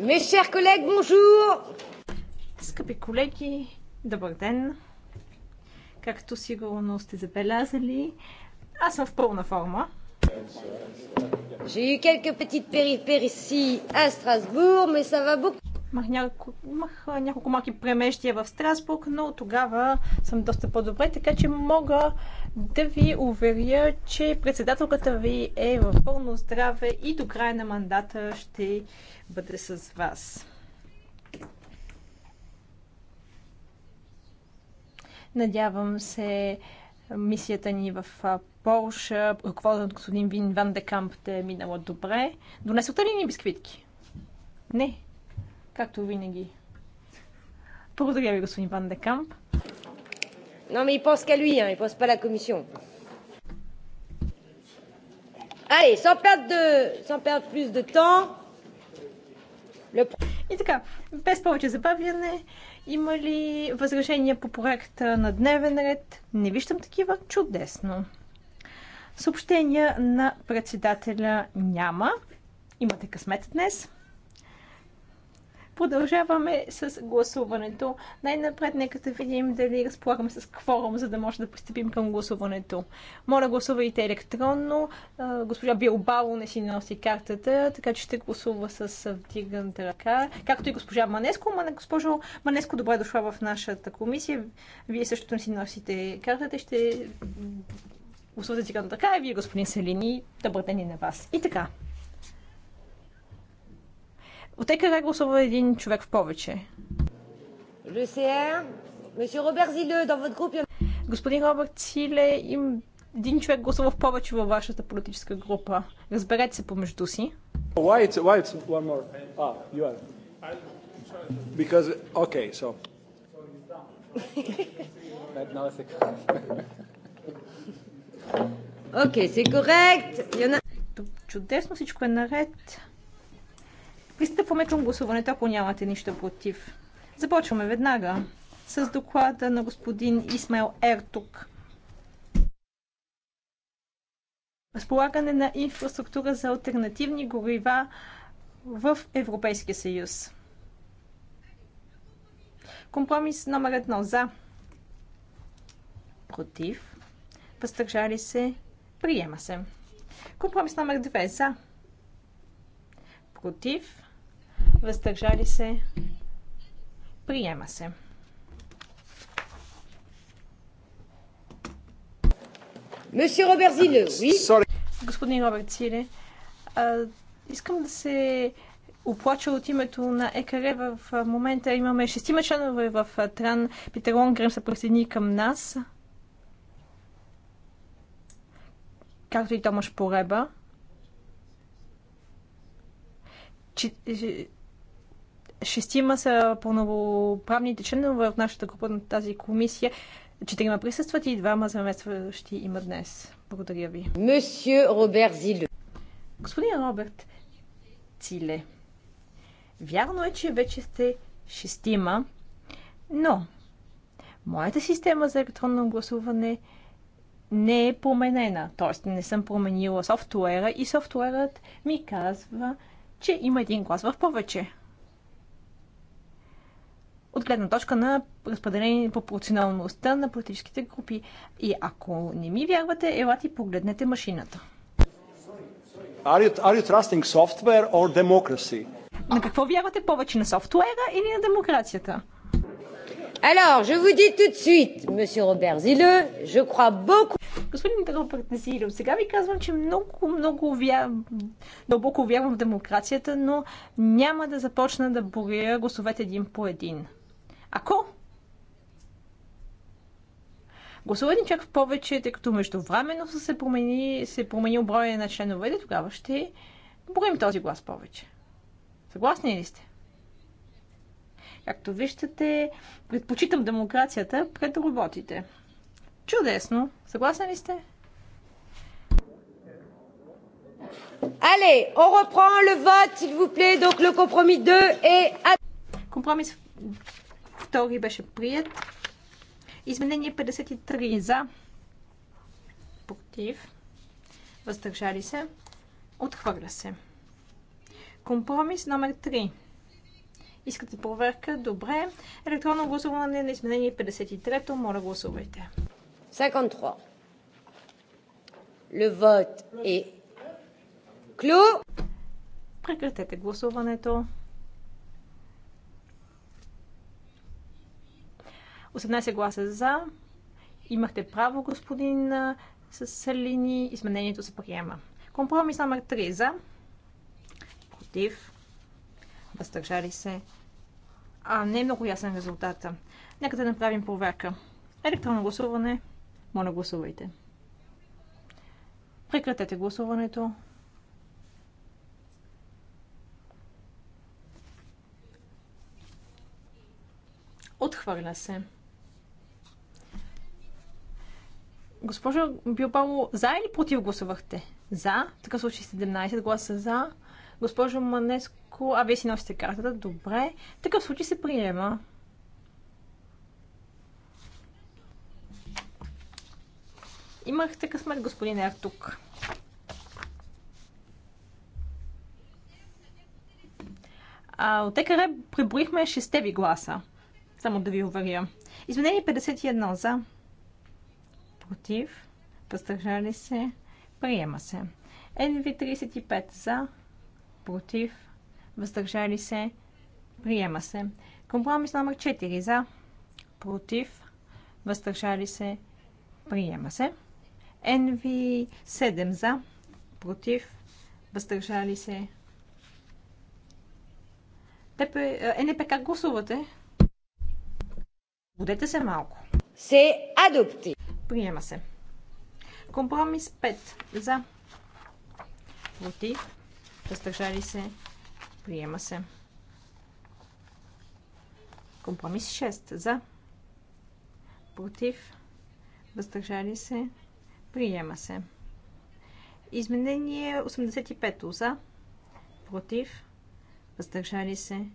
Mes chers collègues, bonjour! Скъпи колеги, добър ден! Както сигурно сте забелязали, аз съм в пълна форма. J'ai eu quelques petites péripéties à Strasbourg, mais ça va beaucoup. Имах няколко, имах няколко малки премещия в Страсбург, но тогава съм доста по-добре, така че мога да ви уверя, че председателката ви е в пълно здраве и до края на мандата ще бъде с вас. Надявам се мисията ни в Полша, ръководен от господин Вин Ван Декамп, да е минала добре. Донесохте ли ни бисквитки? Не, както винаги. Благодаря ви, господин Ван Декамп. Но mais il pense qu'à lui, hein, il pense сам à плюс commission. Allez, sans perdre, de, sans perdre plus de temps. Le... И така, без повече забавяне, има ли възражения по проекта на дневен ред? Не виждам такива. Чудесно. Съобщения на председателя няма. Имате късмет днес. Продължаваме с гласуването. Най-напред нека да видим дали разполагаме с кворум, за да може да пристъпим към гласуването. Моля, гласувайте електронно. Госпожа Билбао не си носи картата, така че ще гласува с вдигната ръка. Както и госпожа Манеско. Мане, госпожо Манеско, добре дошла в нашата комисия. Вие също не си носите картата. Ще гласувате с вдигната ръка. И вие, господин Селини, добър ден и на вас. И така. Отека да гласува един човек в повече. Господин Робърт Силе, им един човек гласува в повече във вашата политическа група. Разберете се помежду си. Why it's, why it's one more? Ah, you are. Because, okay, so. Окей, okay, си корект. Чудесно всичко е наред. Пристъпваме към гласуването, ако нямате нищо против. Започваме веднага с доклада на господин Исмайл Ертук. Разполагане на инфраструктура за альтернативни горива в Европейския съюз. Компромис номер едно за. Против. Въздържали се. Приема се. Компромис номер две за. Против въздържали се, приема се. Monsieur Роберт Зиле, Господин Роберт Зиле, искам да се оплача от името на ЕКР. В момента имаме шестима членове в Тран. Питер Лонгрен се присъедини към нас. Както и Томаш Пореба. Е, шестима са пълноправните членове в нашата група на тази комисия. Четирима присъстват и двама заместващи има днес. Благодаря ви. Мсье Роберт Зиле. Господин Роберт Циле, вярно е, че вече сте шестима, но моята система за електронно гласуване не е променена. Т.е. не съм променила софтуера и софтуерът ми казва, че има един глас в повече от гледна точка на разпределение пропорционалността на политическите групи. И ако не ми вярвате, елате и погледнете машината. Are you, are you trusting software or democracy? На какво вярвате повече, на софтуера или на демокрацията? Alors, je vous dis tout de suite, monsieur Robert Zille, je crois beaucoup... Господин Робърт Зилев, сега ви казвам, че много, много вя... дълбоко вярвам в демокрацията, но няма да започна да боря гласовете един по един. Ако гласува един човек в повече, тъй като междувременно са се промени, се променил броя на членовете, тогава ще броим този глас повече. Съгласни ли сте? Както виждате, предпочитам демокрацията пред роботите. Чудесно! Съгласни ли сте? Allez, on reprend le vote, s'il vous plaît. Donc le compromis 2 est... Компромис Втори беше прият. Изменение 53 за. Против. Въздържали се. Отхвърля се. Компромис номер 3. Искате проверка? Добре. Електронно гласуване на изменение 53-то. Моля гласувайте. 53. Le vote est clos. Прекратете гласуването. 18 гласа за. Имахте право, господин Салини. Изменението се приема. Компромис номер 3 за. Против. Въздържали се. А, не е много ясен резултата. Нека да направим проверка. Електронно гласуване. Моля, гласувайте. Прекратете гласуването. Отхвърля се. Госпожо Билбао, за или против гласувахте? За. Така такъв 17 гласа за. Госпожо Манеско, а вие си носите картата. Добре. такъв случай се приема. Имахте късмет, господин Ертук. А, от ЕКР приброихме 6 ви гласа. Само да ви уверя. Изменение 51 за против, въздържали се, приема се. NV35 за, против, въздържали се, приема се. Компромис номер 4 за, против, въздържали се, приема се. NV7 за, против, въздържали се. ТП, е, НПК гласувате. Будете се малко. Се адопти. Приема се. Компромис 5. За. Против. Въздържали се. Приема се. Компромис 6. За. Против. Въздържали се. Приема се. Изменение 85. За. Против. Въздържали се.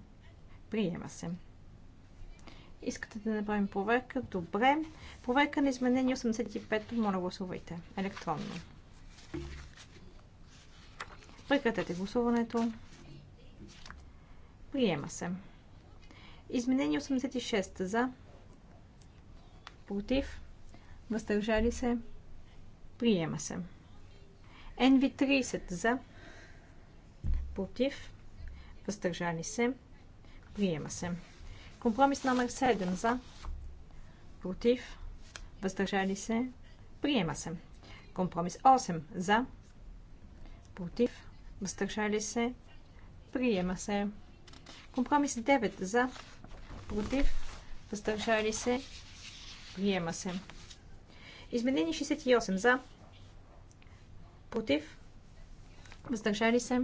Приема се. Искате да направим проверка? Добре. Проверка на изменение 85. Моля гласувайте електронно. Прекратете гласуването. Приема се. Изменение 86 за. Против. Въздържали се. Приема се. NV30 за. Против. Въздържали се. Приема се. Компромис номер 7 за, против, въздържали се, приема се. Компромис 8 за, против, въздържали се, приема се. Компромис 9 за, против, въздържали се, приема се. Изменени 68 за, против, въздържали се.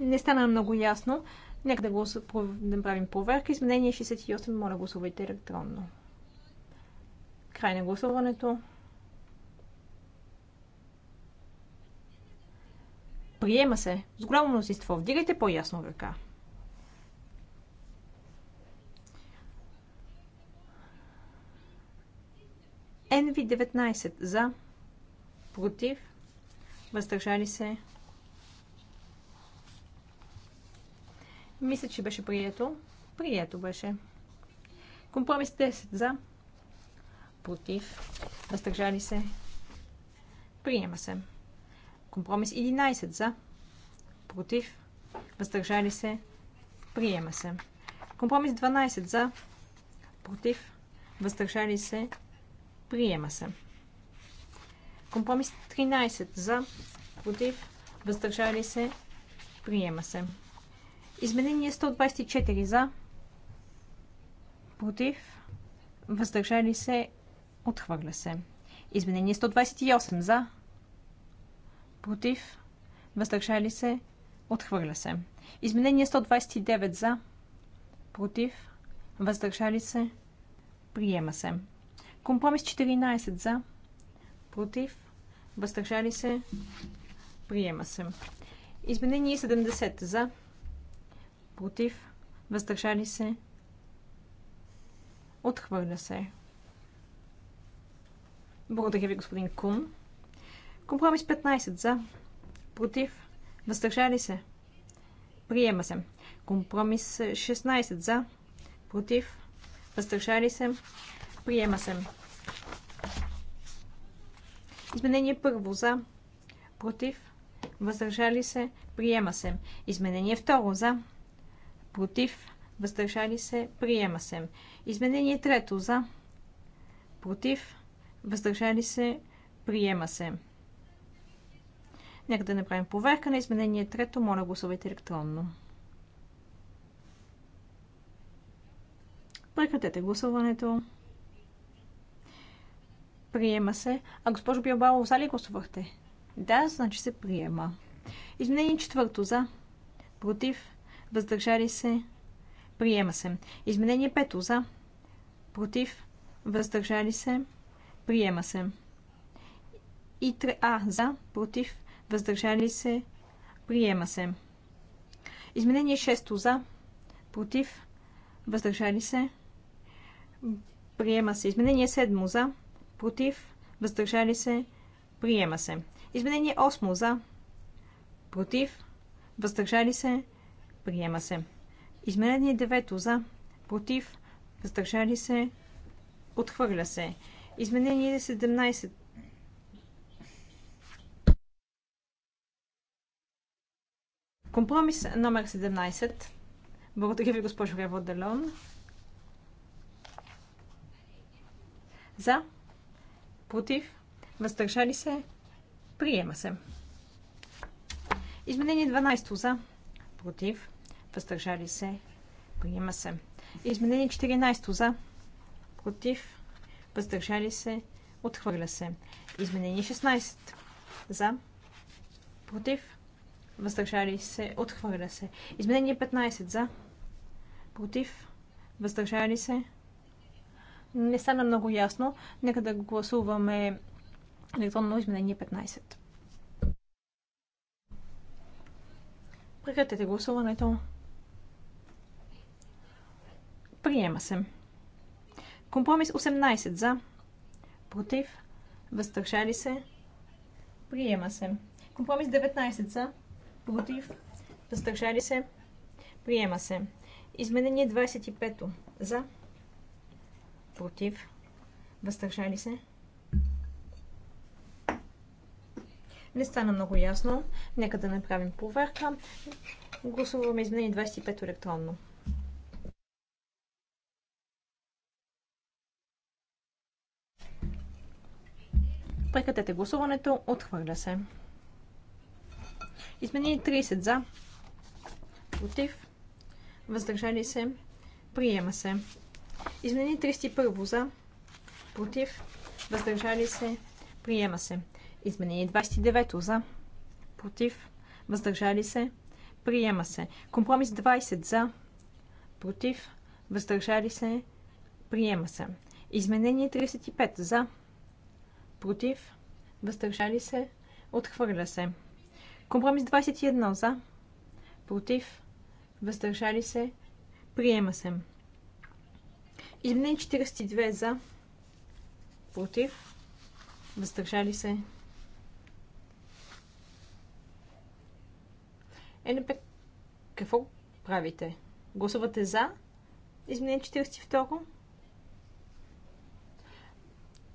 Не стана много ясно. Нека да, го направим проверка. Изменение 68. Моля, гласувайте електронно. Край на гласуването. Приема се. С голямо мнозинство. Вдигайте по-ясно ръка. NV19 за, против, въздържали се, Мисля, че беше прието. Прието беше. Компромис 10 за. Против. Въздържали се. Приема се. Компромис 11 за. Против. Въздържали се. Приема се. Компромис 12 за. Против. Въздържали се. Приема се. Компромис 13 за. Против. Въздържали се. Приема се. Изменение 124 за, против, въздържали се, отхвърля се. Изменение 128 за, против, въздържали се, отхвърля се. Изменение 129 за, против, въздържали се, приема се. Компромис 14 за, против, въздържали се, приема се. Изменение 70 за, против, против, въздържали се, отхвърля се. Благодаря ви, господин Кун. Компромис 15 за, против, въздържали се, приема се. Компромис 16 за, против, въздържали се, приема се. Изменение първо за, против, въздържали се, приема се. Изменение второ за, против, въздържали се, приема се. Изменение трето за, против, въздържали се, приема се. Нека да направим проверка на изменение трето. Моля, гласувайте електронно. Прекратете гласуването. Приема се. А госпожо Биобало, за ли гласувахте? Да, значи се приема. Изменение четвърто за. Против въздържали се, приема се. Изменение 5 за, против, въздържали се, приема се. И 3а за, против, въздържали се, приема се. Изменение 6 за, против, въздържали се, приема се. Изменение 7 за, против, въздържали се, приема се. Изменение 8 за, против, въздържали се, приема се. Приема се. Изменение 9 за. Против. Въздържали се. Отхвърля се. Изменение 17. Компромис номер 17. Благодаря ви, госпожо Рево Делон. За. Против. Въздържали се. Приема се. Изменение 12 за. Против въздържали се, приема се. Изменение 14 за, против, въздържали се, отхвърля се. Изменение 16 за, против, въздържали се, отхвърля се. Изменение 15 за, против, въздържали се. Не стана много ясно. Нека да гласуваме електронно изменение 15. Прекратете гласуването. Приема се. Компромис 18 за. Против. Въздържали се. Приема се. Компромис 19 за. Против. Въздържали се. Приема се. Изменение 25 за. Против. Въздържали се. Не стана много ясно. Нека да направим проверка. Гласуваме изменение 25 електронно. Прекратете гласуването. Отхвърля се. Изменени 30 за. Против. Въздържали се. Приема се. Измени 31 за. Против. Въздържали се. Приема се. Изменени 29 за. Против. Въздържали се. Приема се. Компромис 20 за. Против. Въздържали се. Приема се. Изменение 35 за против, въздържали се, отхвърля се. Компромис 21 за, против, въздържали се, приема се. Изменение 42 за, против, въздържали се. Е, НП, какво правите? Гласувате за? Изменение 42?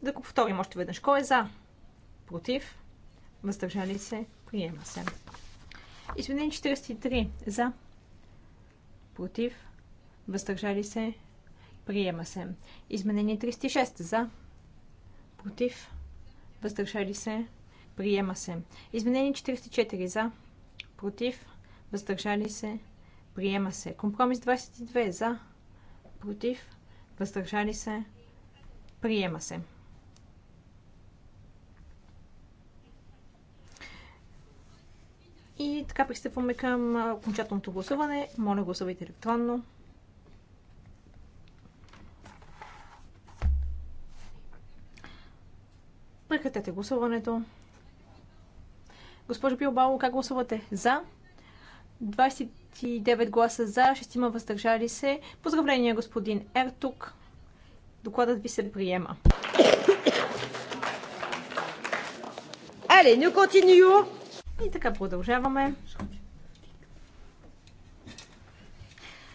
Да го повторим още веднъж. Кой е за? Против? Въздържали се? Приема се. Изменение 43. За? Против? Въздържали се? Приема се. Изменение 36. За? Против? Въздържали се? Приема се. Изменение 44. За? Против? Въздържали се? Приема се. Компромис 22. За? Против? Въздържали се? Приема се. И така пристъпваме към окончателното гласуване. Моля, гласувайте електронно. Прекратете гласуването. Госпожо Пилбало, как гласувате? За? 29 гласа за, 6 има въздържали се. Поздравления, господин Ертук. Докладът ви се приема. Allez, nous continuons и така продължаваме.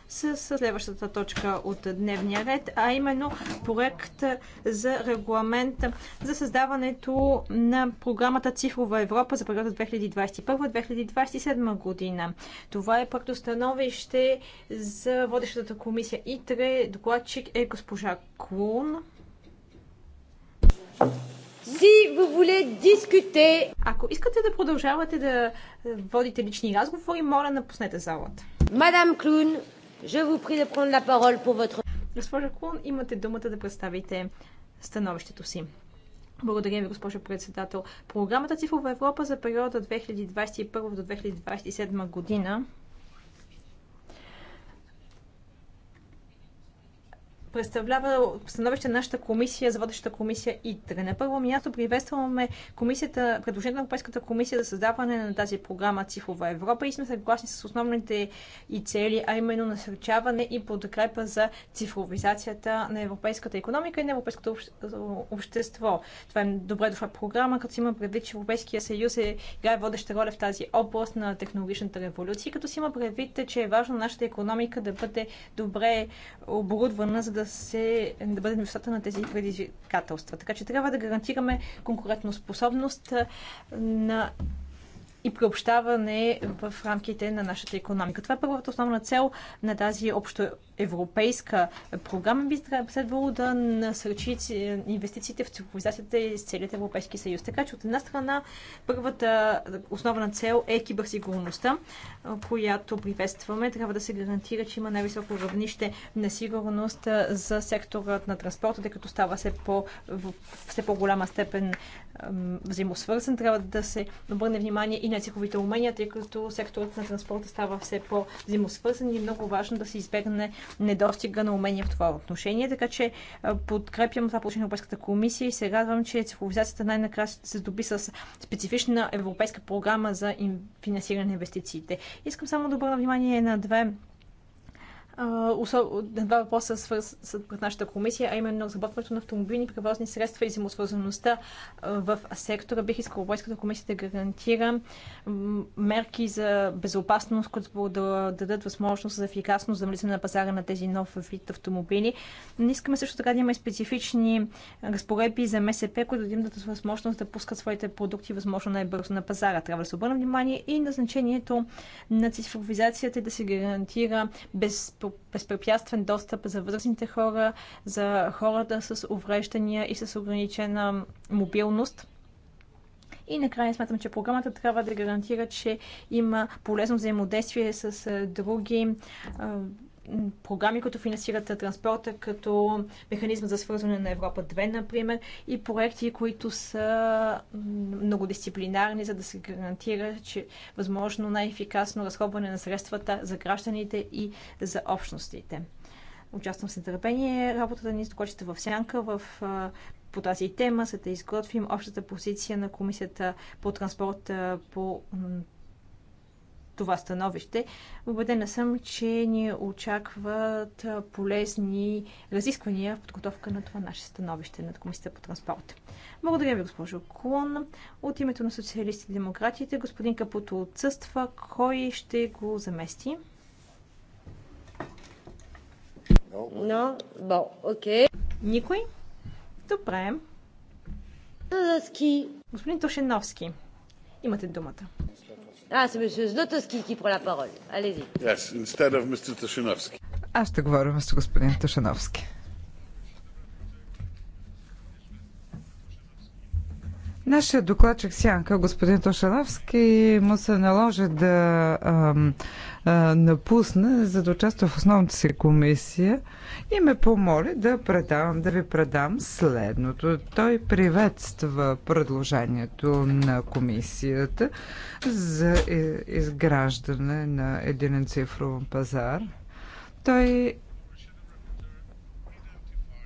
с следващата точка от дневния ред, а именно проект за регламент за създаването на програмата Цифрова Европа за периода 2021-2027 година. Това е становище за водещата комисия ИТРЕ. Докладчик е госпожа Клун. Thank you. Си, дискуте. Ако искате да продължавате да е, водите лични разговори, моля, напуснете залата. Мадам Клун, je vous prie de prendre la parole pour votre... Госпожа Клун, имате думата да представите становището си. Благодаря ви, госпожо председател. Програмата Цифрова Европа за периода 2021 до 2027 година представлява становище на нашата комисия, за водещата комисия ИТРЕ. На първо място приветстваме комисията, предложението на Европейската комисия за създаване на тази програма Цифрова Европа и сме съгласни с основните и цели, а именно насърчаване и подкрепа за цифровизацията на европейската економика и на европейското общество. Това е добре дошла програма, като си има предвид, че Европейския съюз е играе водеща роля в тази област на технологичната революция, като си има предвид, че е важно нашата економика да бъде добре оборудвана, за да се, да бъдем в на тези предизвикателства. Така че трябва да гарантираме конкурентоспособност на и приобщаване в рамките на нашата економика. Това е първата основна цел на тази общо европейска програма би следвало да насърчи инвестициите в цифровизацията и целият Европейски съюз. Така че от една страна първата основна цел е киберсигурността, която приветстваме. Трябва да се гарантира, че има най-високо равнище на сигурност за секторът на транспорта, тъй като става се по, в все по-голяма степен взаимосвързан. Трябва да се обърне внимание и на цифровите умения, тъй като секторът на транспорта става все по-взаимосвързан и е много важно да се избегне недостига на умения в това отношение. Така че подкрепям това положение на Европейската комисия и се радвам, че цифровизацията най-накрая се доби с специфична европейска програма за финансиране на инвестициите. Искам само да обърна внимание на две два въпроса свърз, пред нашата комисия, а именно разработването на автомобилни превозни средства и взаимосвързаността в сектора. Бих искала Европейската комисия да гарантира мерки за безопасност, които да дадат възможност за ефикасност за влизане на пазара на тези нов вид автомобили. Не искаме също така да има и специфични разпоредби за МСП, които да им дадат възможност да пускат своите продукти възможно най-бързо на пазара. Трябва да се обърна внимание и на значението на цифровизацията и да се гарантира без като безпрепятствен достъп за възрастните хора, за хората с увреждания и с ограничена мобилност. И накрая смятам, че програмата трябва да гарантира, че има полезно взаимодействие с други програми, които финансират транспорта, като механизъм за свързване на Европа 2, например, и проекти, които са многодисциплинарни, за да се гарантира, че възможно най-ефикасно разходване на средствата за гражданите и за общностите. Участвам с нетърпение. Работата ни с докладчите в Сянка в по тази тема, за да изготвим общата позиция на Комисията по транспорт по това становище. Убедена съм, че ни очакват полезни разисквания в подготовка на това наше становище на Комисията по транспорт. Благодаря ви, госпожо Клон. От името на социалисти и демократите, господин Капуто отсъства. Кой ще го замести? Но, бо, окей. Никой? Добре. Господин Тошеновски, имате думата. А, се Мисюс Златовски ки про парол. Алези. Yes, instead of Mr. Ташиновски. Аз ще говоря с господин Ташиновски. Нашия докладчик Сянка, господин Тошалавски, му се наложи да а, а, напусне, за да участва в основната си комисия и ме помоли да, предавам, да ви предам следното. Той приветства предложението на комисията за изграждане на един цифров пазар. Той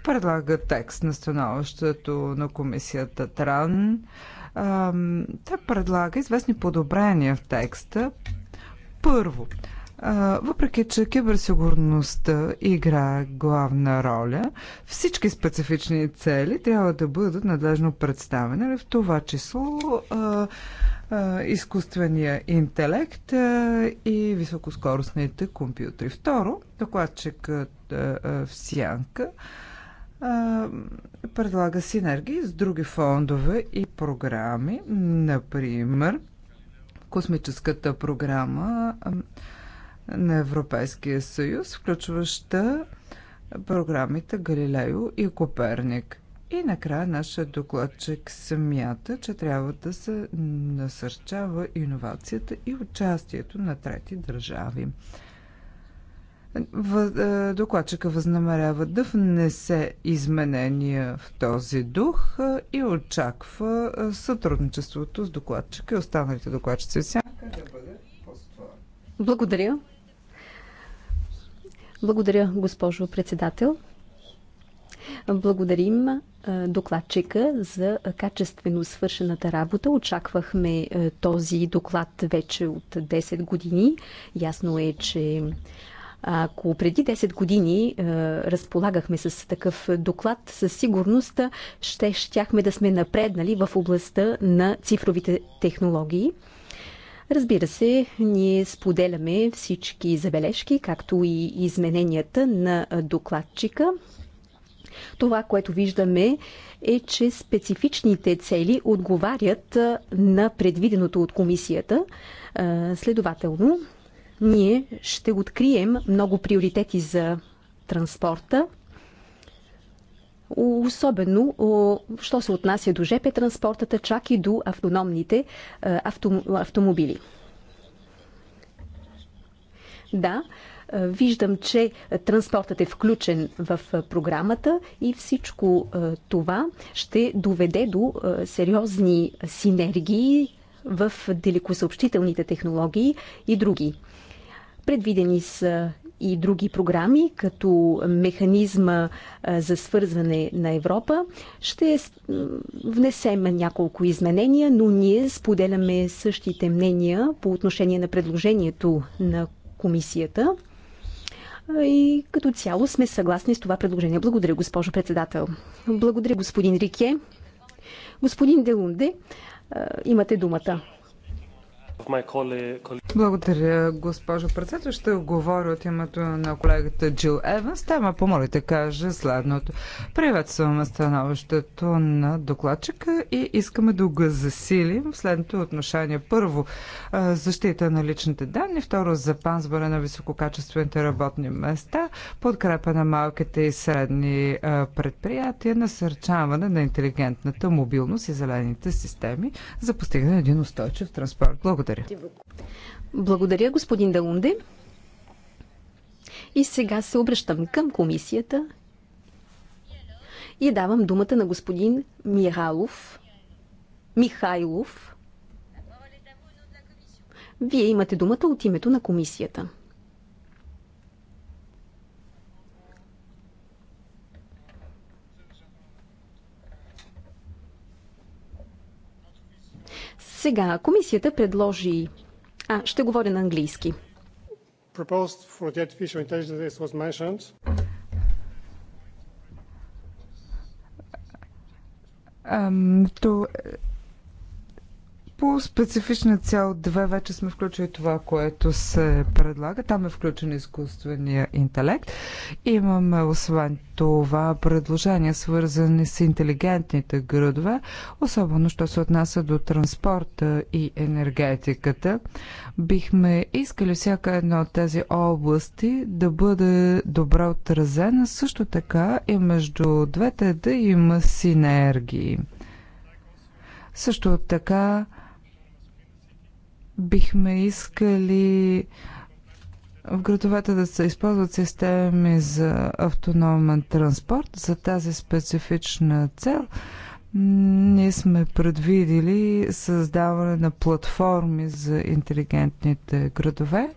предлага текст на становището на комисията Тран. Те предлага известни подобрения в текста. Първо, въпреки, че киберсигурността играе главна роля, всички специфични цели трябва да бъдат надлежно представени, в това число изкуствения интелект и високоскоростните компютри. Второ, докладчикът в Сянка предлага синергии с други фондове и програми, например космическата програма на Европейския съюз, включваща програмите Галилео и Коперник. И накрая нашия докладчик смята, че трябва да се насърчава иновацията и участието на трети държави. Е, докладчика възнамерява да внесе изменения в този дух е, и очаква е, сътрудничеството с докладчика и останалите докладчици в да бъде по-створно. Благодаря. Благодаря, госпожо председател. Благодарим докладчика за качествено свършената работа. Очаквахме този доклад вече от 10 години. Ясно е, че ако преди 10 години е, разполагахме с такъв доклад, със сигурност ще щяхме да сме напреднали в областта на цифровите технологии. Разбира се, ние споделяме всички забележки, както и измененията на докладчика. Това, което виждаме, е, че специфичните цели отговарят на предвиденото от комисията. Е, следователно, ние ще открием много приоритети за транспорта, особено, що се отнася до ЖП транспортата, чак и до автономните е, авто, автомобили. Да, е, виждам, че транспортът е включен в е, програмата и всичко това ще доведе до сериозни синергии в далекосъобщителните технологии и други. Предвидени са и други програми, като механизма за свързване на Европа. Ще внесем няколко изменения, но ние споделяме същите мнения по отношение на предложението на комисията. И като цяло сме съгласни с това предложение. Благодаря, госпожо председател. Благодаря, господин Рике. Господин Делунде, имате думата. Благодаря, госпожо председател. Ще говоря от името на колегата Джил Еванс. Тема, помолите, да каже следното. Приветстваме становището на докладчика и искаме да го засилим в следното отношение. Първо, защита на личните данни. Второ, запазване на висококачествените работни места. Подкрепа на малките и средни предприятия. Насърчаване на интелигентната мобилност и зелените системи за постигане на един устойчив транспорт. Благодаря. Благодаря, господин Далунде. И сега се обръщам към комисията и давам думата на господин Михайлов. Михайлов. Вие имате думата от името на комисията. Сега комисията предложи а, ще говоря на английски. Um, to, по специфична цел 2 вече сме включили това, което се предлага. Там е включен изкуствения интелект. Имаме освен това предложения, свързани с интелигентните градове, особено що се отнася до транспорта и енергетиката. Бихме искали всяка една от тези области да бъде добре отразена, също така и между двете да има синергии. Също така Бихме искали в градовете да се използват системи за автономен транспорт за тази специфична цел. Ние сме предвидили създаване на платформи за интелигентните градове.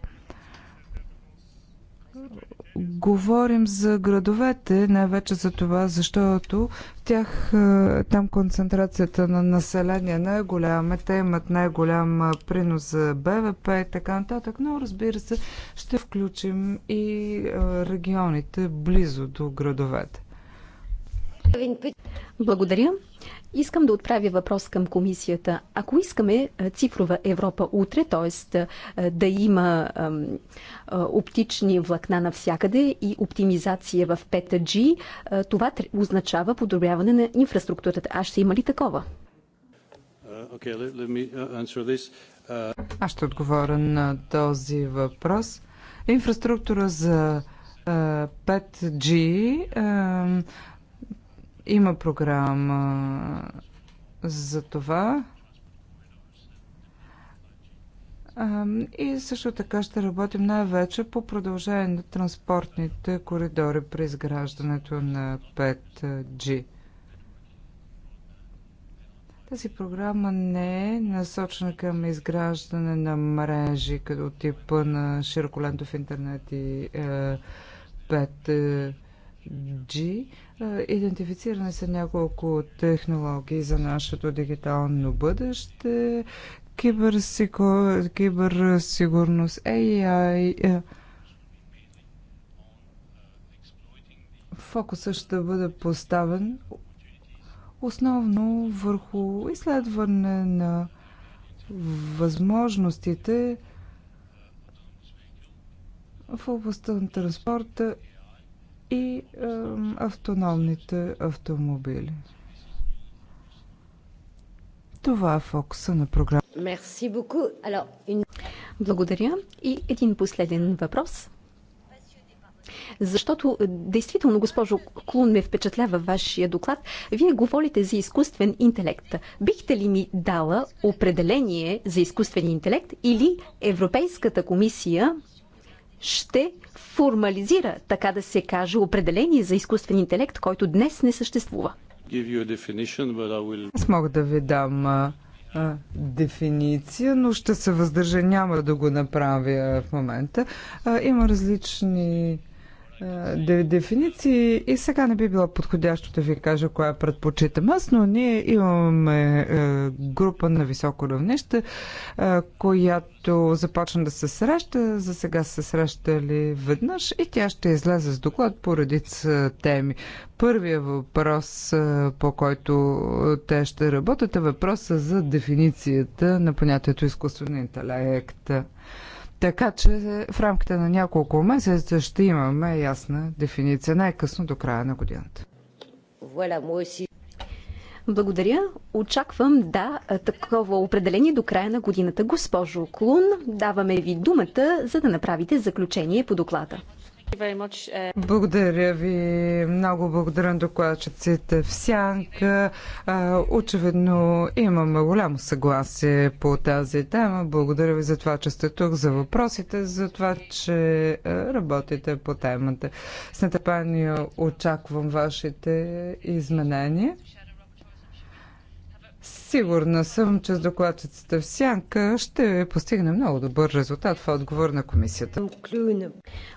Говорим за градовете, най-вече за това, защото в тях е, там концентрацията на население е най голяма, те имат най-голям е, принос за БВП и така нататък, но разбира се, ще включим и е, регионите близо до градовете. Благодаря. Искам да отправя въпрос към комисията. Ако искаме цифрова Европа утре, т.е. да има оптични влакна навсякъде и оптимизация в 5G, това означава подобряване на инфраструктурата. А ще има ли такова? Uh, uh, uh, Аз ще отговоря на този въпрос. Инфраструктура за 5G има програма за това. И също така ще работим най-вече по продължение на транспортните коридори при изграждането на 5G. Тази програма не е насочена към изграждане на мрежи като типа на широколентов интернет и 5G е, G. Идентифицирани са няколко технологии за нашето дигитално бъдеще. Киберсигур... Киберсигурност, AI. Фокусът ще бъде поставен основно върху изследване на възможностите в областта на транспорта и е, автономните автомобили. Това е фокуса на програмата. Благодаря. И един последен въпрос. Защото, е, действително, госпожо Клун, ме впечатлява вашия доклад. Вие говорите за изкуствен интелект. Бихте ли ми дала определение за изкуствен интелект или Европейската комисия ще формализира, така да се каже, определение за изкуствен интелект, който днес не съществува. Аз мога да ви дам а, а, дефиниция, но ще се въздържа, няма да го направя в момента. А, има различни е, дефиниции и сега не би било подходящо да ви кажа коя предпочитам аз, но ние имаме е, група на високо равнище, е, която започна да се среща, за сега се срещали веднъж и тя ще излезе с доклад по редица теми. Първия въпрос, по който те ще работят, е въпроса за дефиницията на понятието изкуствен интелект. Така че в рамките на няколко месеца ще имаме ясна дефиниция, най-късно до края на годината. Благодаря. Очаквам да такова определение до края на годината. Госпожо Клун, даваме ви думата, за да направите заключение по доклада. Благодаря ви. Много благодаря на докладчиците в Сянка. Очевидно имаме голямо съгласие по тази тема. Благодаря ви за това, че сте тук, за въпросите, за това, че работите по темата. С нетърпение очаквам вашите изменения. Сигурна съм, че с докладчицата в сянка ще постигне много добър резултат в отговор на комисията.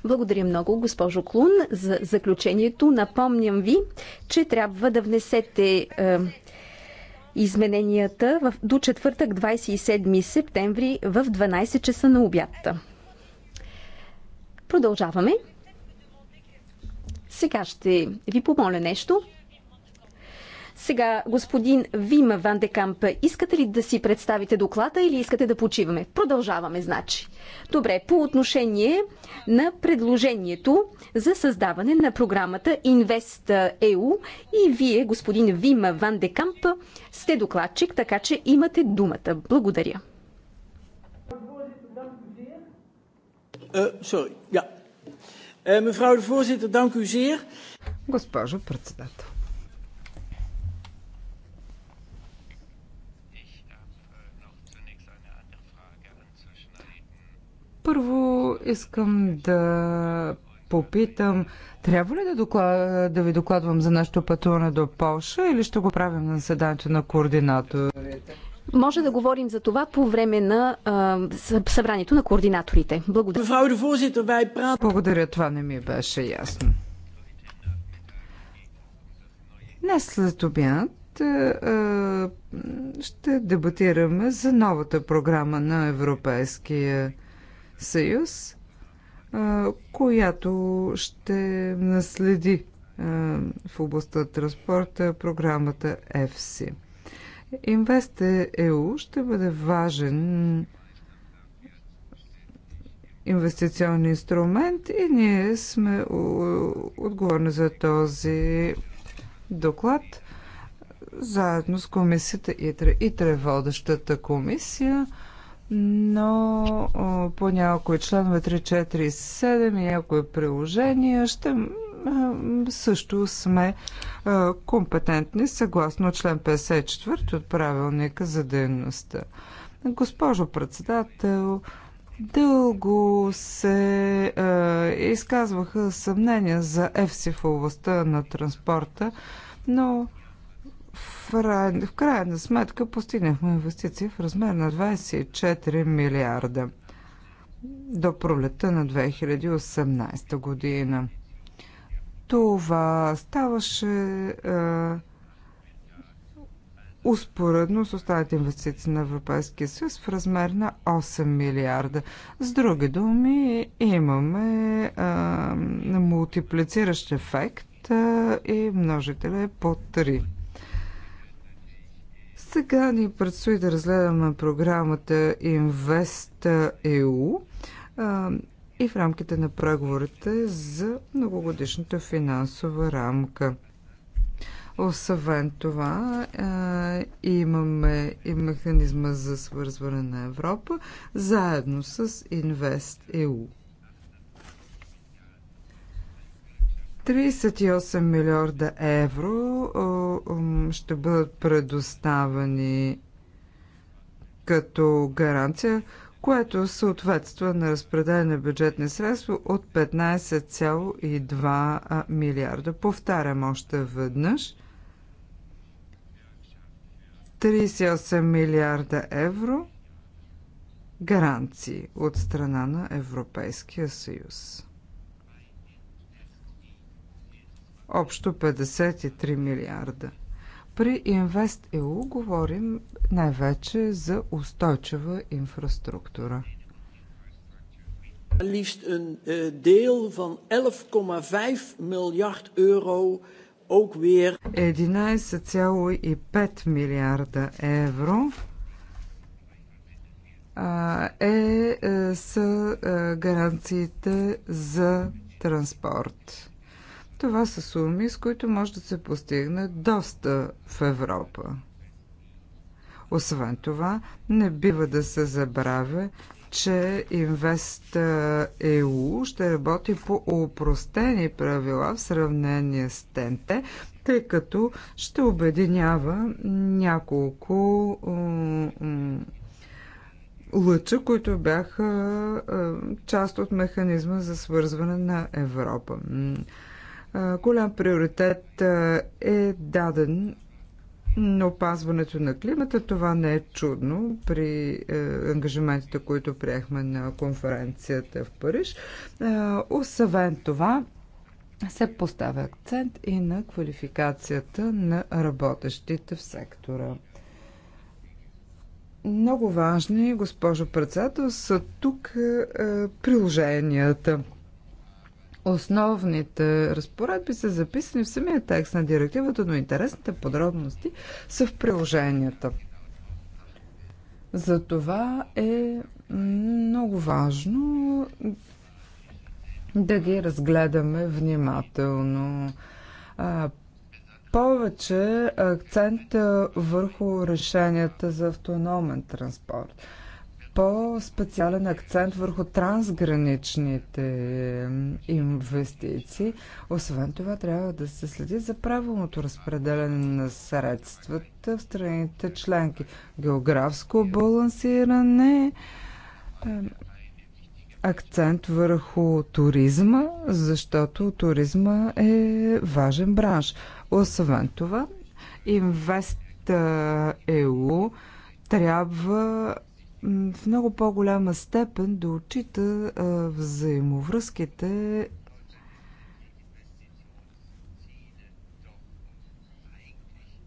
Благодаря много, госпожо Клун, за заключението. Напомням ви, че трябва да внесете е, измененията в, до четвъртък 27 септември в 12 часа на обядта. Продължаваме. Сега ще ви помоля нещо. Сега, господин Вим Ван Декамп, искате ли да си представите доклада или искате да почиваме? Продължаваме, значи. Добре, по отношение на предложението за създаване на програмата Invest EU е и вие, господин Вим Ван Декамп, сте докладчик, така че имате думата. Благодаря. Е, е, Госпожо председател. Първо искам да попитам, трябва ли да, доклад, да ви докладвам за нашето пътуване до Полша или ще го правим на заседанието на координаторите? Може да говорим за това по време на а, събранието на координаторите. Благодаря. Благодаря, това не ми беше ясно. Днес след обяд ще дебатираме за новата програма на Европейския съюз, която ще наследи в областта транспорта програмата EFSI. Инвесте ЕУ ще бъде важен инвестиционен инструмент и ние сме отговорни за този доклад заедно с комисията ИТРА е водещата комисия но по някои членове 3, 4 и 7 и някои приложения ще също сме компетентни съгласно член 54 от правилника за дейността. Госпожо председател, Дълго се е, изказваха съмнения за ефсифовостта на транспорта, но в крайна сметка постигнахме инвестиции в размер на 24 милиарда до пролета на 2018 година. Това ставаше е, успоредно с останалите инвестиции на Европейския съюз в размер на 8 милиарда. С други думи, имаме е, мултиплициращ ефект е, и множителя е по 3. Сега ни предстои да разгледаме програмата Invest EU и в рамките на преговорите за многогодишната финансова рамка. Освен това, а, имаме и механизма за свързване на Европа, заедно с EU. 38 милиарда евро ще бъдат предоставени като гаранция, което съответства на разпределение на бюджетни средства от 15,2 милиарда. Повтарям още веднъж. 38 милиарда евро гаранции от страна на Европейския съюз. общо 53 милиарда. При InvestEU говорим най-вече за устойчива инфраструктура. Liefst een eh, deel van 11,5 miljard euro ook weer. 11,5 милиарда евро е, е, са е, гаранциите за транспорт. Това са суми, с които може да се постигне доста в Европа. Освен това, не бива да се забравя, че Инвест ЕУ ще работи по упростени правила в сравнение с ТЕНТЕ, тъй като ще обединява няколко лъча, които бяха част от механизма за свързване на Европа голям приоритет е даден на опазването на климата. Това не е чудно при е, ангажиментите, които приехме на конференцията в Париж. Освен това, се поставя акцент и на квалификацията на работещите в сектора. Много важни, госпожо председател, са тук е, приложенията – Основните разпоредби са записани в самия текст на директивата, но интересните подробности са в приложенията. За това е много важно да ги разгледаме внимателно. А, повече акцент върху решенията за автономен транспорт по-специален акцент върху трансграничните инвестиции. Освен това, трябва да се следи за правилното разпределение на средствата в страните членки. Географско балансиране, акцент върху туризма, защото туризма е важен бранш. Освен това, Инвест ЕУ трябва в много по-голяма степен да отчита взаимовръзките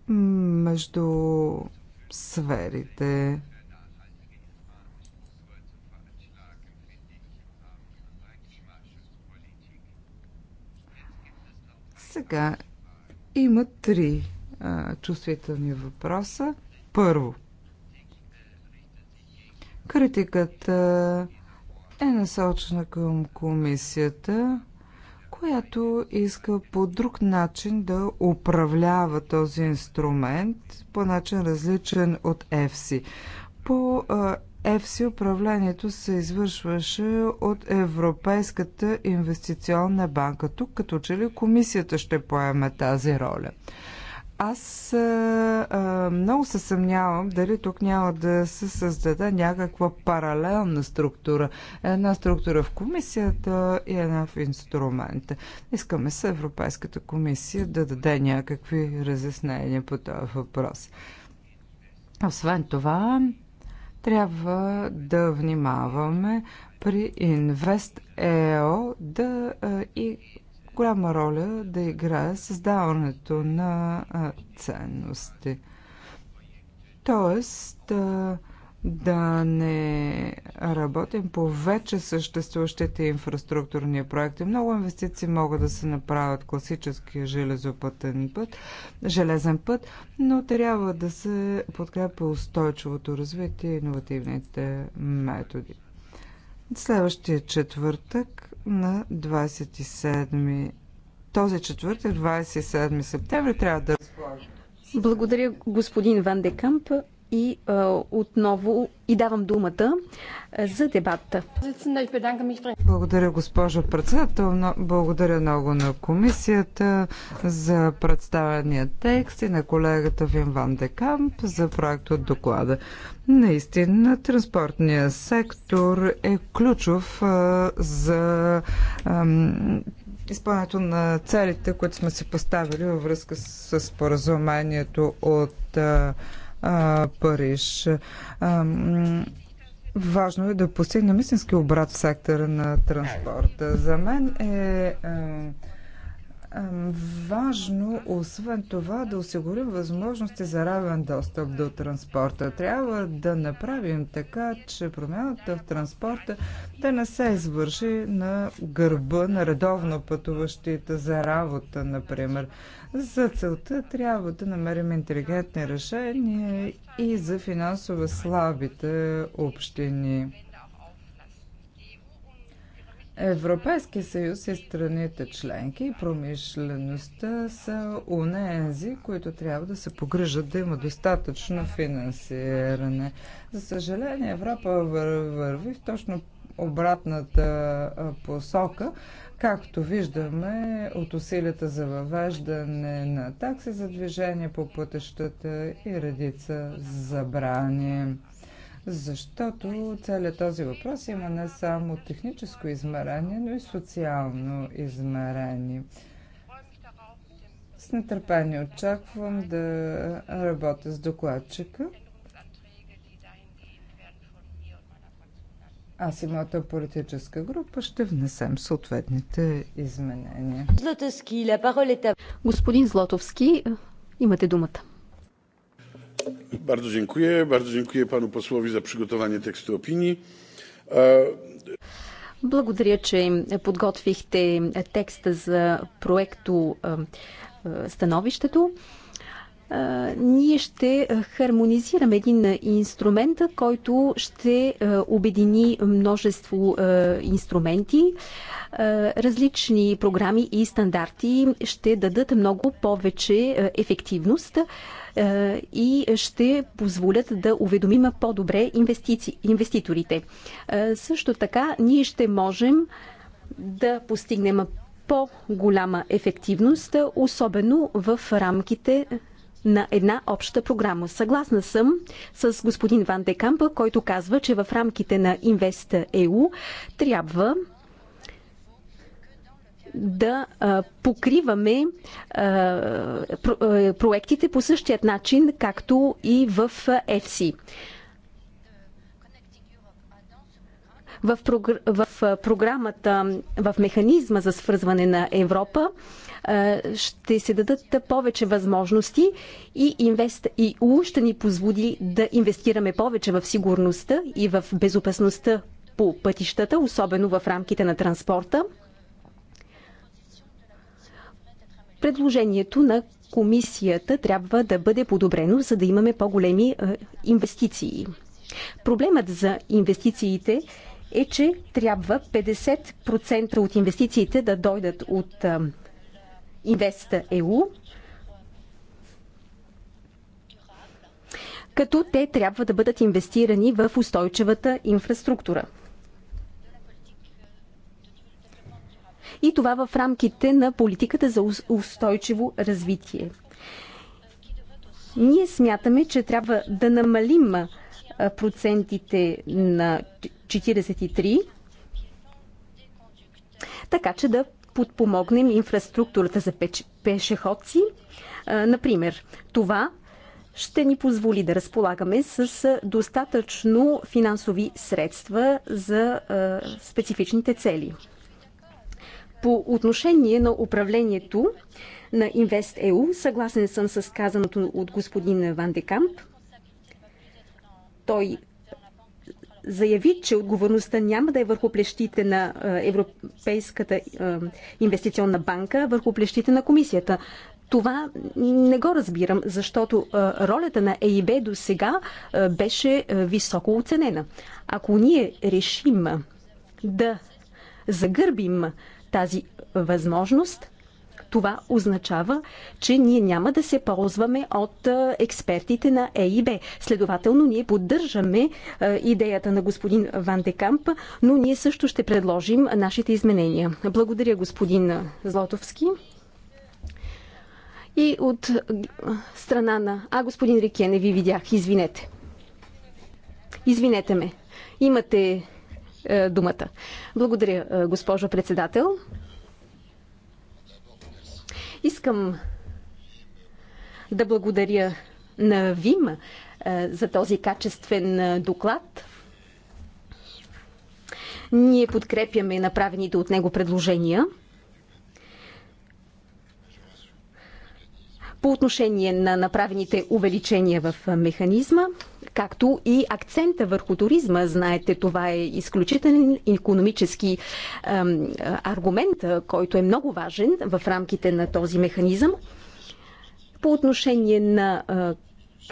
между сферите. Сега има три а, чувствителни въпроса. Първо – Критиката е, е насочена към комисията, която иска по друг начин да управлява този инструмент, по начин различен от ЕФСИ. По ЕФСИ управлението се извършваше от Европейската инвестиционна банка. Тук като че ли комисията ще поеме тази роля. Аз а, много се съмнявам дали тук няма да се създаде някаква паралелна структура. Една структура в комисията и една в инструмента. Искаме се Европейската комисия да даде някакви разяснения по този въпрос. Освен това, трябва да внимаваме при InvestEO да а, и голяма роля да играе създаването на ценности. Тоест, да, да не работим по вече съществуващите инфраструктурни проекти. Много инвестиции могат да се направят класически железопътен път, железен път, но трябва да се подкрепи устойчивото развитие и иновативните методи. Следващия четвъртък на 27 този четвъртък, 27 септември, трябва да... Благодаря господин Ван Декамп и отново и давам думата за дебата. Благодаря, госпожо председател. Благодаря много на комисията за представения текст и на колегата Вин Ван Декамп за проект от доклада. Наистина, транспортният сектор е ключов за изпълнението на целите, които сме си поставили във връзка с споразумението от а, Париж. А, важно е да постигнем истински обрат в сектора на транспорта. За мен е. А, Важно, освен това, да осигурим възможности за равен достъп до транспорта. Трябва да направим така, че промяната в транспорта да не се извърши на гърба на редовно пътуващите за работа, например. За целта трябва да намерим интелигентни решения и за финансово слабите общини. Европейския съюз и страните членки и промишлеността са унези, които трябва да се погрижат да има достатъчно финансиране. За съжаление, Европа върви в точно обратната посока. Както виждаме от усилията за въвеждане на такси за движение по пътещата и редица забрани. Защото целият този въпрос има не само техническо измерение, но и социално измерение. С нетърпение очаквам да работя с докладчика. Аз и моята политическа група ще внесем съответните изменения. Златовски, ля е Господин Златовски, имате думата. Bardzo dziękuję. Bardzo dziękuję panu posłowi za przygotowanie tekstu opinii. Благодаря, че подготвихте текста за проекто становището ние ще хармонизираме един инструмент, който ще обедини множество инструменти, различни програми и стандарти ще дадат много повече ефективност и ще позволят да уведомим по-добре инвеститорите. Също така, ние ще можем да постигнем по-голяма ефективност, особено в рамките на една обща програма. Съгласна съм с господин Ван Декампа, който казва, че в рамките на Инвест ЕУ трябва да а, покриваме а, про, а, проектите по същият начин, както и в ЕФСИ. в, прогр... в програмата, в механизма за свързване на Европа ще се дадат повече възможности и инвест... и ще ни позволи да инвестираме повече в сигурността и в безопасността по пътищата, особено в рамките на транспорта. Предложението на комисията трябва да бъде подобрено, за да имаме по-големи инвестиции. Проблемът за инвестициите е, че трябва 50% от инвестициите да дойдат от инвеста ЕУ. E като те трябва да бъдат инвестирани в устойчивата инфраструктура. И това в рамките на политиката за устойчиво развитие. Ние смятаме, че трябва да намалим процентите на 43, така че да подпомогнем инфраструктурата за пешеходци. Например, това ще ни позволи да разполагаме с достатъчно финансови средства за специфичните цели. По отношение на управлението на InvestEU, съгласен съм с казаното от господин Ван Декамп. Той заяви, че отговорността няма да е върху плещите на е, Европейската е, инвестиционна банка, върху плещите на комисията. Това не го разбирам, защото е, ролята на ЕИБ до сега беше високо оценена. Ако ние решим да загърбим тази възможност, това означава, че ние няма да се ползваме от експертите на ЕИБ. Следователно, ние поддържаме идеята на господин Ван Декамп, но ние също ще предложим нашите изменения. Благодаря, господин Злотовски. И от страна на... А, господин Рике, не ви видях. Извинете. Извинете ме. Имате е, думата. Благодаря, е, госпожо председател. Искам да благодаря на Вим е, за този качествен е, доклад. Ние подкрепяме направените от него предложения. По отношение на направените увеличения в е, механизма, както и акцента върху туризма. Знаете, това е изключителен економически аргумент, който е много важен в рамките на този механизъм. По отношение на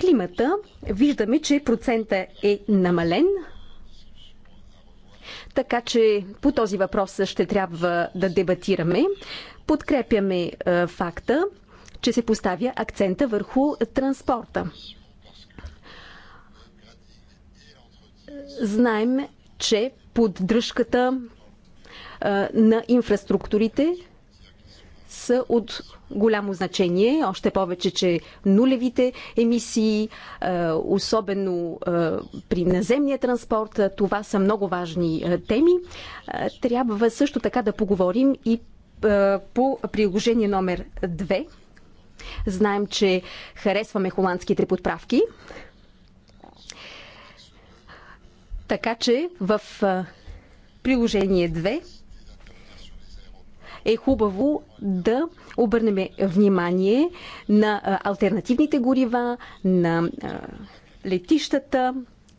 климата, виждаме, че процента е намален. Така че по този въпрос ще трябва да дебатираме. Подкрепяме факта, че се поставя акцента върху транспорта. Знаем, че поддръжката на инфраструктурите са от голямо значение, още повече, че нулевите емисии, особено при наземния транспорт, това са много важни теми. Трябва също така да поговорим и по приложение номер 2. Знаем, че харесваме холандските подправки. Така че в приложение 2 е хубаво да обърнем внимание на альтернативните горива, на летищата,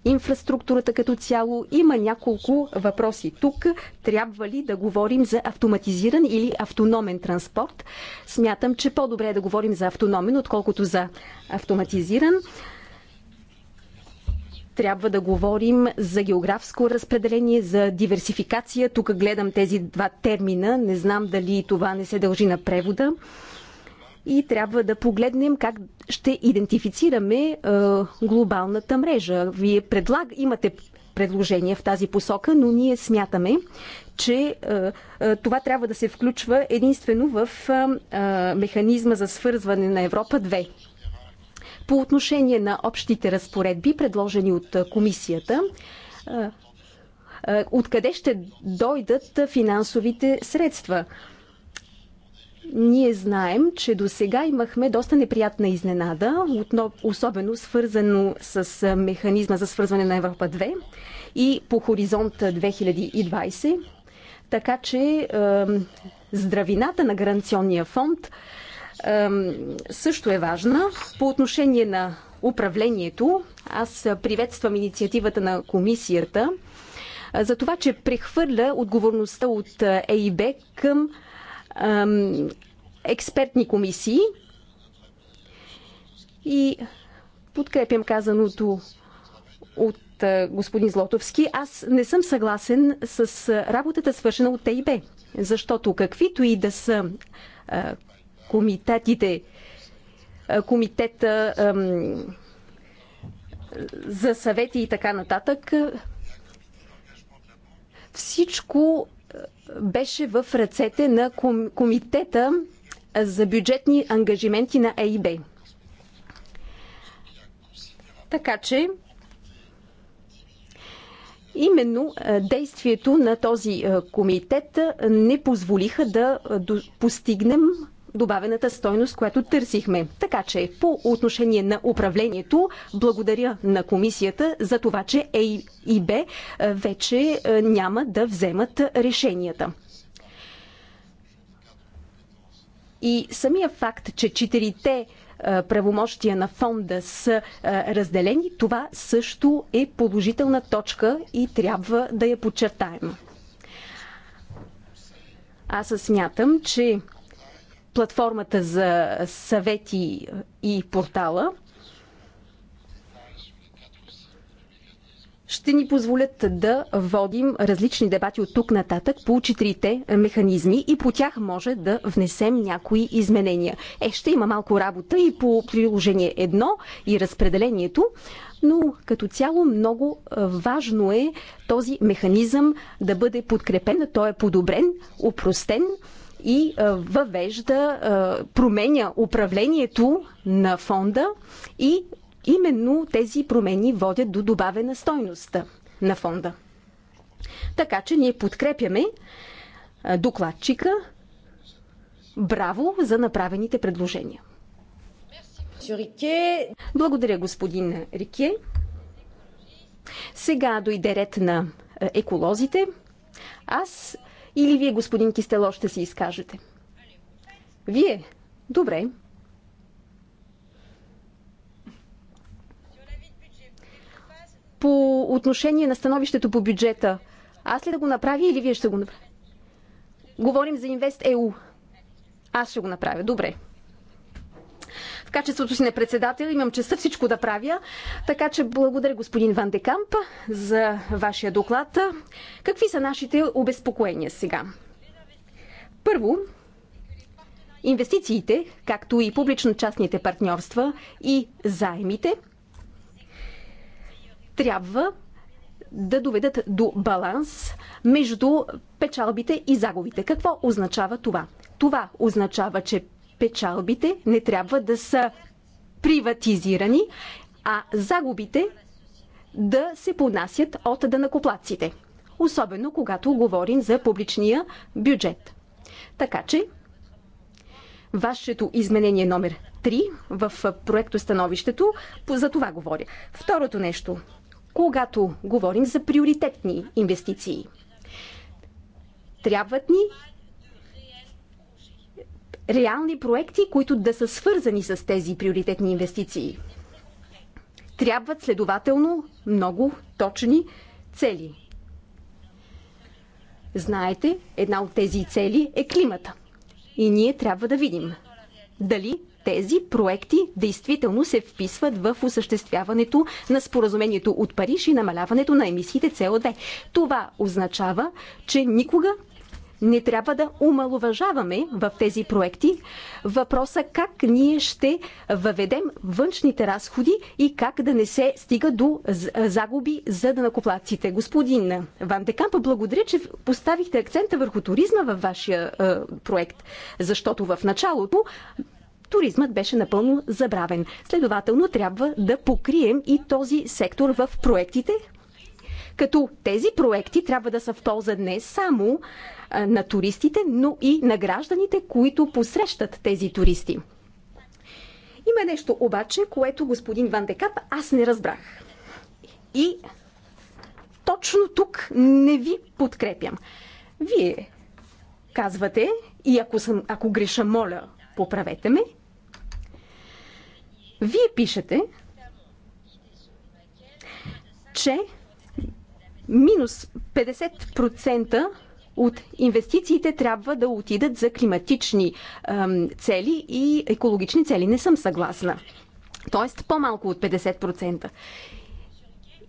инфраструктурата като цяло. Има няколко въпроси тук. Трябва ли да говорим за автоматизиран или автономен транспорт? Смятам, че по-добре е да говорим за автономен, отколкото за автоматизиран трябва да говорим за географско разпределение, за диверсификация. Тук гледам тези два термина. Не знам дали това не се дължи на превода. И трябва да погледнем как ще идентифицираме е, глобалната мрежа. Вие предлаг, имате предложение в тази посока, но ние смятаме, че е, е, това трябва да се включва единствено в е, е, механизма за свързване на Европа 2. По отношение на общите разпоредби, предложени от комисията, откъде ще дойдат финансовите средства? Ние знаем, че до сега имахме доста неприятна изненада, особено свързано с механизма за свързване на Европа 2 и по хоризонт 2020. Така че здравината на гаранционния фонд също е важна. По отношение на управлението, аз приветствам инициативата на комисията за това, че прехвърля отговорността от ЕИБ към експертни комисии и подкрепям казаното от господин Злотовски, аз не съм съгласен с работата свършена от ТИБ, защото каквито и да са комитетите, комитета за съвети и така нататък, всичко беше в ръцете на комитета за бюджетни ангажименти на ЕИБ. Така че, именно действието на този комитет не позволиха да постигнем добавената стойност, която търсихме. Така че по отношение на управлението, благодаря на комисията за това, че Е и Б е, вече е, няма да вземат решенията. И самия факт, че четирите е, правомощия на фонда са разделени, това също е положителна точка и трябва да я подчертаем. Аз смятам, че платформата за съвети и портала ще ни позволят да водим различни дебати от тук нататък по четирите механизми и по тях може да внесем някои изменения. Е, ще има малко работа и по приложение Едно и разпределението, но като цяло много важно е този механизъм да бъде подкрепен, той е подобрен, упростен, и въвежда, променя управлението на фонда и именно тези промени водят до добавена стойност на фонда. Така че ние подкрепяме докладчика. Браво за направените предложения. Благодаря, господин Рике. Сега дойде ред на еколозите. Аз или вие, господин Кистело, ще си изкажете? Вие? Добре. По отношение на становището по бюджета, аз ли да го направя или вие ще го направя? Говорим за Инвест ЕУ. Аз ще го направя. Добре. В качеството си на председател имам честа всичко да правя. Така че благодаря господин Ван Декамп за вашия доклад. Какви са нашите обезпокоения сега? Първо, инвестициите, както и публично-частните партньорства и заемите, трябва да доведат до баланс между печалбите и загубите. Какво означава това? Това означава, че печалбите не трябва да са приватизирани, а загубите да се понасят от данакоплаците. Особено когато говорим за публичния бюджет. Така че, вашето изменение номер 3 в проекто становището, за това говоря. Второто нещо, когато говорим за приоритетни инвестиции, трябват ни реални проекти, които да са свързани с тези приоритетни инвестиции. Трябват следователно много точни цели. Знаете, една от тези цели е климата. И ние трябва да видим дали тези проекти действително се вписват в осъществяването на споразумението от Париж и намаляването на емисиите со 2 Това означава, че никога не трябва да умалуважаваме в тези проекти въпроса как ние ще въведем външните разходи и как да не се стига до загуби за данакоплаците. Господин Ван Декамп, благодаря, че поставихте акцента върху туризма във вашия е, проект, защото в началото туризмът беше напълно забравен. Следователно трябва да покрием и този сектор в проектите, като тези проекти трябва да са в полза не само на туристите, но и на гражданите, които посрещат тези туристи. Има нещо обаче, което господин Ван Декап аз не разбрах. И точно тук не ви подкрепям. Вие казвате, и ако, съм, ако греша, моля, поправете ме. Вие пишете, че минус 50% от инвестициите трябва да отидат за климатични ем, цели и екологични цели. Не съм съгласна. Тоест по-малко от 50%.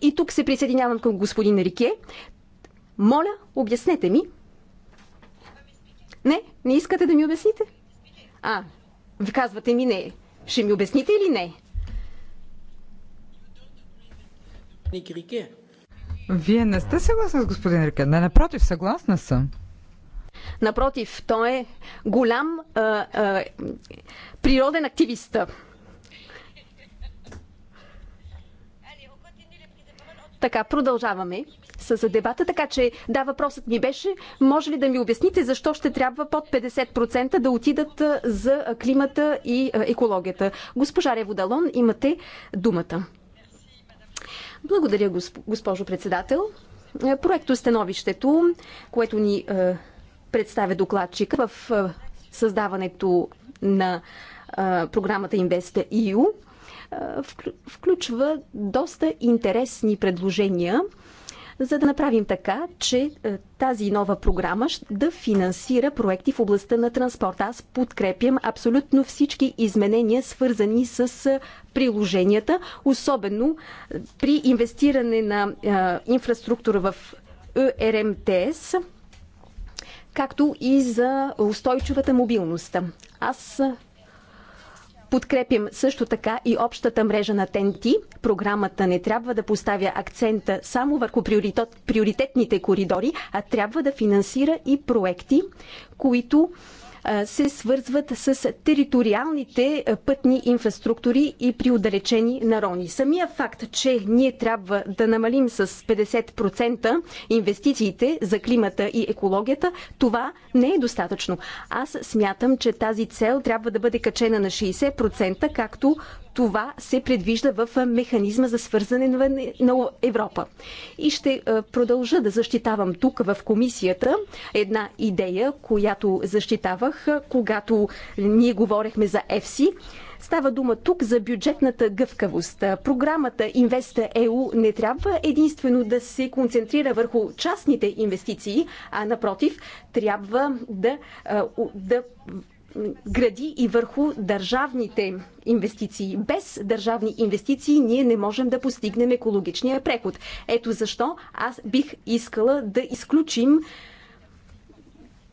И тук се присъединявам към господин Рике. Моля, обяснете ми. Не, не искате да ми обясните? А, ви казвате ми не. Ще ми обясните или не? Ник Рике. Вие не сте съгласна с господин Рикен. Не, напротив, съгласна съм. Напротив, той е голям а, а, природен активист. Така, продължаваме с дебата, така че да, въпросът ми беше, може ли да ми обясните защо ще трябва под 50% да отидат за климата и екологията? Госпожа Реводалон, имате думата. Благодаря, госпожо председател. Е, проекто становището, което ни е, представя докладчика в е, създаването на е, програмата InvestEU, е, включва доста интересни предложения, за да направим така, че е, тази нова програма да финансира проекти в областта на транспорта. Аз подкрепям абсолютно всички изменения, свързани с е, приложенията, особено е, при инвестиране на инфраструктура в ЕРМТС, както и за устойчивата мобилност. Аз Подкрепим също така и общата мрежа на ТНТ. Програмата не трябва да поставя акцента само върху приоритетните коридори, а трябва да финансира и проекти, които се свързват с териториалните пътни инфраструктури и при отдалечени нарони. Самия факт, че ние трябва да намалим с 50% инвестициите за климата и екологията, това не е достатъчно. Аз смятам, че тази цел трябва да бъде качена на 60%, както това се предвижда в механизма за свързане на Европа. И ще продължа да защитавам тук в комисията една идея, която защитавах, когато ние говорехме за ЕФСИ. Става дума тук за бюджетната гъвкавост. Програмата Инвеста ЕУ не трябва единствено да се концентрира върху частните инвестиции, а напротив, трябва да, да гради и върху държавните инвестиции. Без държавни инвестиции ние не можем да постигнем екологичния преход. Ето защо аз бих искала да изключим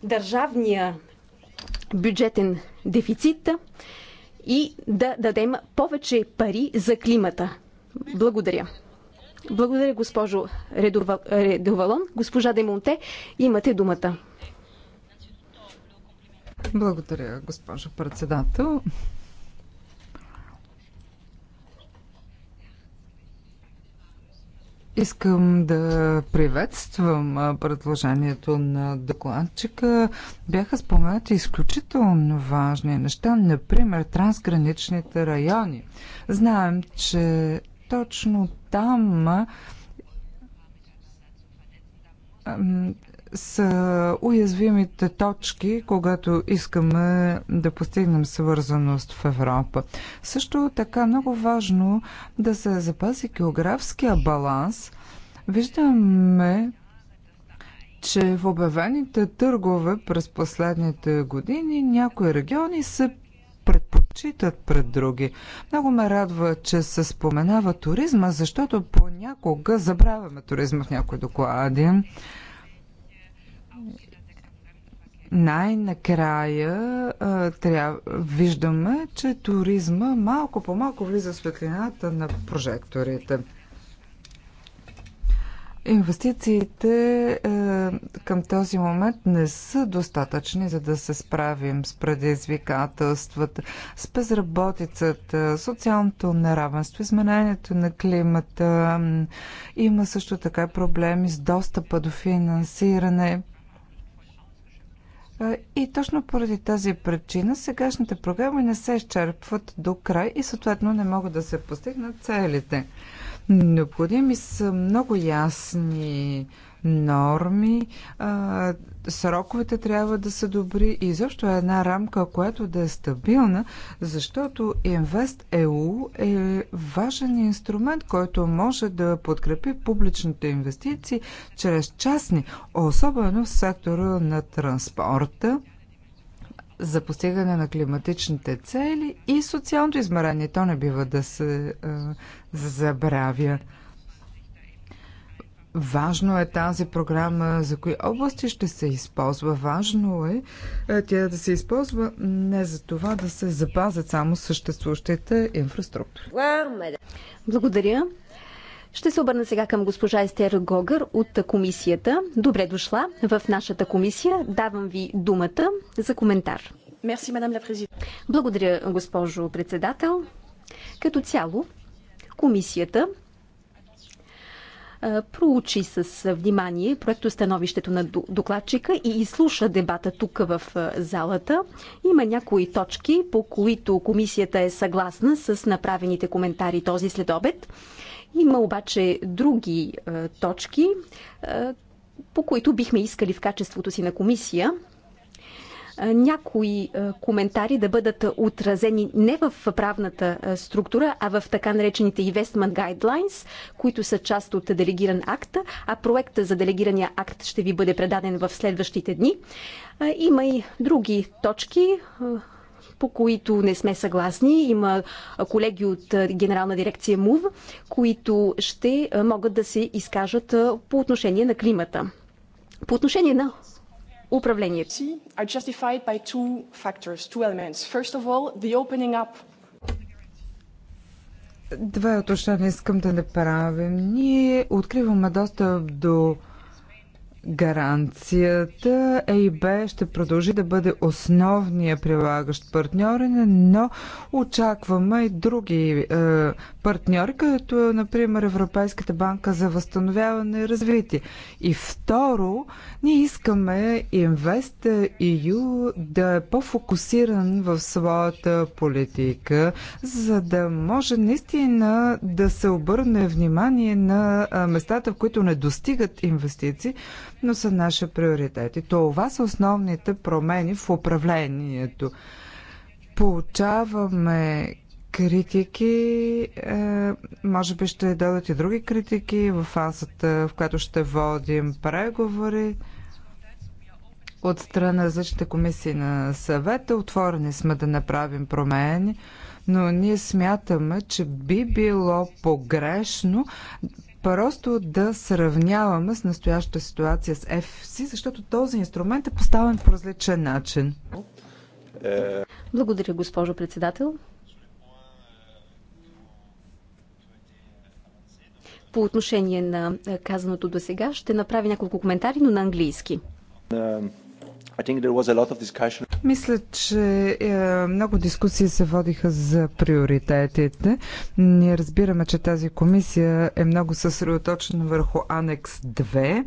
държавния бюджетен дефицит и да дадем повече пари за климата. Благодаря. Благодаря, госпожо Редовалон. Госпожа Демонте, имате думата. Благодаря, госпожо председател. Искам да приветствам предложението на докладчика. Бяха споменати изключително важни неща, например трансграничните райони. Знаем, че точно там са уязвимите точки, когато искаме да постигнем свързаност в Европа. Също така много важно да се запази географския баланс. Виждаме, че в обявените търгове през последните години някои региони се предпочитат пред други. Много ме радва, че се споменава туризма, защото понякога забравяме туризма в някои доклади най-накрая трябва, виждаме, че туризма малко по малко влиза в светлината на прожекторите. Инвестициите е, към този момент не са достатъчни, за да се справим с предизвикателствата, с безработицата, социалното неравенство, изменението на климата. Има също така проблеми с достъпа до финансиране. И точно поради тази причина сегашните програми не се изчерпват до край и съответно не могат да се постигнат целите. Необходими са много ясни норми, а, сроковете трябва да са добри и защо е една рамка, която да е стабилна, защото InvestEU е важен инструмент, който може да подкрепи публичните инвестиции чрез частни, особено в сектора на транспорта за постигане на климатичните цели и социалното измерение. То не бива да се а, забравя. Важно е тази програма за кои области ще се използва. Важно е, е тя да се използва не за това да се запазят само съществуващите инфраструктури. Благодаря. Ще се обърна сега към госпожа Естер Гогър от комисията. Добре дошла в нашата комисия. Давам ви думата за коментар. Merci, Благодаря, госпожо председател. Като цяло, комисията проучи с внимание проектостановището на докладчика и изслуша дебата тук в залата. Има някои точки, по които комисията е съгласна с направените коментари този следобед. Има обаче други точки, по които бихме искали в качеството си на комисия някои коментари да бъдат отразени не в правната структура, а в така наречените Investment Guidelines, които са част от делегиран акт, а проекта за делегирания акт ще ви бъде предаден в следващите дни. Има и други точки, по които не сме съгласни. Има колеги от Генерална дирекция МУВ, които ще могат да се изкажат по отношение на климата. По отношение на управлението. Два уточнения искам да направим. Ние откриваме достъп до гаранцията ЕИБ ще продължи да бъде основния прилагащ партньор, но очакваме и други е, партньори, като например Европейската банка за възстановяване и развитие. И второ, ние искаме InvestEU да е по-фокусиран в своята политика, за да може наистина да се обърне внимание на е, местата, в които не достигат инвестиции, но са наши приоритети. Това са основните промени в управлението. Получаваме критики, е, може би ще дадат и други критики в фазата, в която ще водим преговори от страна на различните комисии на съвета. Отворени сме да направим промени, но ние смятаме, че би било погрешно просто да сравняваме с настоящата ситуация с FC, защото този инструмент е поставен по различен начин. Благодаря, госпожо председател. По отношение на казаното до сега ще направя няколко коментари, но на английски. Мисля, че е, много дискусии се водиха за приоритетите. Ние разбираме, че тази комисия е много съсредоточена върху анекс 2 е,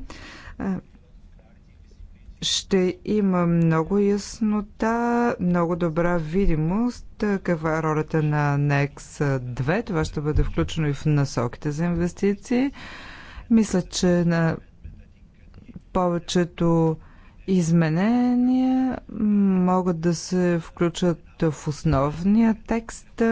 ще има много яснота, много добра видимост каква е ролята на Анекс 2. Това ще бъде включено и в насоките за инвестиции. Мисля, че на повечето изменения могат да се включат в основния текст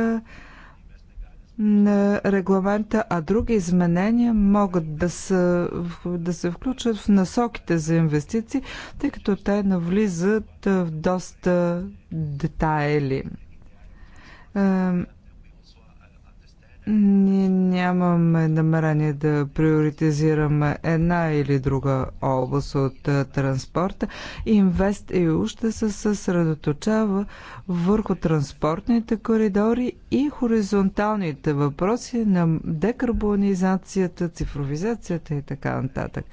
на регламента, а други изменения могат да, са, да се включат в насоките за инвестиции, тъй като те навлизат в доста детайли. Ние нямаме намерение да приоритизираме една или друга област от транспорта. Инвест и ще се съсредоточава върху транспортните коридори и хоризонталните въпроси на декарбонизацията, цифровизацията и така нататък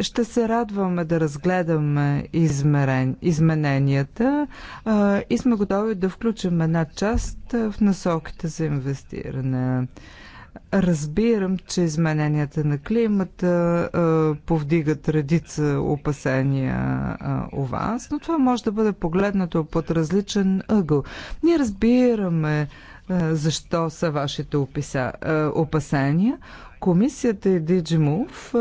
ще се радваме да разгледаме измерен, измененията а, и сме готови да включим една част в насоките за инвестиране. Разбирам, че измененията на климата а, повдигат редица опасения а, у вас, но това може да бъде погледнато под различен ъгъл. Ние разбираме а, защо са вашите описа, а, опасения. Комисията и Диджимов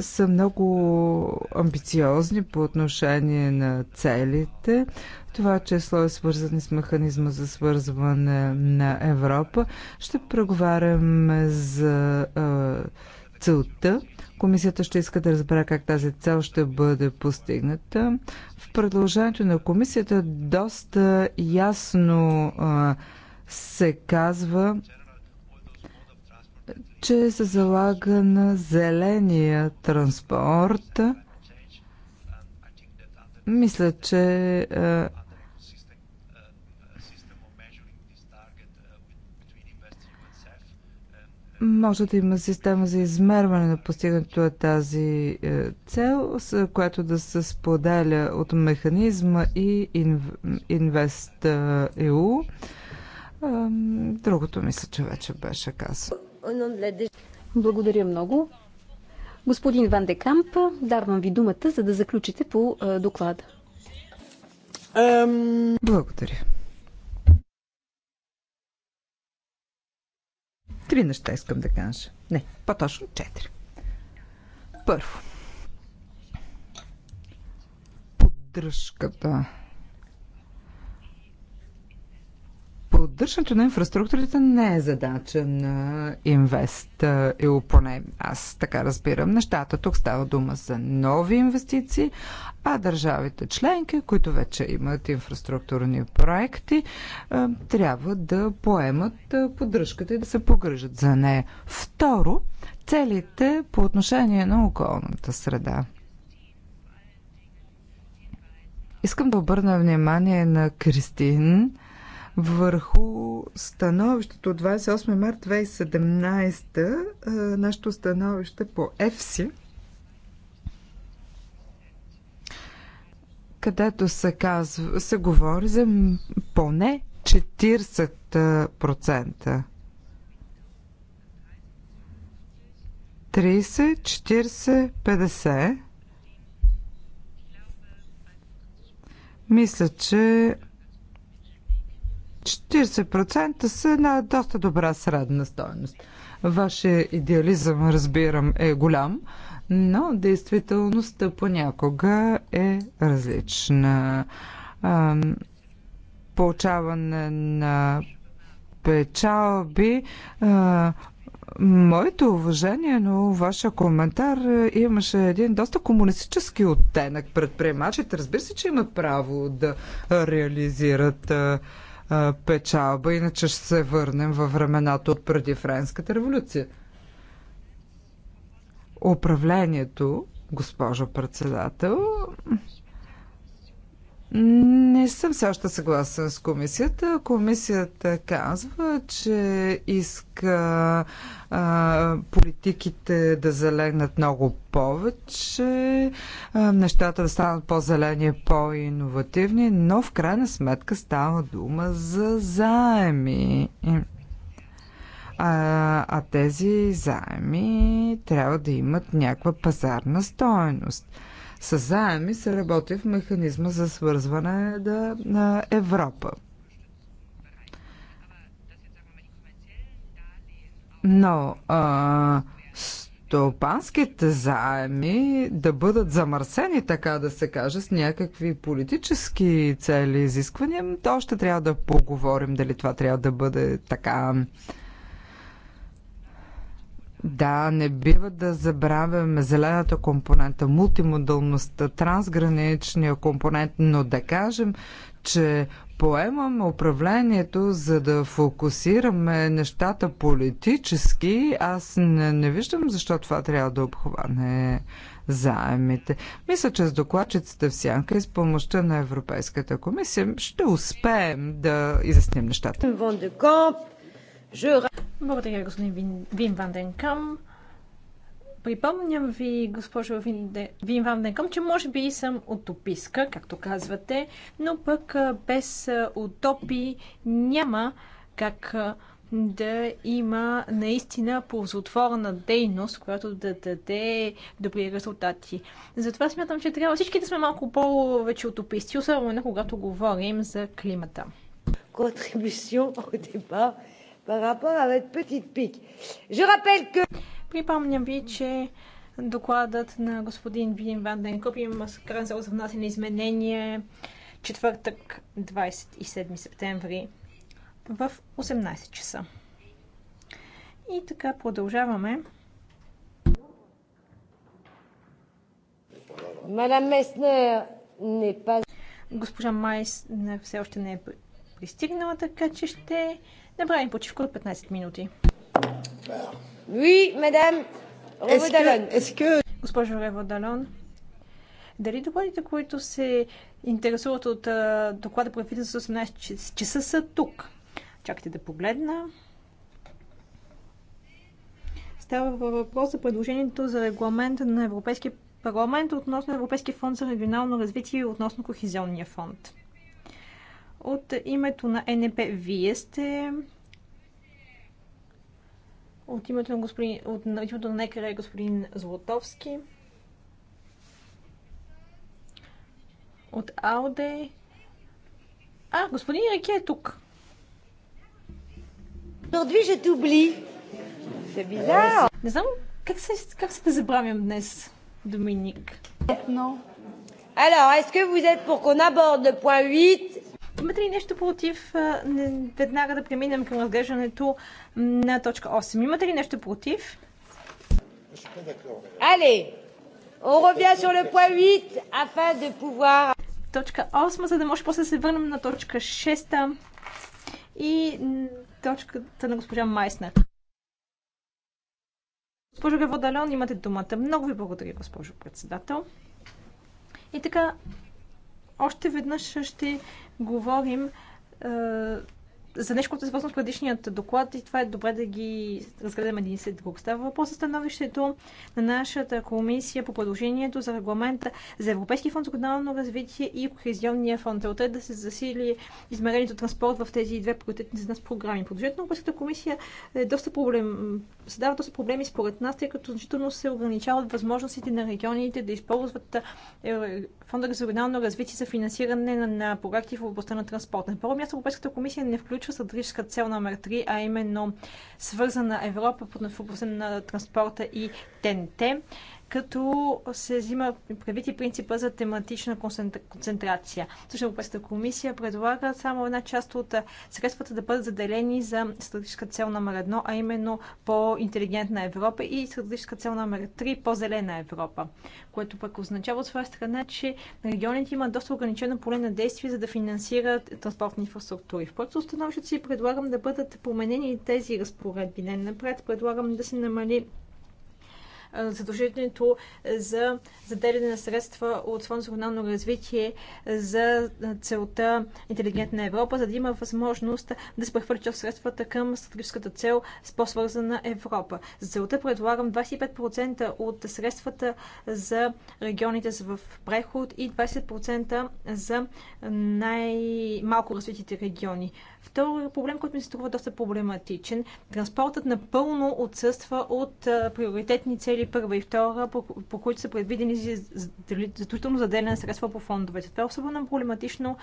са много амбициозни по отношение на целите. Това число е свързано с механизма за свързване на Европа. Ще преговарям за а, целта. Комисията ще иска да разбере как тази цел ще бъде постигната. В предложението на комисията доста ясно а, се казва че се залага на зеления транспорт. Мисля, че е, може да има система за измерване на постигането на тази е, цел, с която да се споделя от механизма и InvestEU. Е, другото мисля, че вече беше казано. Благодаря много. Господин Ван Камп, давам ви думата, за да заключите по е, доклада. Благодаря. Три неща искам да кажа. Не, по-точно четири. Първо. Поддръжката Поддържането на инфраструктурите не е задача на инвест, или е поне аз така разбирам нещата. Тук става дума за нови инвестиции, а държавите членки, които вече имат инфраструктурни проекти, трябва да поемат поддръжката и да се погрижат за нея. Второ, целите по отношение на околната среда. Искам да обърна внимание на Кристин, върху становището от 28 март 2017, нашето становище по ЕФСИ, където се, казва, се говори за поне 40%. 30, 40, 50. Мисля, че 40% са една доста добра средна стоеност. Вашия идеализъм, разбирам, е голям, но действителността понякога е различна. Получаване на печалби Моето уважение, но вашия коментар имаше един доста комунистически оттенък. Предприемачите, разбира се, че имат право да реализират печалба, иначе ще се върнем във времената от преди Френската революция. Управлението, госпожо председател, не съм все още съгласен с комисията. Комисията казва, че иска а, политиките да залегнат много повече, а, нещата да станат по-зелени, по-инновативни, но в крайна сметка става дума за заеми. А, а тези заеми трябва да имат някаква пазарна стоеност с заеми се работи в механизма за свързване да, на Европа. Но а, стопанските заеми да бъдат замърсени, така да се каже, с някакви политически цели изисквания, то още трябва да поговорим дали това трябва да бъде така. Да, не бива да забравяме зелената компонента, мултимодалността, трансграничния компонент, но да кажем, че поемаме управлението, за да фокусираме нещата политически, аз не, не виждам защо това трябва да обхване заемите. Мисля, че с докладчицата в сянка и с помощта на Европейската комисия ще успеем да изясним нещата. Благодаря, господин Вин, Вин Ванденкам. Припомням ви, госпожо Вин Ванденкам, че може би съм утописка, както казвате, но пък без утопи няма как да има наистина ползотворна дейност, която да даде добри резултати. Затова смятам, че трябва всички да сме малко по-вече утописти, особено когато говорим за климата. Контрибюцион au débat par rapport à votre petite pique. Je rappelle que... Припомням ви, че докладът на господин Вин Ван Денкоп има крайен за внасяне изменение четвъртък 27 септември в 18 часа. И така продължаваме. Мадам Меснер не пази. Госпожа Майс все още не е пристигнала, така че ще Направим почивка от 15 минути. Oui, madame. Реводалон. Госпожо Далон, дали докладите, които се интересуват от доклада по с 18 часа са тук? Чакайте да погледна. Става въпрос за предложението за регламент на Европейския парламент относно Европейския фонд за регионално развитие и относно Кохизионния фонд от името на НП. Вие сте от името на, господин, от, името на некъра е господин Златовски. От Ауде. А, господин Реке е тук. Aujourd'hui, je t'oublie. C'est bizarre. Не знам как се, как се да забравям днес, Доминик. Non. Alors, est-ce que vous êtes pour qu'on aborde le point 8 Имате ли нещо против веднага да преминем към разглеждането на точка 8? Имате ли нещо против? Але! On revient sur le point 8 afin de pouvoir... Точка 8, за да може после да се върнем на точка 6 и точката на госпожа Майснер. Госпожо Гаводалон, имате думата. Много ви благодаря, госпожо председател. И така, още веднъж ще говорим е, за нещо, което е свързано с предишният доклад и това е добре да ги разгледаме един след друг. Става въпрос за становището на нашата комисия по предложението за регламента за Европейски фонд за регионално развитие и Кохезионния фонд. Целта е да се засили измерението транспорт в тези две приоритетни за нас програми. Предложението на Европейската комисия е доста проблем, създава доста проблеми според нас, тъй като значително се ограничават възможностите на регионите да използват е, фонда за регионално развитие за финансиране на, на проекти в областта на транспорта. На първо място Европейската комисия не включва включва стратегическа цел номер 3, а именно свързана Европа под на транспорта и ТНТ като се взима предвид и принципа за тематична концентрация. Също Европейската комисия предлага само една част от средствата да бъдат заделени за стратегическа цел номер едно, а именно по-интелигентна Европа и стратегическа цел номер три, по-зелена Европа, което пък означава от своя страна, че регионите имат доста ограничено поле на действие, за да финансират транспортни инфраструктури. В просто установището си предлагам да бъдат променени тези разпоредби. Не напред предлагам да се намали задължението за заделяне на средства от Фонд за регионално развитие за целта Интелигентна Европа, за да има възможност да се прехвърлят част средствата към стратегическата цел с по-свързана Европа. За целта предлагам 25% от средствата за регионите в преход и 20% за най-малко развитите региони. Втори проблем, който ми се струва доста проблематичен, транспортът напълно отсъства от приоритетни цели цели първа и втора, по, по които са предвидени задължително заделяне средства по фондовете. Това е особено проблематично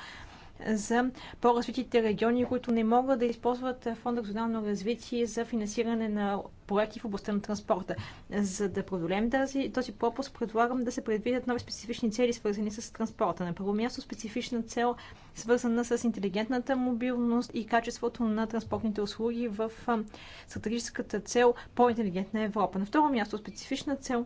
за по-развитите региони, които не могат да използват фонда регионално развитие за финансиране на проекти в областта на транспорта. За да преодолеем този пропуск, предлагам да се предвидят нови специфични цели, свързани с транспорта. На първо място специфична цел, свързана с интелигентната мобилност и качеството на транспортните услуги в стратегическата цел по-интелигентна Европа. На второ място специфична цел,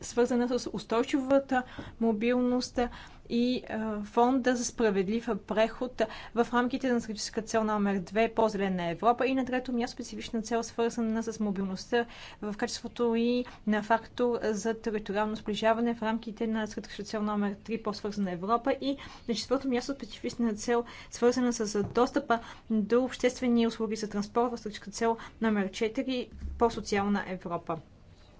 свързана с устойчивата мобилност и фонда за справедлив преход в рамките на стратегическа цел номер 2 по-зелена Европа и на трето място специфична цел свързана с мобилността в качеството и на фактор за териториално сближаване в рамките на стратегическа цел номер 3 по-свързана Европа и на четвърто място специфична цел свързана с достъпа до обществени услуги за транспорт в стратегическа цел номер 4 по-социална Европа.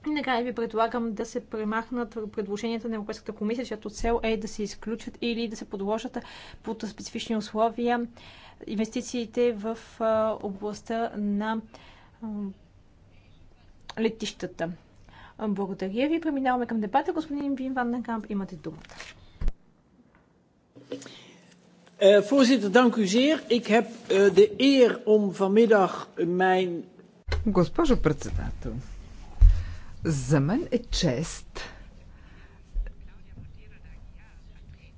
И накрая ви предлагам да се премахнат предложенията на Европейската комисия, чиято цел е да се изключат или да се подложат под специфични условия инвестициите в областта на летищата. Благодаря ви. Преминаваме към дебата. Господин Вин Ван Накамп, имате думата. Е, voorzitter, dank u zeer. Ik heb е, de eer om vanmiddag mijn. Госпожо председател, за мен е чест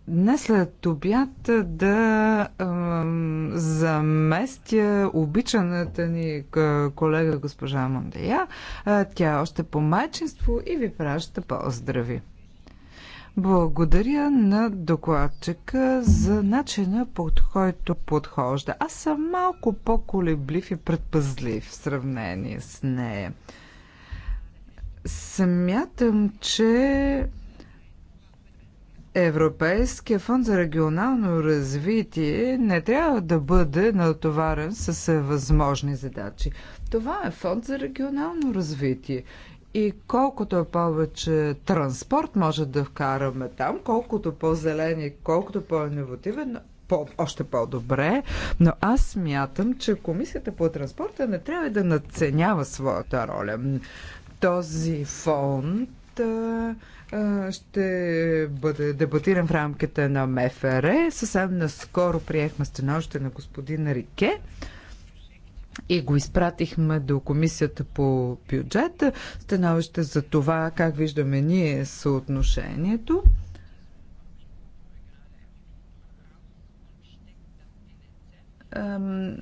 днес след обяд да э, заместя обичаната ни колега госпожа Мандея. Тя още по майчинство и ви праща поздрави. Благодаря на докладчика за начина, под който подхожда. Аз съм малко по-колеблив и предпазлив в сравнение с нея. Смятам, че Европейския фонд за регионално развитие не трябва да бъде натоварен с възможни задачи. Това е фонд за регионално развитие. И колкото повече транспорт може да вкараме там, колкото по-зелени, колкото по-инновативен, по, още по-добре, но аз мятам, че Комисията по транспорта не трябва да надценява своята роля. Този фонд ще бъде дебатиран в рамките на МФР. Съвсем наскоро приехме становище на господин Рике и го изпратихме до комисията по бюджет. Становище за това как виждаме ние съотношението. Ам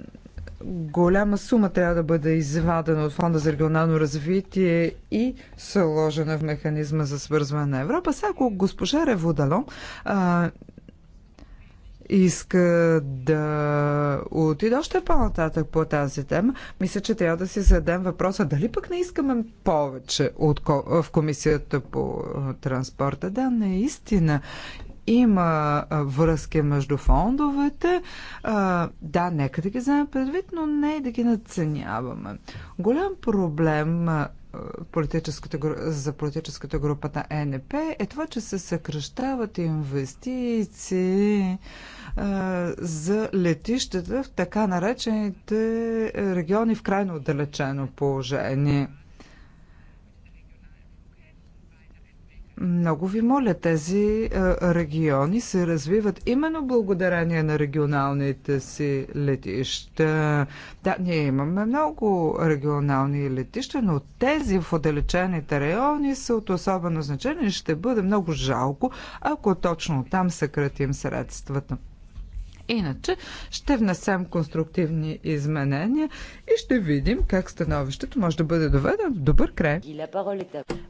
голяма сума трябва да бъде извадена от Фонда за регионално развитие и съложена в механизма за свързване на Европа. Сега, ако госпожа Реводалон иска да отиде още по-нататък по тази тема, мисля, че трябва да си зададем въпроса дали пък не искаме повече от, в комисията по транспорта. Да, наистина има връзки между фондовете. Да, нека да ги вземем предвид, но не и да ги наценяваме. Голям проблем политическата, за политическата група на НП е това, че се съкръщават инвестиции за летищата в така наречените региони в крайно отдалечено положение. Много ви моля, тези е, региони се развиват именно благодарение на регионалните си летища. Да, ние имаме много регионални летища, но тези в отдалечените райони са от особено значение. Ще бъде много жалко, ако точно там съкратим средствата. Иначе ще внесем конструктивни изменения и ще видим как становището може да бъде доведено в добър край. Е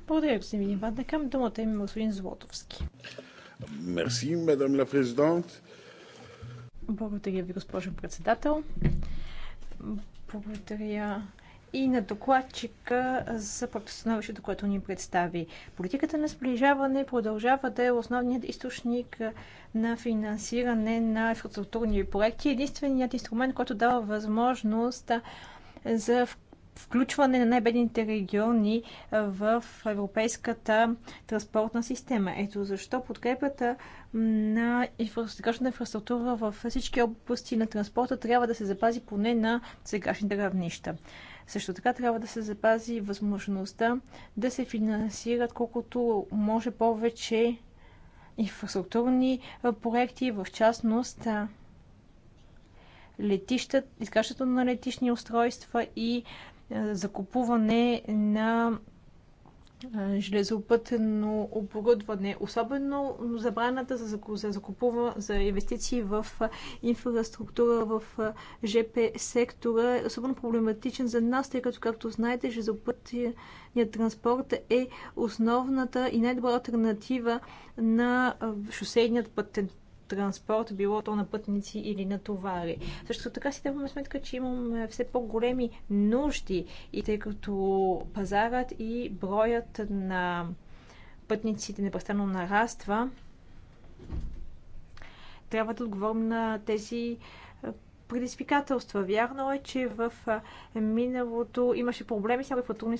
Благодаря, господин Иван. Да към думата има господин Злотовски. Мерси, медам ла президент. Благодаря ви, госпожо председател. Благодаря и на докладчика за проектостановището, което ни представи. Политиката на сближаване продължава да е основният източник на финансиране на инфраструктурни проекти. Единственият инструмент, който дава възможност за включване на най-бедните региони в европейската транспортна система. Ето защо подкрепата на сегашната инфраструктура във всички области на транспорта трябва да се запази поне на сегашните равнища. Също така трябва да се запази възможността да се финансират колкото може повече инфраструктурни проекти, в частност летища, изграждането на летищни устройства и закупуване на железопътно оборудване, особено забраната за, за, закупува, за инвестиции в инфраструктура в ЖП сектора е особено проблематичен за нас, тъй като, както знаете, железопътният транспорт е основната и най-добра альтернатива на шосейният пътен транспорт, било то на пътници или на товари. Също така си даваме сметка, че имаме все по-големи нужди и тъй като пазарът и броят на пътниците непрестанно нараства, трябва да отговорим на тези е, предизвикателства. Вярно е, че в е, миналото имаше проблеми с някои фатурни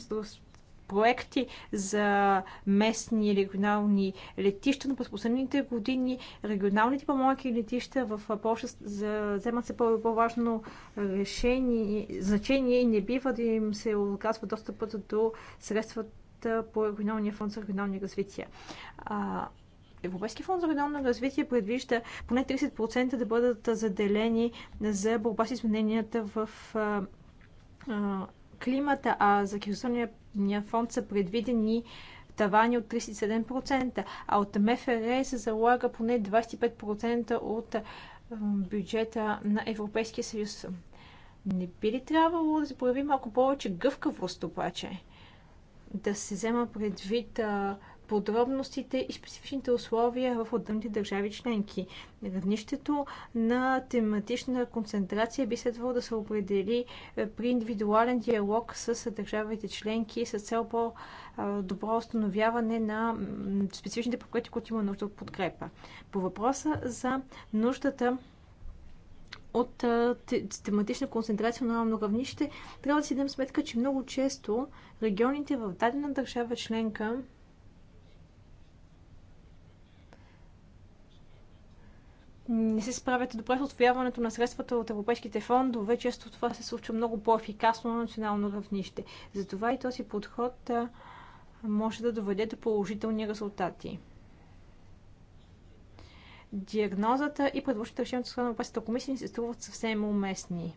проекти за местни регионални летища, но през последните години регионалните по-малки летища в Польша вземат се по-важно решение, значение и не бива да им се оказва достъпът до средствата по регионалния фонд за регионални развития. Европейски фонд за регионално развитие предвижда поне 30% да бъдат заделени за борба с измененията в климата, а за Херсонния фонд са предвидени тавани от 37%, а от МФР се залага поне 25% от бюджета на Европейския съюз. Не би ли трябвало да се прояви малко повече гъвкавост обаче? Да се взема предвид а, подробностите и специфичните условия в отделните държави членки. Равнището на тематична концентрация би следвало да се определи е, при индивидуален диалог с държавите членки с цел по-добро установяване на специфичните проекти, които има нужда от подкрепа. По въпроса за нуждата от е, тематична концентрация на равно равнище, трябва да си дадем сметка, че много често регионите в дадена държава членка не се справят добре с отвояването на средствата от европейските фондове. Често това се случва много по-ефикасно на национално равнище. Затова и този подход може да доведе до положителни резултати. Диагнозата и предложените решения на Европейската комисия ни се струват съвсем уместни.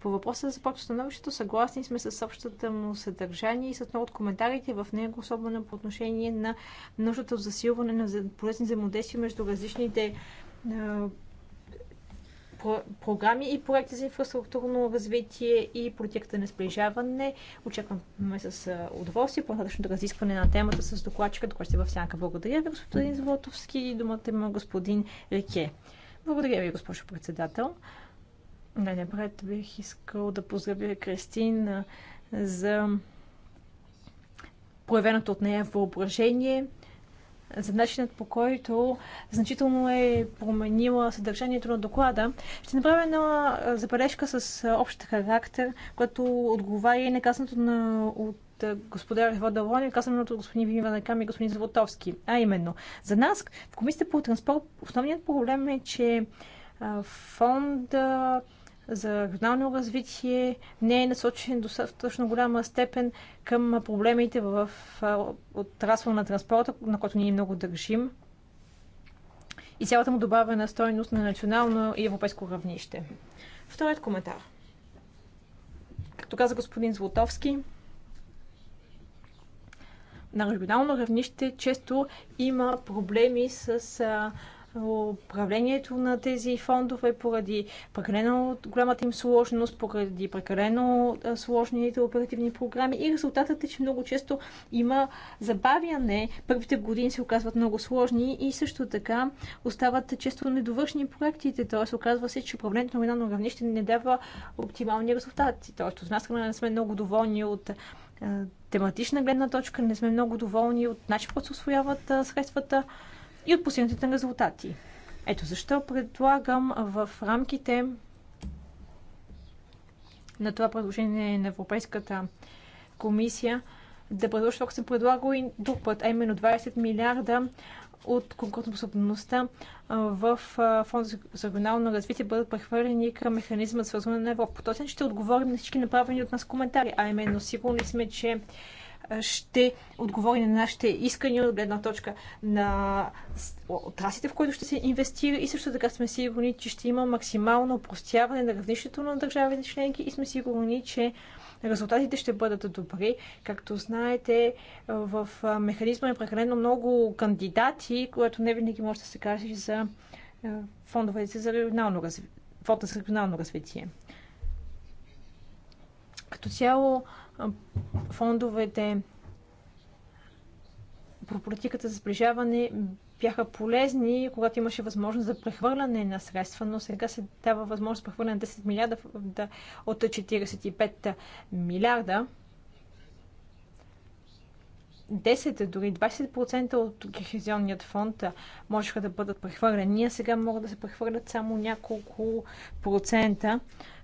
По въпроса за становището съгласни сме с общата му съдържание и с много от коментарите в него, особено по отношение на нуждата от засилване на полезни взаимодействия между различните про програми и проекти за инфраструктурно развитие и политиката на сближаване. Очакваме с удоволствие по-нататъчното разискване на темата с докладчика, до ще е в сянка. Благодаря ви, господин и Думата има господин Реке. Благодаря ви, госпожо председател. Най-напред бих искал да поздравя Кристин за проявеното от нея въображение, за начинът по който значително е променила съдържанието на доклада. Ще направя една забележка с общ характер, която отговаря и наказаното на, от господа Водалон и казаното от господин Виванакам и господин Золотовски, А именно, за нас в Комисията по транспорт основният проблем е, че фонда за регионално развитие не е насочен достатъчно голяма степен към проблемите в отрасъл на транспорта, на който ние много държим и цялата му добавена стойност на национално и европейско равнище. Вторият коментар. Както каза господин Златовски, на регионално равнище често има проблеми с управлението на тези фондове поради прекалено голямата им сложност, поради прекалено сложните оперативни програми и резултатът е, че много често има забавяне. Първите години се оказват много сложни и също така остават често недовършни проектите, т.е. оказва се, че управлението на минално равнище не дава оптимални резултати. Т.е. от нас не сме много доволни от тематична гледна точка, не сме много доволни от начин, който се освояват средствата и от постигнатите резултати. Ето защо предлагам в рамките на това предложение на Европейската комисия да предложи, ако съм предлагал и друг път, а именно 20 милиарда от конкурентоспособността в Фонд за регионално развитие бъдат прехвърлени към механизма за свързване на Европа. По този ще отговорим на всички направени от нас коментари, а именно сигурни сме, че ще отговори на нашите искания от гледна точка на отрасите, в които ще се инвестира и също така сме сигурни, че ще има максимално упростяване на равнището на държавите членки и сме сигурни, че резултатите ще бъдат добри. Както знаете, в механизма е прекалено много кандидати, което не винаги може да се каже за фондовете за регионално развитие. Фонда за регионално развитие. Като цяло, фондовете по политиката за сближаване бяха полезни, когато имаше възможност за прехвърляне на средства, но сега се дава възможност за прехвърляне на 10 милиарда от 45 милиарда. 10, дори 20% от кохезионният фонд можеха да бъдат прехвърлени, ние сега могат да се прехвърлят само няколко процента,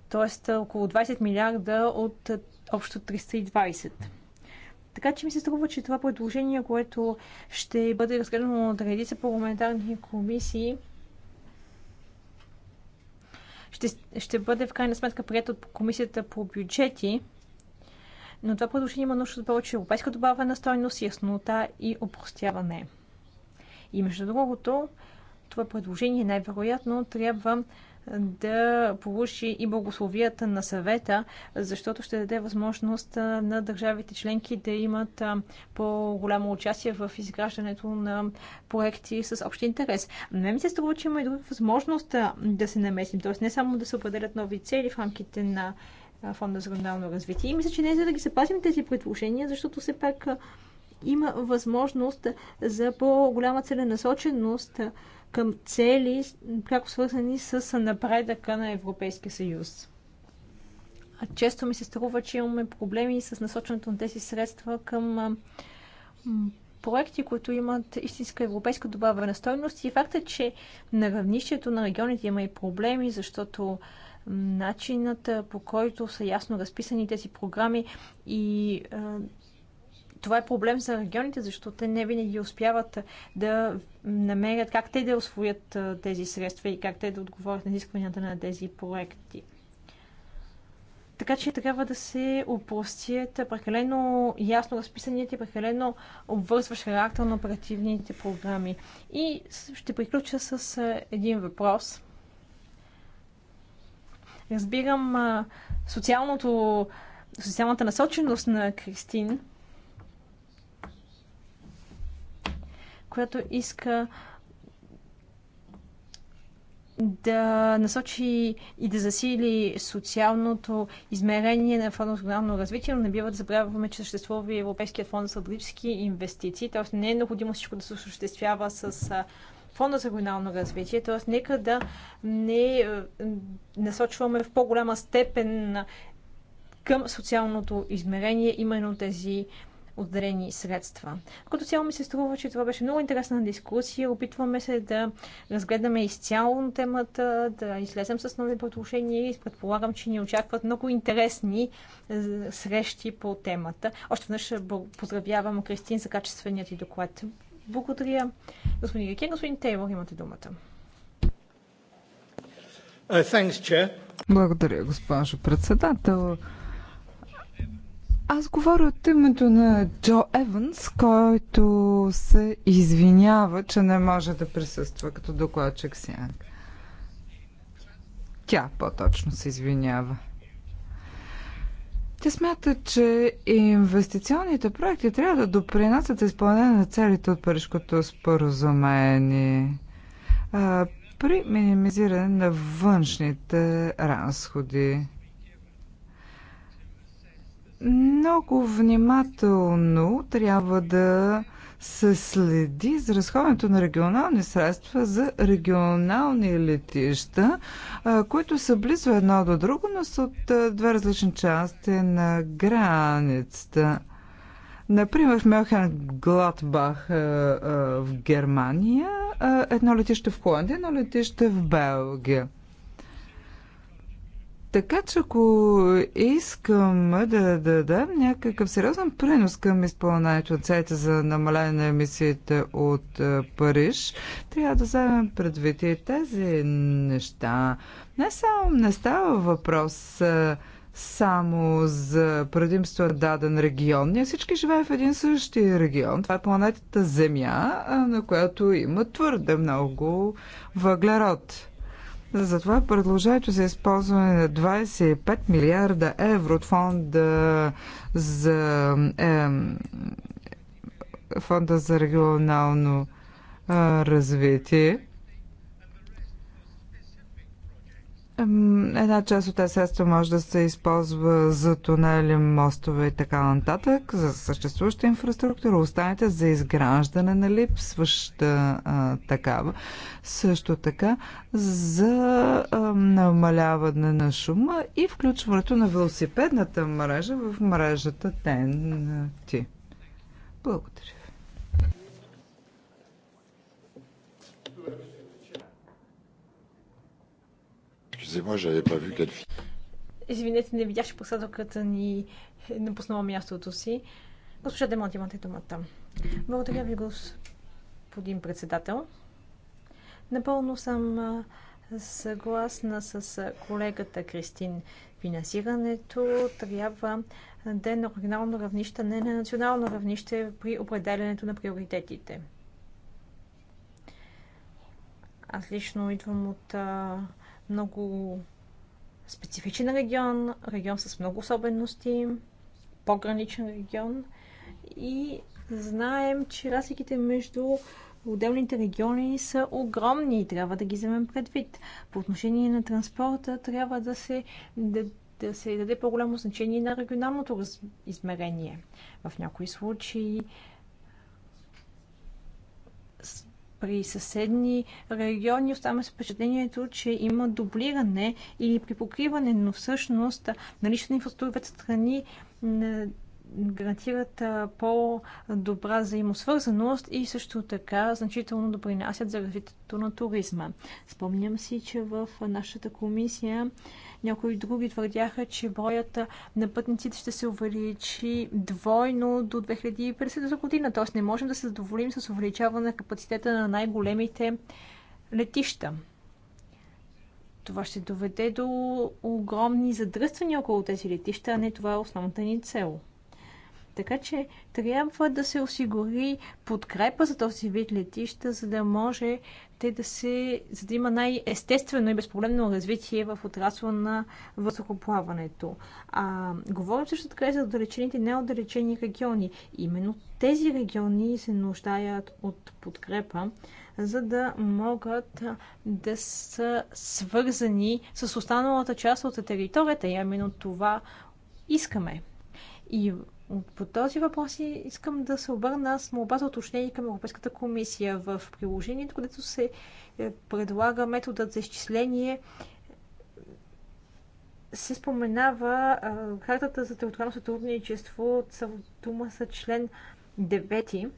т.е. около 20 милиарда от общо 320. Така че ми се струва, че това предложение, което ще бъде разгледано от редица парламентарни комисии, ще, ще бъде в крайна сметка прият от комисията по бюджети, но това предложение има нужда от повече европейска добавена стойност, яснота и опростяване. И между другото, това предложение най-вероятно трябва да получи и благословията на съвета, защото ще даде възможност на държавите членки да имат по-голямо участие в изграждането на проекти с общ интерес. Не ми се струва, че има и друга възможност да се намесим, т.е. не само да се определят нови цели в рамките на Фонда за регионално развитие. И мисля, че не е за да ги запазим тези предложения, защото все пак има възможност за по-голяма целенасоченост към цели, пряко свързани с напредъка на Европейския съюз. А често ми се струва, че имаме проблеми с насочването на тези средства към проекти, които имат истинска европейска добавена стойност и факта, че на равнището на регионите има и проблеми, защото начинът по който са ясно разписани тези програми и това е проблем за регионите, защото те не винаги успяват да намерят как те да освоят тези средства и как те да отговорят на изискванията на тези проекти. Така че трябва да се опростят прекалено ясно разписаните, прекалено обвързващ характер на оперативните програми. И ще приключа с един въпрос. Разбирам социалното, социалната насоченост на Кристин, която иска да насочи и да засили социалното измерение на фонда за регионално развитие, но не бива да забравяме, че съществува и Европейският фонд за стратегически инвестиции, т.е. не е необходимо всичко да се осъществява с фонда за регионално развитие, Тоест, нека да не насочваме в по-голяма степен към социалното измерение именно тези отделени средства. Като цяло ми се струва, че това беше много интересна дискусия. Опитваме се да разгледаме изцяло темата, да излезем с нови предложения и предполагам, че ни очакват много интересни е, срещи по темата. Още веднъж поздравявам Кристин за качественият и доклад. Благодаря. Господин Рикен, господин Тейлор, имате думата. Uh, Благодаря, госпожо председател. Аз говоря от името на Джо Еванс, който се извинява, че не може да присъства като докладчик сянг. Тя по-точно се извинява. Те смятат, че инвестиционните проекти трябва да допринасят изпълнение на целите от Парижкото споразумение а, при минимизиране на външните разходи. Много внимателно трябва да се следи за разходването на регионални средства за регионални летища, които са близо едно до друго, но са от две различни части на границата. Например, в Мелхен Гладбах в Германия, едно летище в Холандия, едно летище в Белгия. Така че ако искам да дадам някакъв сериозен принос към изпълнението на целите за намаляне на емисиите от е, Париж, трябва да вземем предвид и тези неща. Не само не става въпрос е, само за предимство на даден регион. Ние всички живеем в един същи регион. Това е планетата Земя, е, на която има твърде много въглерод. Затова предложението за използване на 25 милиарда евро от фонда за, е, фонда за регионално е, развитие Една част от тези средства може да се използва за тунели, мостове и така нататък, за съществуваща инфраструктура, останете за изграждане на липсваща а, такава. Също така за а, намаляване на шума и включването на велосипедната мрежа в мрежата Тенти. Благодаря. Excusez-moi, n'avais pas vu quelle fille. Извинете, не видях, че посадоката ни напуснала мястото си. Госпожа Демонт, имате думата. Благодаря ви, господин председател. Напълно съм съгласна с колегата Кристин. Финансирането трябва да е на регионално равнище, не на национално равнище при определенето на приоритетите. Аз лично идвам от много специфичен регион, регион с много особености, пограничен регион и знаем, че разликите между отделните региони са огромни и трябва да ги вземем предвид. По отношение на транспорта трябва да се, да, да се даде по-голямо значение на регионалното измерение. В някои случаи при съседни региони оставаме с впечатлението, че има дублиране или припокриване, но всъщност наличната инфраструктура в страни гарантират по-добра взаимосвързаност и също така значително допринасят за развитието на туризма. Спомням си, че в нашата комисия някои други твърдяха, че броят на пътниците ще се увеличи двойно до 2050 година. Т.е. не можем да се задоволим с увеличаване на капацитета на най-големите летища. Това ще доведе до огромни задръствания около тези летища, а не това е основната ни цел. Така че трябва да се осигури подкрепа за този вид летища, за да може те да се, за да има най-естествено и безпроблемно развитие в отрасла на въздухоплаването. А, говорим също така и за отдалечените и неотдалечени региони. Именно тези региони се нуждаят от подкрепа, за да могат да са свързани с останалата част от територията. И именно това искаме. И по този въпрос искам да се обърна с молба за уточнение към Европейската комисия в приложението, където се е, предлага методът за изчисление се споменава а, картата за териториално сътрудничество, от дума са член 9.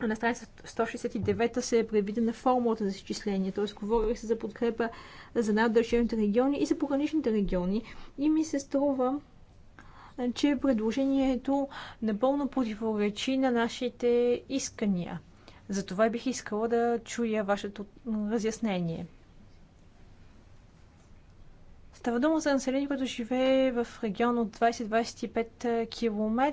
На страница 169 се е предвидена формулата за изчисление, т.е. говори се за подкрепа за най-държавните региони и за пограничните региони. И ми се струва, че предложението напълно противоречи на нашите искания. Затова бих искала да чуя вашето разяснение. Става дума за население, което живее в регион от 20-25 км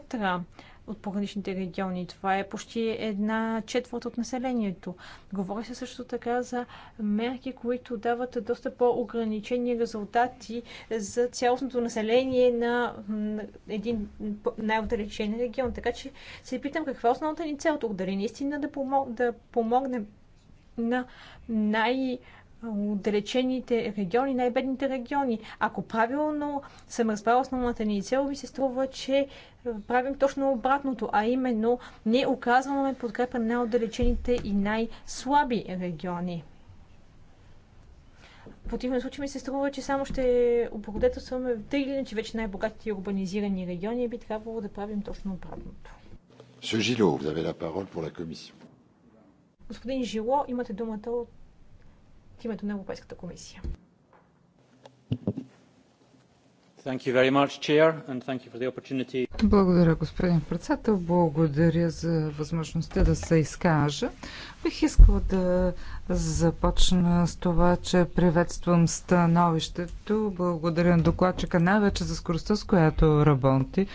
от пограничните региони. Това е почти една четвърт от населението. Говори се също така за мерки, които дават доста по-ограничени резултати за цялостното население на един най-отдалечен регион. Така че се питам каква е основната ни цел тук. Дали наистина да, да помогнем на най- отдалечените региони, най-бедните региони. Ако правилно съм разбрала основната ни цел, ми се струва, че правим точно обратното, а именно не оказваме подкрепа на отдалечените и най-слаби региони. В противен случай ми се струва, че само ще облагодетелстваме в тъй или иначе вече най-богатите и урбанизирани региони и би трябвало да правим точно обратното. Господин Жило, имате думата от в името на Европейската комисия. Благодаря, господин председател. Благодаря за възможността да се изкажа. Бих искала да започна с това, че приветствам становището. Благодаря на докладчика най-вече за скоростта, с която работи,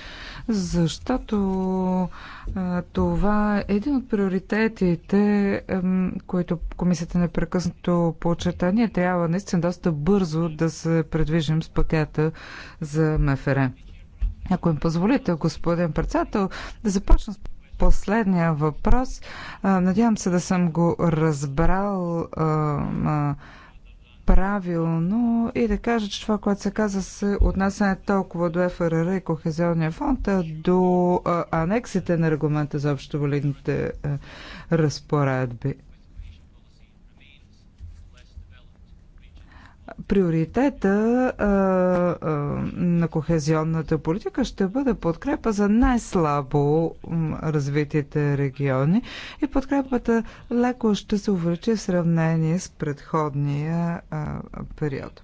защото това е един от приоритетите, които комисията непрекъснато почета. Ние трябва наистина доста бързо да се предвижим с пакета за МФР. Ако им позволите, господин председател, да започна с последния въпрос. Надявам се да съм го разбрал правилно и да кажа, че това, което се каза, се отнася не толкова до ФРР и Кохезионния фонд, а до анексите на регламента за общовалидните разпоредби. приоритета а, а, на кохезионната политика ще бъде подкрепа за най-слабо развитите региони и подкрепата леко ще се увеличи в сравнение с предходния а, период.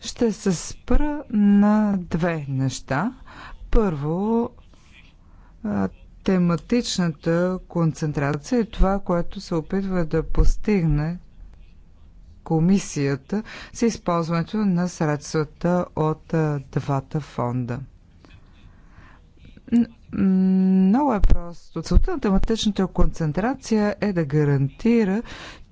Ще се спра на две неща. Първо, а, тематичната концентрация и това, което се опитва да постигне комисията с използването на средствата от двата фонда. Много е просто. Целта на тематичната концентрация е да гарантира,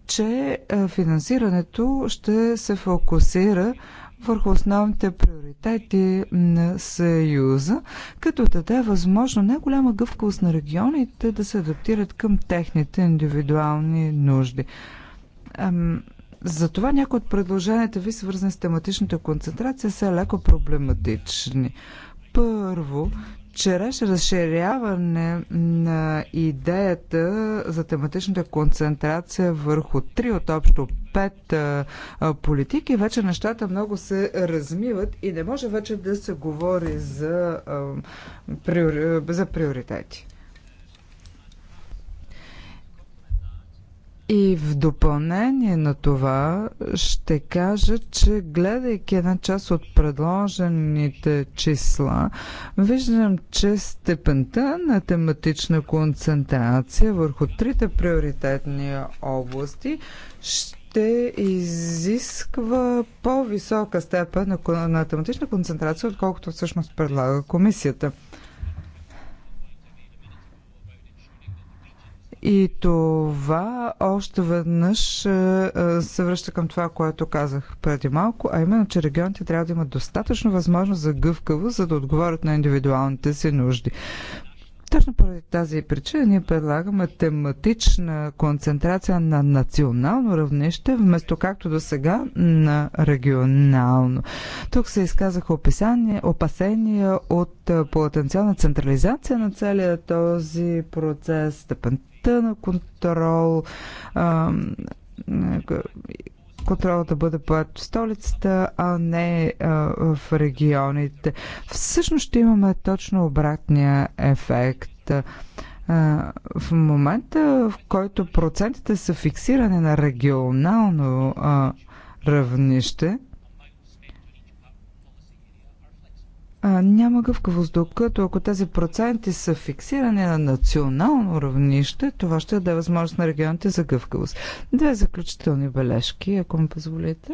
че финансирането ще се фокусира върху основните приоритети на Съюза, като даде възможно най-голяма гъвкавост на регионите да се адаптират към техните индивидуални нужди. Затова някои от предложенията ви, свързани с тематичната концентрация, са леко проблематични. Първо, чрез разширяване на идеята за тематичната концентрация върху три от общо пет политики, вече нещата много се размиват и не може вече да се говори за, за приоритети. И в допълнение на това ще кажа, че гледайки една част от предложените числа, виждам, че степента на тематична концентрация върху трите приоритетни области ще изисква по-висока степен на тематична концентрация, отколкото всъщност предлага комисията. И това още веднъж е, е, се връща към това, което казах преди малко, а именно, че регионите трябва да имат достатъчно възможност за гъвкаво, за да отговорят на индивидуалните си нужди. Точно поради тази причина ние предлагаме тематична концентрация на национално равнище, вместо както до сега на регионално. Тук се изказаха описания, опасения от е, потенциална централизация на целия този процес, степента дейността на контрол, контрол да бъде поет в столицата, а не в регионите. Всъщност ще имаме точно обратния ефект в момента, в който процентите са фиксирани на регионално равнище, а, няма гъвкавост, докато ако тези проценти са фиксирани на национално равнище, това ще даде възможност на регионите за гъвкавост. Две заключителни бележки, ако ми позволите.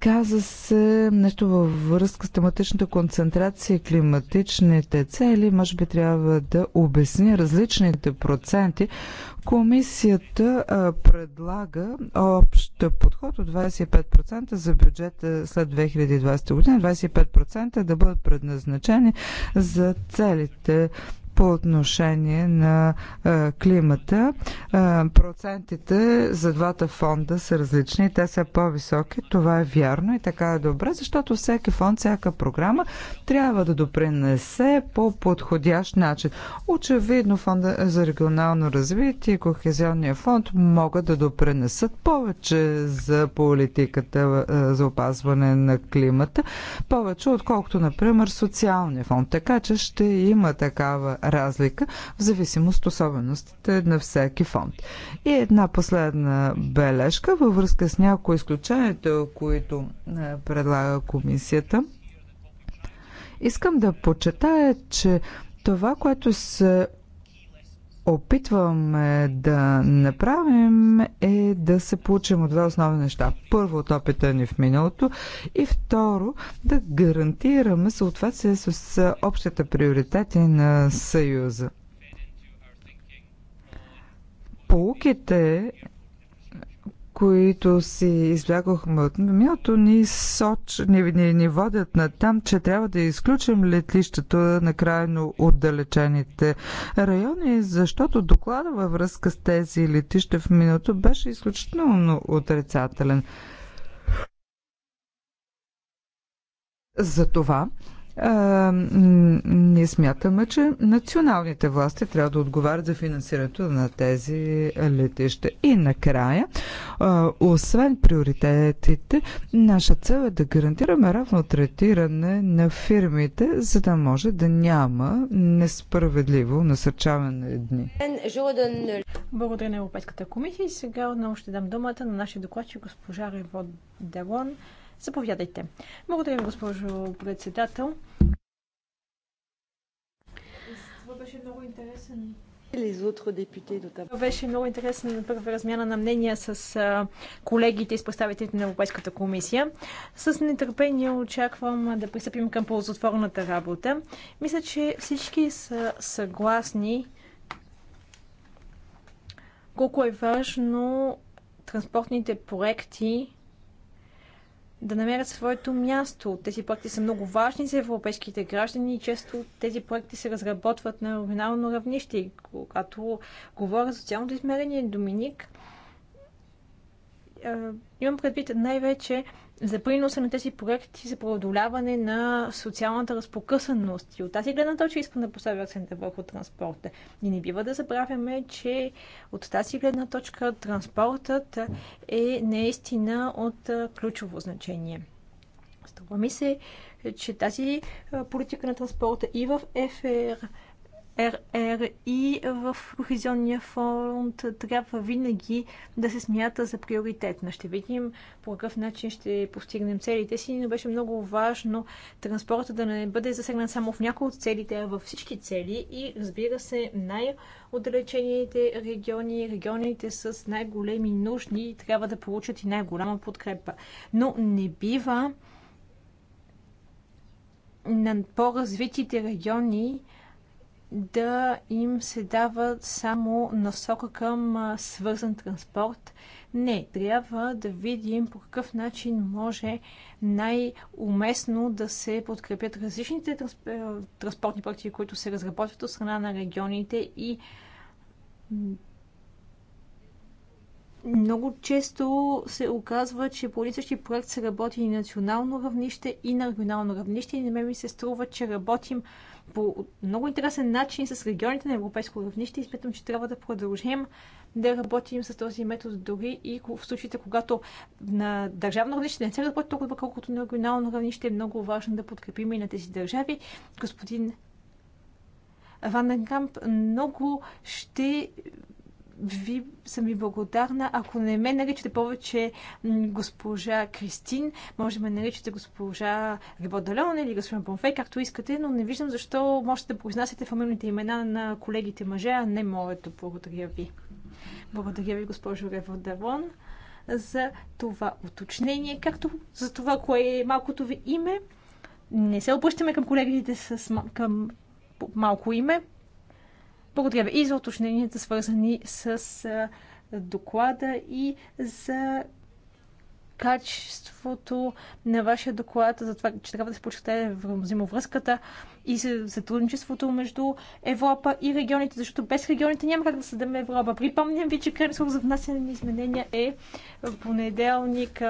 Каза се нещо във връзка с тематичната концентрация и климатичните цели. Може би трябва да обясня различните проценти. Комисията а, предлага общ подход от 25% за бюджета след 2020 година. 25% да бъдат предназначени за целите по отношение на климата. Процентите за двата фонда са различни. Те са по-високи. Това е вярно и така е добре, защото всеки фонд, всяка програма трябва да допринесе по подходящ начин. Очевидно фонда за регионално развитие и кохезионния фонд могат да допренесат повече за политиката за опазване на климата, повече отколкото, например, социалния фонд. Така че ще има такава разлика в зависимост от особеностите на всеки фонд. И една последна бележка във връзка с някои изключения, които е, предлага комисията. Искам да почитая, че това, което се опитваме да направим е да се получим от две основни неща. Първо от опита ни в миналото и второ да гарантираме съответствие с общите приоритети на Съюза. Полуките които си избягахме от миналото, ни, соч, ни, ни, ни водят на там, че трябва да изключим летлището на крайно отдалечените райони, защото доклада във връзка с тези летища в миналото беше изключително отрицателен. За това ние смятаме, че националните власти трябва да отговарят за финансирането на тези летища. И накрая, освен приоритетите, наша цел е да гарантираме равно третиране на фирмите, за да може да няма несправедливо насърчаване на Благодаря на Европейската комисия и сега отново ще дам думата на нашия докладчик госпожа Ревод Делон Заповядайте. Благодаря ви, госпожо председател. Това беше много интересен беше много интересна първа размяна на мнения с колегите и с представителите на Европейската комисия. С нетърпение очаквам да пристъпим към ползотворната работа. Мисля, че всички са съгласни колко е важно транспортните проекти да намерят своето място. Тези проекти са много важни за европейските граждани и често тези проекти се разработват на оригинално равнище. Когато говоря за социалното измерение, Доминик, имам предвид най-вече за приноса на тези проекти за преодоляване на социалната разпокъсаност. И от тази гледна точка искам да поставя акцента върху транспорта. И не бива да забравяме, че от тази гледна точка транспортът е наистина от ключово значение. Струва ми се, че тази политика на транспорта и в ФР РР и в Кохезионния фонд трябва винаги да се смята за приоритетна. Ще видим по какъв начин ще постигнем целите си, но беше много важно транспорта да не бъде засегнат само в някои от целите, а във всички цели и разбира се най-отдалечените региони, регионите с най-големи нужди трябва да получат и най-голяма подкрепа. Но не бива на по-развитите региони да им се дава само насока към свързан транспорт. Не, трябва да видим по какъв начин може най-уместно да се подкрепят различните транспортни проекти, които се разработват от страна на регионите и много често се оказва, че по един същи проект се работи и национално равнище, и на регионално равнище. И на мен ми се струва, че работим по много интересен начин с регионите на европейско равнище и смятам, че трябва да продължим да работим с този метод дори и в случаите, когато на държавно равнище не се работи толкова, колкото на регионално равнище е много важно да подкрепим и на тези държави. Господин Ванденкамп, много ще ви съм ви благодарна. Ако не ме наричате повече госпожа Кристин, може да ме наричате госпожа Рибодалон или госпожа Бонфей, както искате, но не виждам защо можете да произнасяте фамилните имена на колегите мъже, а не моето. Благодаря ви. Благодаря ви, госпожо Реводалон, за това уточнение, както за това, кое е малкото ви име. Не се обръщаме към колегите с, към малко име, благодаря ви и за уточненията, свързани с доклада и за качеството на вашия доклад, за това, че трябва да се почете взаимовръзката и сътрудничеството между Европа и регионите, защото без регионите няма как да създадем Европа. Припомням ви, че крайен срок за внасяне на изменения е понеделник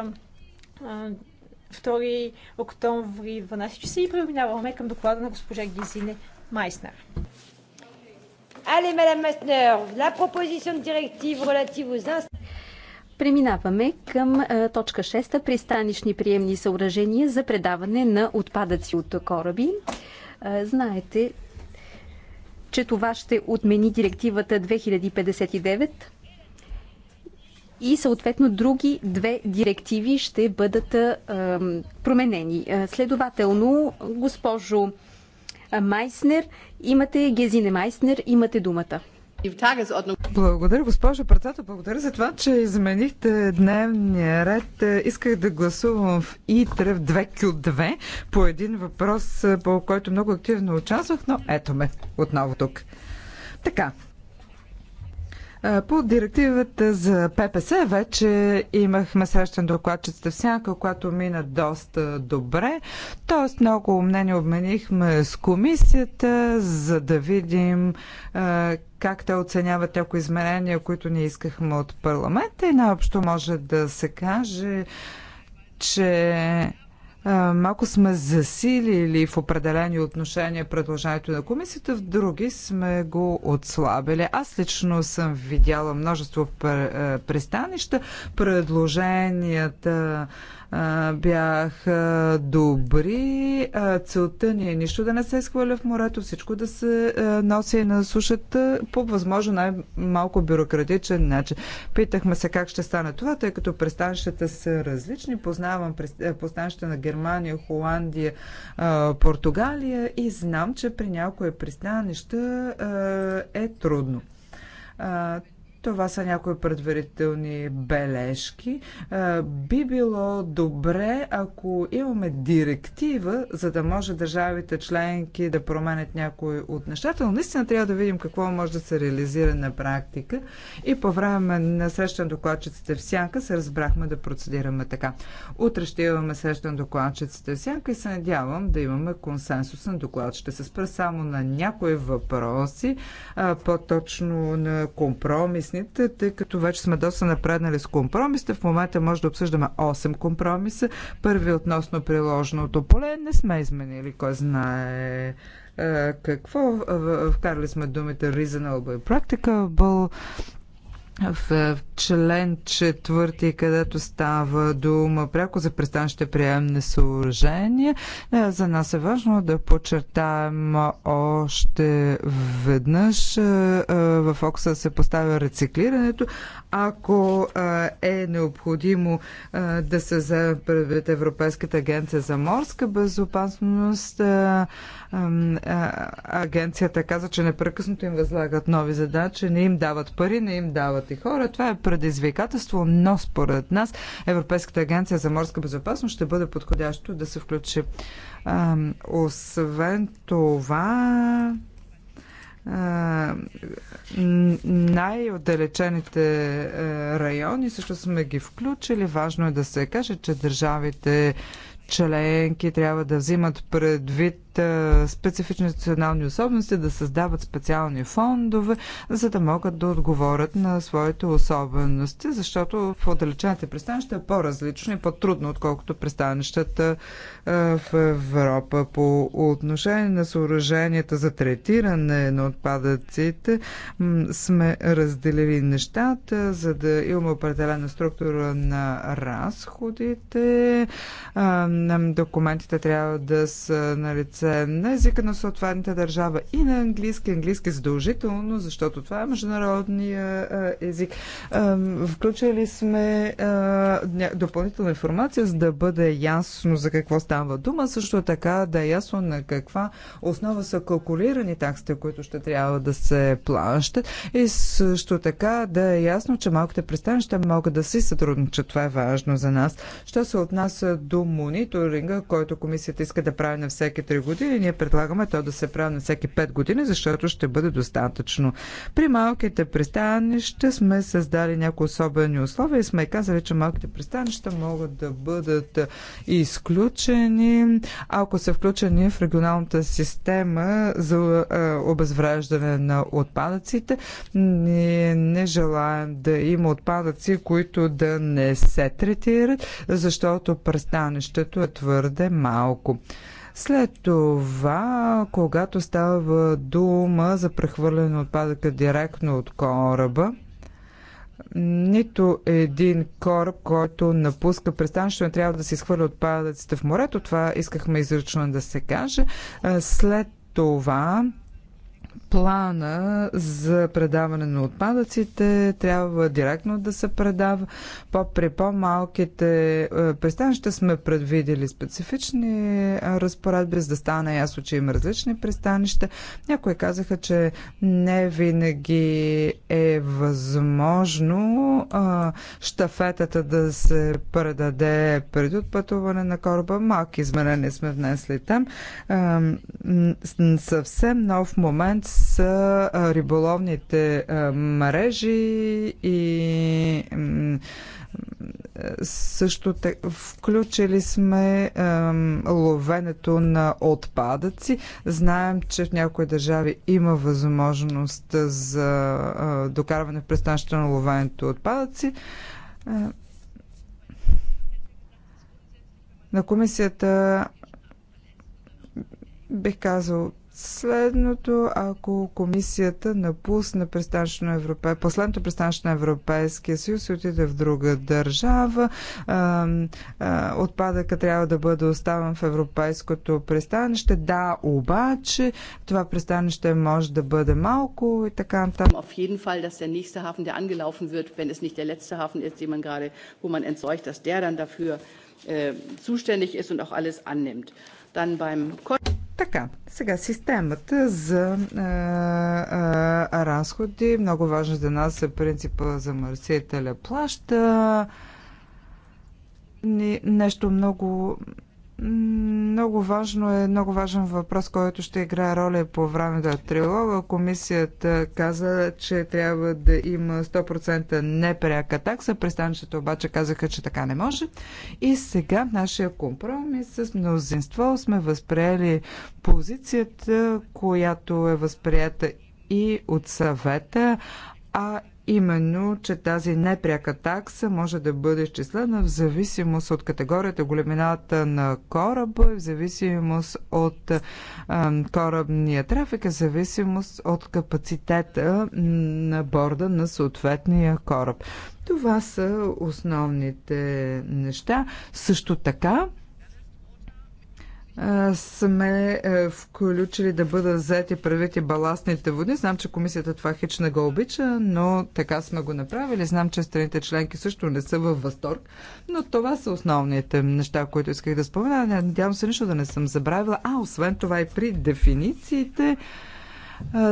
2 октомври 12 часа и преминаваме към доклада на госпожа Гизине Майснер. Allez, Madame Masner, la proposition de directive relative aux Преминаваме към а, е, точка 6. Пристанищни приемни съоръжения за предаване на отпадъци от кораби. А, е, знаете, че това ще отмени директивата 2059 и съответно други две директиви ще бъдат а, е, променени. Следователно, госпожо Майснер. Имате, Гезине Майснер, имате думата. Благодаря, госпожо председател. Благодаря за това, че изменихте дневния ред. Исках да гласувам в ИТРЕ в 2Q2 по един въпрос, по който много активно участвах, но ето ме отново тук. Така, по директивата за ППС вече имахме срещан докладчицата сянка, която мина доста добре. Тоест много мнение обменихме с комисията, за да видим как те оценяват някои изменения, които ние искахме от парламента и наобщо може да се каже, че малко сме засилили в определени отношения предложението на комисията, в други сме го отслабили. Аз лично съм видяла множество пристанища. Предложенията бяха добри. целта ни е нищо да не се изхвърля в морето, всичко да се носи и на сушата по възможно най-малко бюрократичен начин. Питахме се как ще стане това, тъй като пристанищата са различни. Познавам пристанищата на Германия, Холандия, Португалия и знам, че при някои пристанища е трудно. Това са някои предварителни бележки. Би било добре, ако имаме директива, за да може държавите членки да променят някои от нещата, но наистина трябва да видим какво може да се реализира на практика. И по време на среща на докладчиците в Сянка се разбрахме да процедираме така. Утре ще имаме среща на докладчиците в Сянка и се надявам да имаме консенсус на доклад. Ще се спра само на някои въпроси, по-точно на компромис обясните, тъй като вече сме доста напреднали с компромисите. В момента може да обсъждаме 8 компромиса. Първи относно приложеното поле не сме изменили, кой знае е, какво. Вкарали сме думите reasonable и practicable. Е, в член четвърти, където става дума пряко за пристанище приемни съоръжения, е, за нас е важно да подчертаем още веднъж е, в фокуса се поставя рециклирането, ако е необходимо да се заправят Европейската агенция за морска безопасност, агенцията каза, че непрекъснато им възлагат нови задачи, не им дават пари, не им дават и хора. Това е предизвикателство, но според нас Европейската агенция за морска безопасност ще бъде подходящо да се включи. Освен това, най-отдалечените райони, също сме ги включили. Важно е да се каже, че държавите членки трябва да взимат предвид специфични национални особености, да създават специални фондове, за да могат да отговорят на своите особености, защото в отдалечените пристанища е по-различно и по-трудно, отколкото пристанищата в Европа. По отношение на съоръженията за третиране на отпадъците сме разделили нещата, за да имаме определена структура на разходите. Документите трябва да са на лице на езика на съответната държава и на английски. Английски е задължително, защото това е международния език. Включили сме допълнителна информация, за да бъде ясно за какво става дума. Също е така да е ясно на каква основа са калкулирани таксите, които ще трябва да се плащат. И също така да е ясно, че малките пристанища могат да си сътрудничат. Това е важно за нас. Що се отнася до мониторинга, който комисията иска да прави на всеки 3 години. Ние предлагаме то да се прави на всеки 5 години, защото ще бъде достатъчно. При малките пристанища сме създали някои особени условия и сме казали, че малките пристанища могат да бъдат изключени, ако са включени в регионалната система за обезвраждане на отпадъците. Ние не желаем да има отпадъци, които да не се третират, защото пристанището е твърде малко. След това, когато става дума за прехвърляне на отпадъка директно от кораба, нито един кораб, който напуска пристанището, не трябва да се изхвърля отпадъците в морето. Това искахме изрично да се каже. Е, след това плана за предаване на отпадъците трябва директно да се предава. По, при по-малките е, пристанища сме предвидели специфични е, разпоредби, за да стане ясно, че има различни пристанища. Някои казаха, че не винаги е възможно а, штафетата да се предаде преди отпътуване на кораба. Малки изменения сме внесли там. А, съвсем нов момент са риболовните мрежи и също те, включили сме ловенето на отпадъци. Знаем, че в някои държави има възможност за докарване в пристанището на ловенето отпадъци. На комисията бих казал, следното, ако комисията напусне Европе... последното пристанище на Европейския съюз и отиде в друга държава, а, а, отпадъка трябва да бъде оставен в европейското пристанище. Да, обаче това пристанище може да бъде малко и така нататък. Auf jeden Fall, dass der nächste Hafen, der angelaufen wird, wenn es nicht der letzte Hafen ist, den man gerade, wo man entseucht, dass der dann dafür äh, zuständig ist und auch alles annimmt. Dann beim Kon така, сега системата за а, а, разходи, много важно за нас е принципа за мърсителя плаща. Нещо много много важно е, много важен въпрос, който ще играе роля по време на трилога. Комисията каза, че трябва да има 100% непряка такса. Пристанището обаче казаха, че така не може. И сега нашия компромис с мнозинство сме възприели позицията, която е възприята и от съвета, а именно, че тази непряка такса може да бъде изчислена в зависимост от категорията, големината на кораба, в зависимост от корабния трафик, в зависимост от капацитета на борда на съответния кораб. Това са основните неща. Също така, е, сме е, включили да бъдат взети правите баластните води. Знам, че комисията това хич не го обича, но така сме го направили. Знам, че страните членки също не са във възторг, но това са основните неща, които исках да спомена. Надявам се нищо да не съм забравила. А, освен това и при дефинициите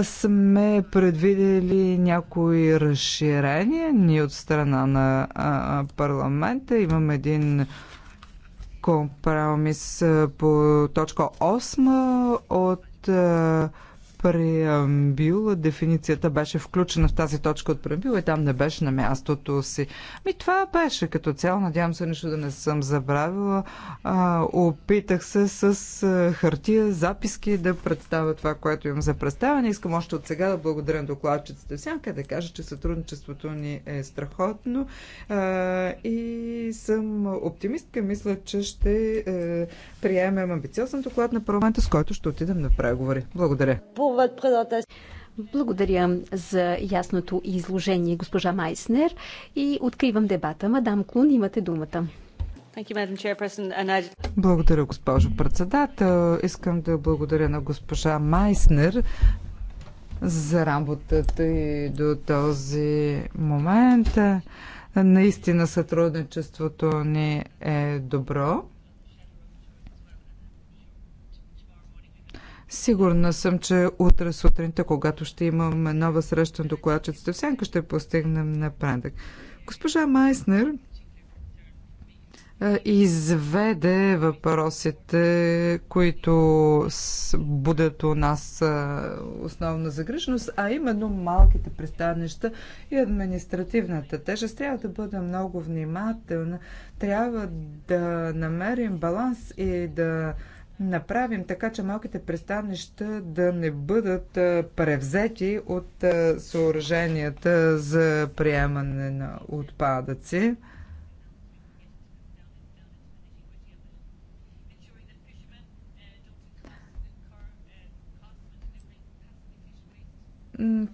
е, сме предвидели някои разширения. Ние от страна на парламента имаме един компромис по точка 8 от преамбил, дефиницията беше включена в тази точка от преамбил и там не беше на мястото си. Ми това беше като цяло, надявам се нищо да не съм забравила. А, опитах се с хартия, записки да представя това, което имам за представяне. Искам още от сега да благодаря на докладчиците всяка да кажа, че сътрудничеството ни е страхотно а, и съм оптимистка. Мисля, че ще е, приемем амбициозен доклад на парламента, с който ще отидем на преговори. Благодаря. Благодаря за ясното изложение, госпожа Майснер. И откривам дебата. Мадам Клун, имате думата. Благодаря, госпожо председател. Искам да благодаря на госпожа Майснер за работата и до този момент. Наистина сътрудничеството ни е добро. Сигурна съм, че утре сутринта, когато ще имаме нова среща на докладчиците, в сянка ще постигнем напредък. Госпожа Майснер изведе въпросите, които будят у нас основна загриженост, а именно малките пристанища и административната тежест. Трябва да бъда много внимателна, трябва да намерим баланс и да направим така, че малките пристанища да не бъдат превзети от съоръженията за приемане на отпадъци.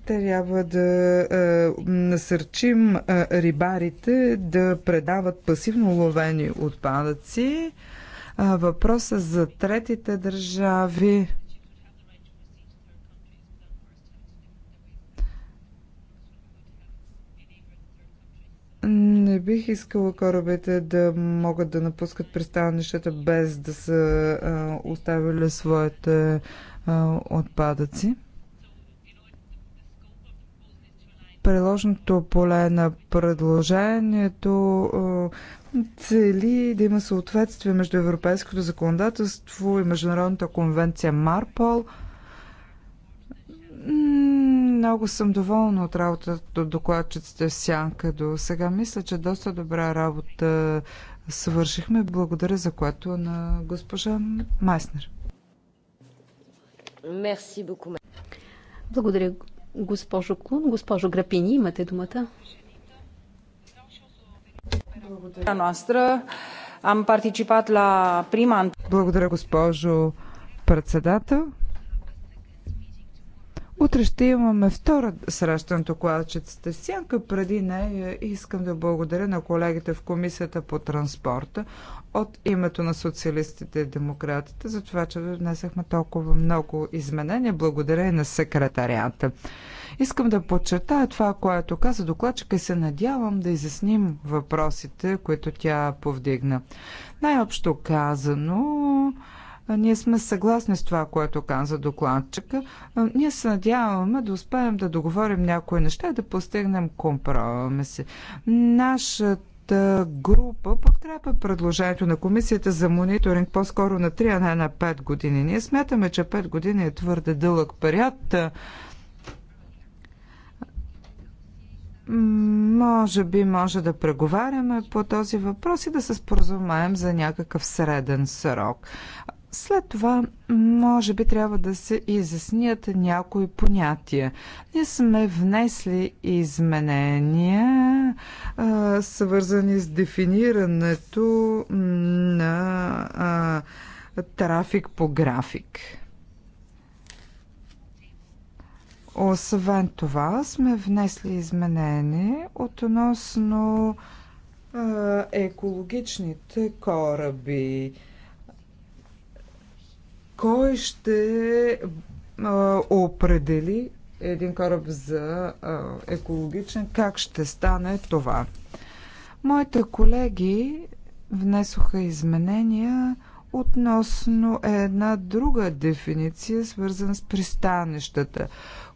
трябва да е, насърчим е, рибарите да предават пасивно ловени отпадъци. Е, Въпроса за третите държави. Не бих искала корабите да могат да напускат пристанищата без да са оставили своите отпадъци. Приложното поле на предложението е, цели да има съответствие между европейското законодателство и Международната конвенция Марпол. Много съм доволна от работата до докладчиците в Сянка до сега. Мисля, че доста добра работа свършихме. Благодаря за което на госпожа Майснер. Благодаря, Госпожо Клун, госпожо Грапини, имате думата. Благодаря. Благодаря, госпожо председател. Утре ще имаме втора среща на докладчицата Сянка. Преди нея искам да благодаря на колегите в Комисията по транспорта от името на социалистите и демократите за това, че внесахме толкова много изменения. Благодаря и на секретарията. Искам да подчертая това, което каза докладчика и се надявам да изясним въпросите, които тя повдигна. Най-общо казано, ние сме съгласни с това, което каза докладчика. Ние се надяваме да успеем да договорим някои неща и да постигнем компромиси. Нашата Нашата група подкрепя предложението на комисията за мониторинг по-скоро на 3, а не на 5 години. Ние смятаме, че 5 години е твърде дълъг период. Може би може да преговаряме по този въпрос и да се споразумаем за някакъв среден срок. След това, може би, трябва да се изяснят някои понятия. Ние сме внесли изменения, а, свързани с дефинирането на а, трафик по график. Освен това, сме внесли изменение относно а, екологичните кораби. А, кой ще определи един кораб за екологичен? Как ще стане това? Моите колеги внесоха изменения относно една друга дефиниция, свързана с пристанищата.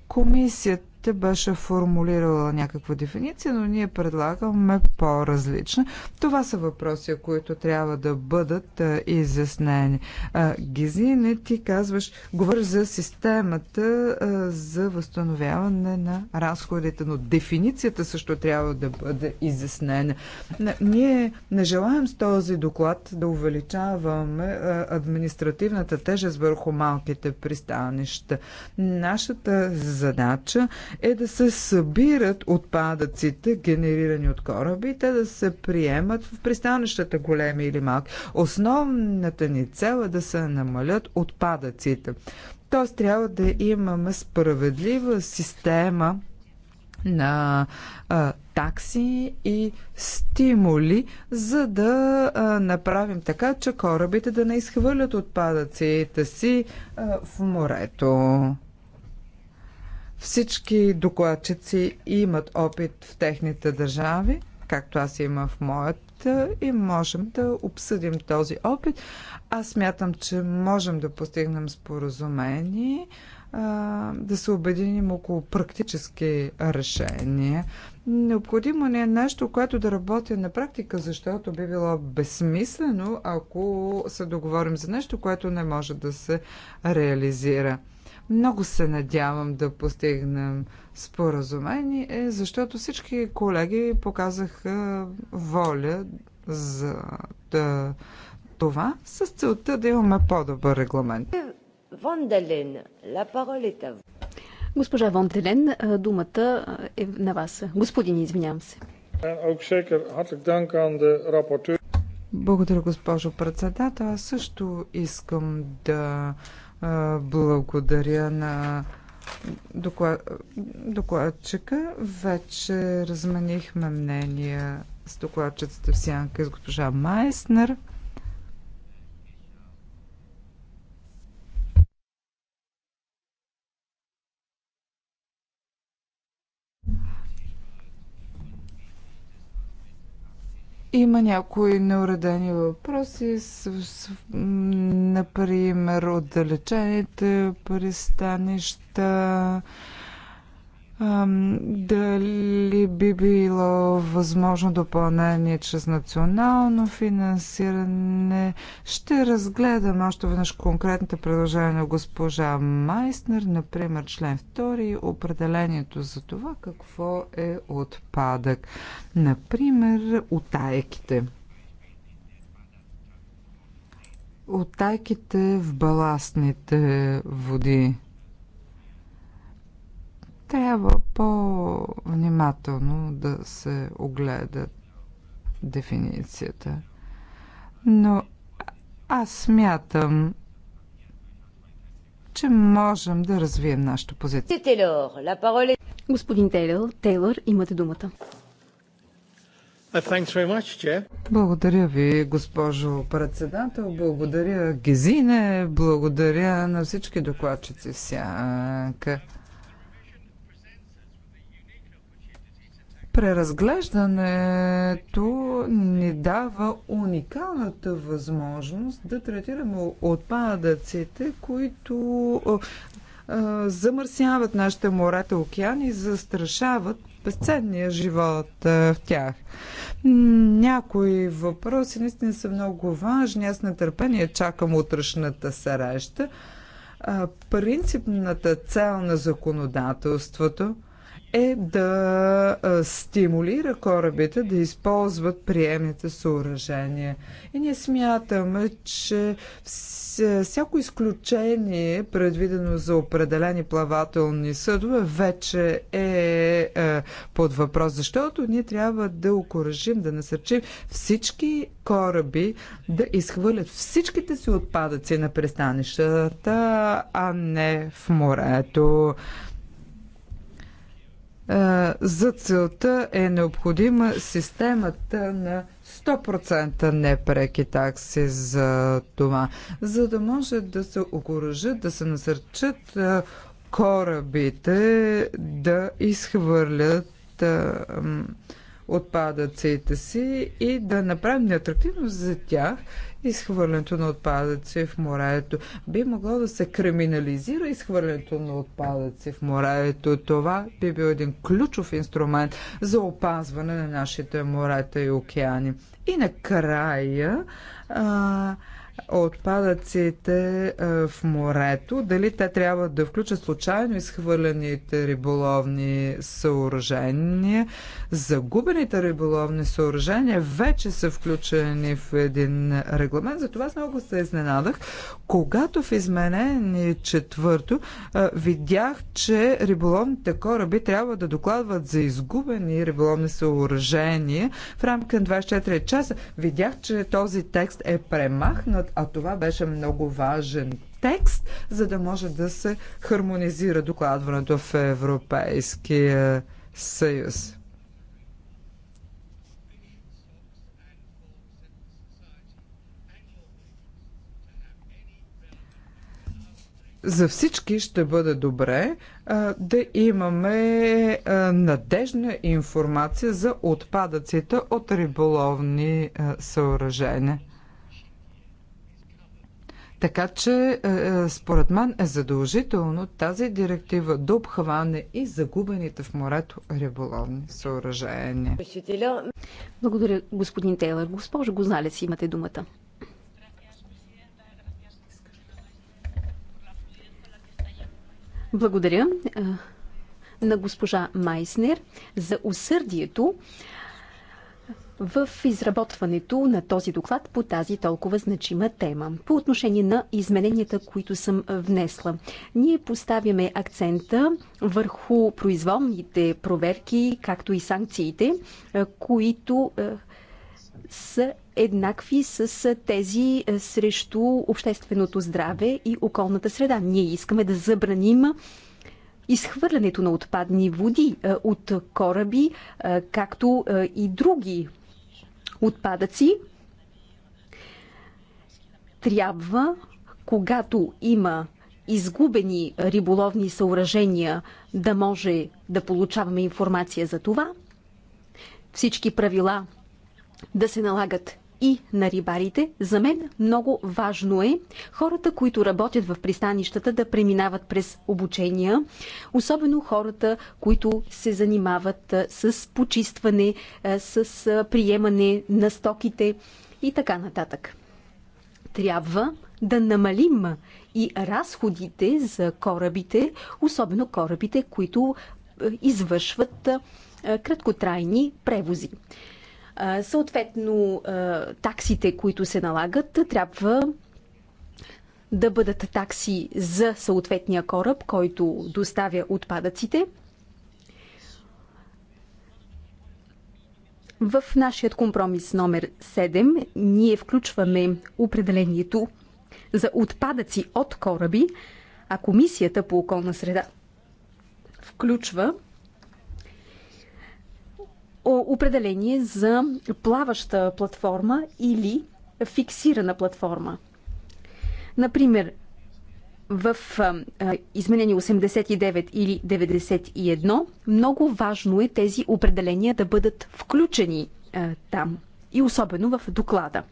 Комисията комисията беше формулирала някаква дефиниция, но ние предлагаме по-различна. Това са въпроси, които трябва да бъдат а, изяснени. А, Гизине, ти казваш, говориш за системата а, за възстановяване на разходите, но дефиницията също трябва да бъде изяснена. Не, ние не желаем с този доклад да увеличаваме а, административната тежест върху малките пристанища. Нашата задача е да се събират отпадъците, генерирани от кораби, и те да се приемат в пристанищата, големи или малки. Основната ни цел е да се намалят отпадъците. Тоест трябва да имаме справедлива система на а, такси и стимули, за да а, направим така, че корабите да не изхвърлят отпадъците си а, в морето. Всички докладчици имат опит в техните държави, както аз имам в моята, и можем да обсъдим този опит. Аз смятам, че можем да постигнем споразумение, да се обединим около практически решения. Необходимо не е нещо, което да работи на практика, защото би било безсмислено, ако се договорим за нещо, което не може да се реализира. Много се надявам да постигнем споразумение, е, защото всички колеги показаха воля за да, това с целта да имаме по-добър регламент. Е Госпожа Вонделен, е, думата е на вас. Господин, извинявам се. Благодаря, госпожо председател. Аз също искам да благодаря на доклад, докладчика. Вече разменихме мнения с докладчицата в сянка с госпожа Майснер. Има някои неуредени въпроси, с, с, например, отдалечените пристанища, дали би било възможно допълнение чрез национално финансиране? Ще разгледам още веднъж конкретните предложения на госпожа Майснер, например член 2, определението за това какво е отпадък. Например, отайките. Отайките в баластните води. Трябва по-внимателно да се огледа дефиницията. Но аз смятам, че можем да развием нашата позиция. Е- Господин Тейлор, Тейлор имате думата. Uh, благодаря ви, госпожо председател. Благодаря Гезине. Благодаря на всички докладчици сянка. Преразглеждането ни дава уникалната възможност да третираме отпадъците, които замърсяват нашите морета, океани и застрашават безценния живот в тях. Някои въпроси наистина са много важни. Аз нетърпение чакам утрешната среща. Принципната цел на законодателството е да стимулира корабите да използват приемните съоръжения. И ние смятаме, че всяко изключение, предвидено за определени плавателни съдове, вече е, е, под въпрос, защото ние трябва да окоръжим, да насърчим всички кораби да изхвърлят всичките си отпадъци на пристанищата, а не в морето. Е, за целта е необходима системата на 100% непреки такси за това, за да може да се окоръжат, да се насърчат е, корабите да изхвърлят е, отпадъците си и да направим неатрактивно за тях изхвърлянето на отпадъци в морето. Би могло да се криминализира изхвърлянето на отпадъци в морето. Това би бил един ключов инструмент за опазване на нашите морета и океани. И накрая а, отпадъците е, в морето, дали те трябва да включат случайно изхвърлените риболовни съоръжения. Загубените риболовни съоръжения вече са включени в един регламент. Затова аз много се изненадах, когато в изменение четвърто е, видях, че риболовните кораби трябва да докладват за изгубени риболовни съоръжения в рамките на 24 часа. Видях, че този текст е премахнат път, а това беше много важен текст, за да може да се хармонизира докладването в Европейския съюз. за всички ще бъде добре а, да имаме а, надежна информация за отпадъците от риболовни а, съоръжения. Така че, е, е, според мен е задължително тази директива да обхване и загубените в морето риболовни съоръжения. Благодаря, господин Тейлър. Госпожо Гозалец, имате думата. Благодаря е, на госпожа Майснер за усърдието, в изработването на този доклад по тази толкова значима тема. По отношение на измененията, които съм внесла, ние поставяме акцента върху произволните проверки, както и санкциите, които са еднакви с тези срещу общественото здраве и околната среда. Ние искаме да забраним изхвърлянето на отпадни води от кораби, както и други отпадъци, трябва, когато има изгубени риболовни съоръжения, да може да получаваме информация за това, всички правила да се налагат и на рибарите, за мен много важно е хората, които работят в пристанищата, да преминават през обучения, особено хората, които се занимават с почистване, с приемане на стоките и така нататък. Трябва да намалим и разходите за корабите, особено корабите, които извършват краткотрайни превози. Съответно, таксите, които се налагат, трябва да бъдат такси за съответния кораб, който доставя отпадъците. В нашият компромис номер 7 ние включваме определението за отпадъци от кораби, а Комисията по околна среда включва определение за плаваща платформа или фиксирана платформа. Например, в изменение 89 или 91 много важно е тези определения да бъдат включени там и особено в доклада.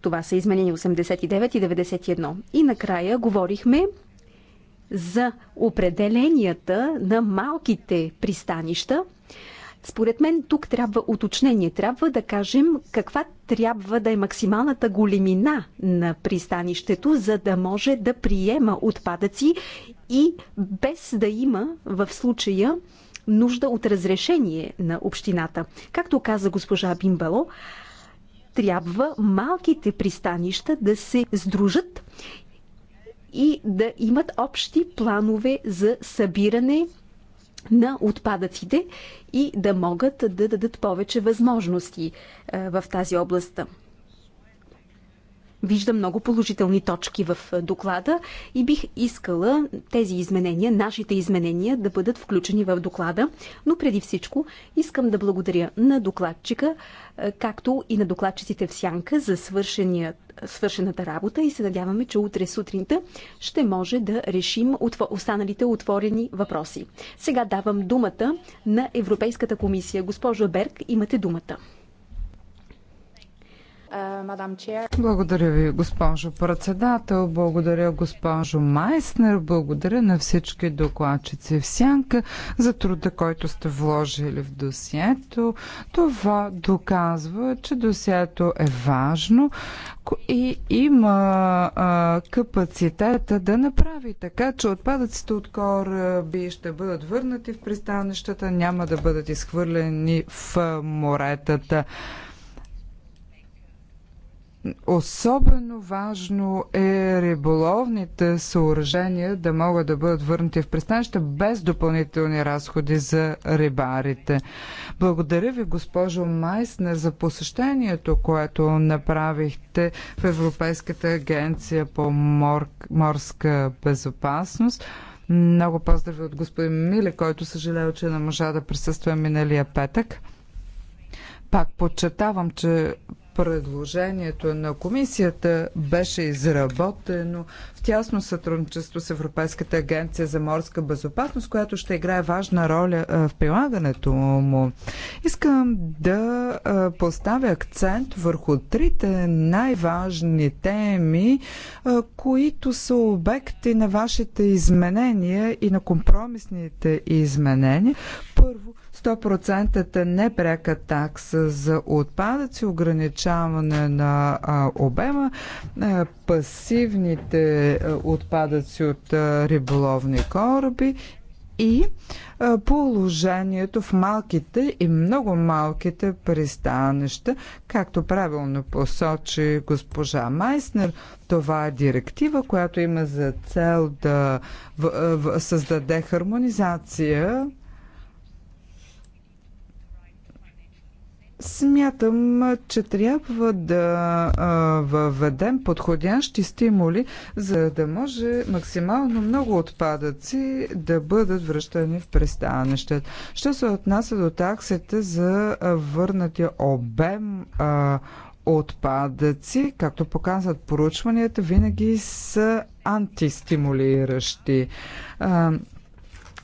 Това са изменени 89 и 91. И накрая говорихме за определенията на малките пристанища според мен тук трябва уточнение. Трябва да кажем каква трябва да е максималната големина на пристанището, за да може да приема отпадъци и без да има в случая нужда от разрешение на общината. Както каза госпожа Бимбало, трябва малките пристанища да се сдружат и да имат общи планове за събиране на отпадъците и да могат да дадат повече възможности е, в тази област виждам много положителни точки в доклада и бих искала тези изменения, нашите изменения, да бъдат включени в доклада. Но преди всичко искам да благодаря на докладчика, както и на докладчиците в Сянка за свършената работа и се надяваме, че утре сутринта ще може да решим останалите отворени въпроси. Сега давам думата на Европейската комисия. Госпожо Берг, имате думата. Е, Благодаря ви, госпожо председател. Благодаря, госпожо Майснер. Благодаря на всички докладчици в Сянка за труда, който сте вложили в досието. Това доказва, че досието е важно и има а, капацитета да направи така, че отпадъците от кораби ще бъдат върнати в пристанищата, няма да бъдат изхвърлени в моретата. Особено важно е риболовните съоръжения да могат да бъдат върнати в пристанище без допълнителни разходи за рибарите. Благодаря ви, госпожо Майснер, за посещението, което направихте в Европейската агенция по мор... морска безопасност. Много поздрави от господин Миле, който съжалява, че не можа да присъства миналия петък. Пак подчертавам, че Предложението на комисията беше изработено в тясно сътрудничество с Европейската агенция за морска безопасност, която ще играе важна роля в прилагането му. Искам да поставя акцент върху трите най-важни теми, които са обекти на вашите изменения и на компромисните изменения. Първо, 100% непрека такса за отпадъци, ограничаване на обема, пасивните отпадъци от риболовни кораби и положението в малките и много малките пристанища, както правилно посочи госпожа Майснер. Това е директива, която има за цел да създаде хармонизация Смятам, че трябва да въведем подходящи стимули, за да може максимално много отпадъци да бъдат връщани в пристанищата. Що се отнася до таксите за върнатия обем отпадъци, както показват поручванията, винаги са антистимулиращи.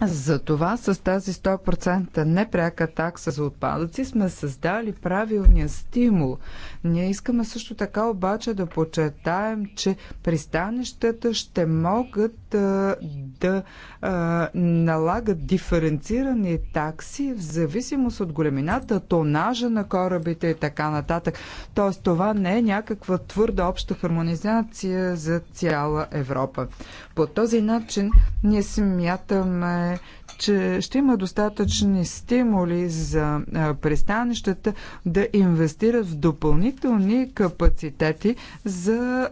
Затова с тази 100% непряка такса за отпадъци сме създали правилния стимул. Ние искаме също така обаче да почетаем, че пристанищата ще могат да, да а, налагат диференцирани такси в зависимост от големината, тонажа на корабите и така нататък. Тоест това не е някаква твърда обща хармонизация за цяла Европа. По този начин ние смятаме, че ще има достатъчни стимули за пристанищата да инвестират в допълнителни капацитети за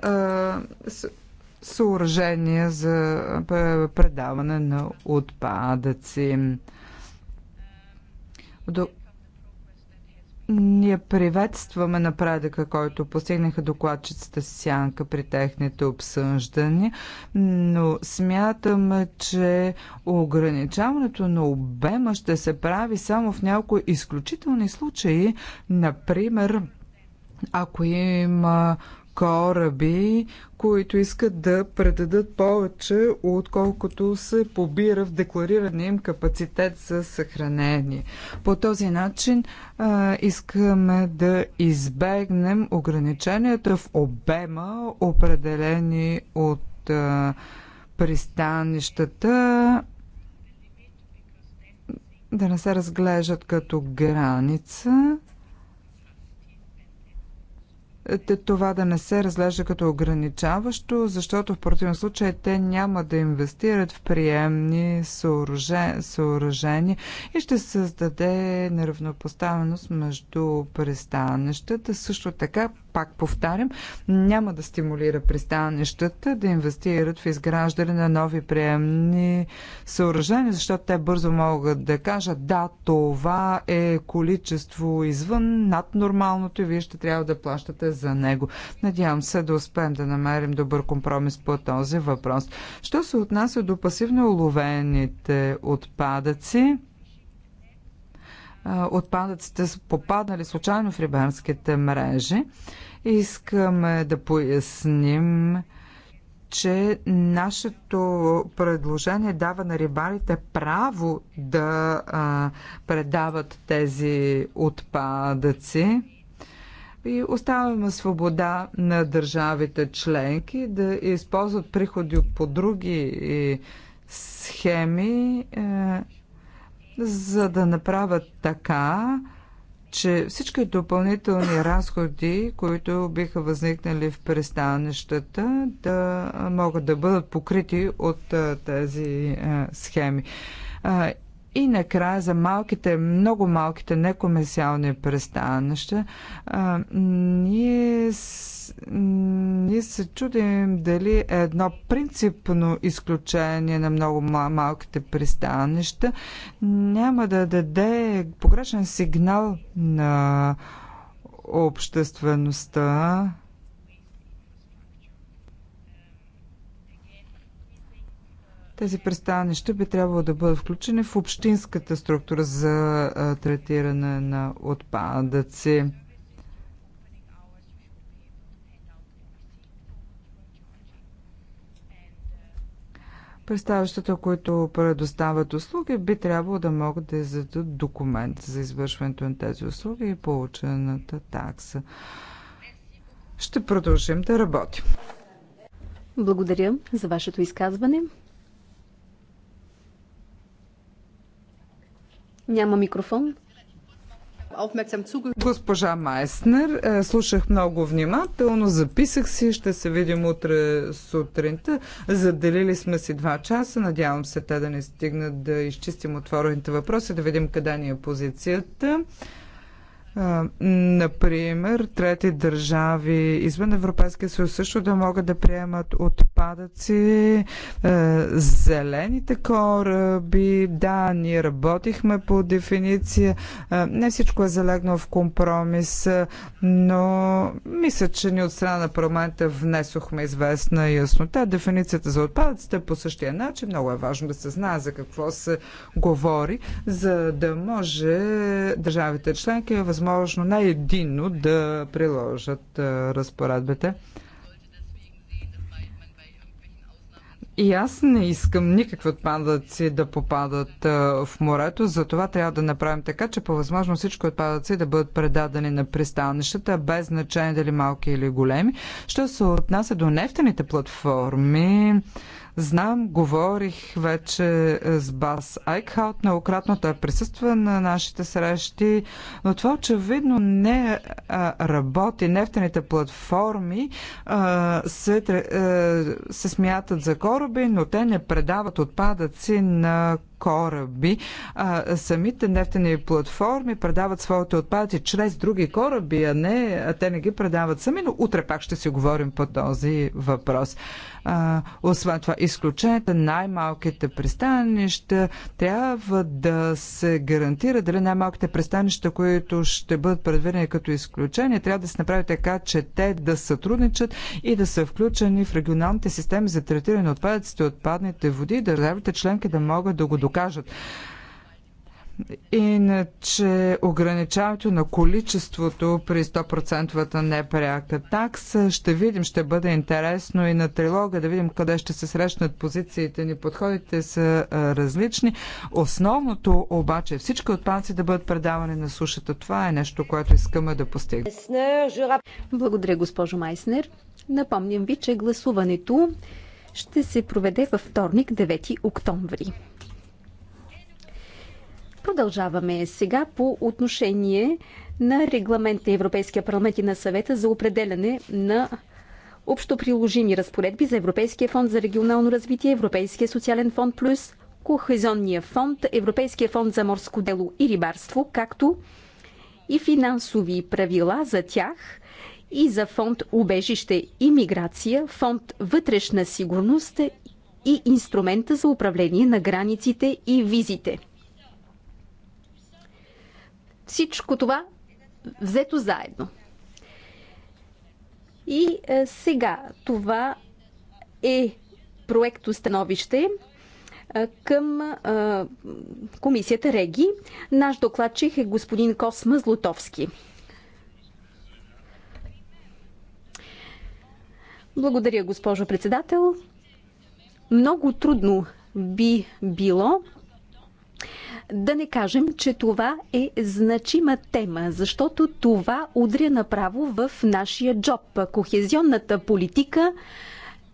съоръжения за предаване на отпадъци. Ние приветстваме напредъка, който постигнаха докладчицата Сянка при техните обсъждания, но смятаме, че ограничаването на обема ще се прави само в някои изключителни случаи, например, ако има кораби, които искат да предадат повече, отколкото се побира в декларирания им капацитет за съхранение. По този начин а, искаме да избегнем ограниченията в обема, определени от а, пристанищата, да не се разглеждат като граница това да не се разглежда като ограничаващо, защото в противен случай те няма да инвестират в приемни съоръжения и ще създаде неравнопоставеност между пристанищата. Също така, пак повтарям, няма да стимулира пристанищата да инвестират в изграждане на нови приемни съоръжения, защото те бързо могат да кажат да, това е количество извън над нормалното и вие ще трябва да плащате за него. Надявам се да успеем да намерим добър компромис по този въпрос. Що се отнася до пасивно уловените отпадъци? Отпадъците са попаднали случайно в рибарските мрежи. Искаме да поясним, че нашето предложение дава на рибарите право да а, предават тези отпадъци и оставяме свобода на държавите членки да използват приходи по други е, схеми, е, за да направят така, че всички допълнителни разходи, които биха възникнали в пристанищата, да могат да бъдат покрити от е, тези схеми. И накрая за малките, много малките некомерциални пристанища, ние, ние се чудим дали е едно принципно изключение на много малките пристанища няма да даде погрешен сигнал на обществеността Тези пристанища би трябвало да бъдат включени в общинската структура за третиране на отпадъци. Представящите, които предоставят услуги, би трябвало да могат да издадат документ за извършването на тези услуги и получената такса. Ще продължим да работим. Благодаря за вашето изказване. Няма микрофон. Госпожа Майснер, е, слушах много внимателно, записах си, ще се видим утре сутринта. Заделили сме си два часа, надявам се те да не стигнат да изчистим отворените въпроси, да видим къде ни е позицията например, трети държави извън Европейския съюз също да могат да приемат отпадъци, зелените кораби, да, ние работихме по дефиниция, не всичко е залегнало в компромис, но мисля, че ни от страна на парламента внесохме известна яснота. Дефиницията за отпадъците по същия начин, много е важно да се знае за какво се говори, за да може държавите членки възможно възможно най-единно да приложат разпоредбите. И аз не искам никакви отпадъци да попадат в морето, затова трябва да направим така, че по възможно всички отпадъци да бъдат предадени на пристанищата, без значение дали малки или големи. Що се отнася до нефтените платформи, Знам, говорих вече с Бас Айкхаут, многократно той присъства на нашите срещи, но това очевидно не работи. Нефтените платформи се, се смятат за кораби, но те не предават отпадъци на кораби. А, самите нефтени платформи предават своите отпадъци чрез други кораби, а не а те не ги предават сами, но утре пак ще си говорим по този въпрос. А, освен това, изключенията, най-малките пристанища трябва да се гарантира дали най-малките пристанища, които ще бъдат предвидени като изключение, трябва да се направи така, че те да сътрудничат и да са включени в регионалните системи за третиране на отпадъците, отпадните води и държавите членки да могат да го докладат Кажат. Иначе ограничаването на количеството при 100% непряка такса ще видим, ще бъде интересно и на трилога да видим къде ще се срещнат позициите ни. Подходите са различни. Основното обаче е всички отпанци да бъдат предавани на сушата. Това е нещо, което искаме да постигнем. Благодаря, госпожо Майснер. Напомням ви, че гласуването ще се проведе във вторник, 9 октомври. Продължаваме сега по отношение на регламент на Европейския парламент и на съвета за определяне на общо приложими разпоредби за Европейския фонд за регионално развитие, Европейския социален фонд плюс, Кохезонния фонд, Европейския фонд за морско дело и рибарство, както и финансови правила за тях и за фонд Убежище и миграция, фонд Вътрешна сигурност и инструмента за управление на границите и визите – всичко това взето заедно. И а, е, сега това е проекто становище е, към а, е, комисията Реги. Наш докладчик е господин Косма Злотовски. Благодаря, госпожо председател. Много трудно би било да не кажем, че това е значима тема, защото това удря направо в нашия джоб. Кохезионната политика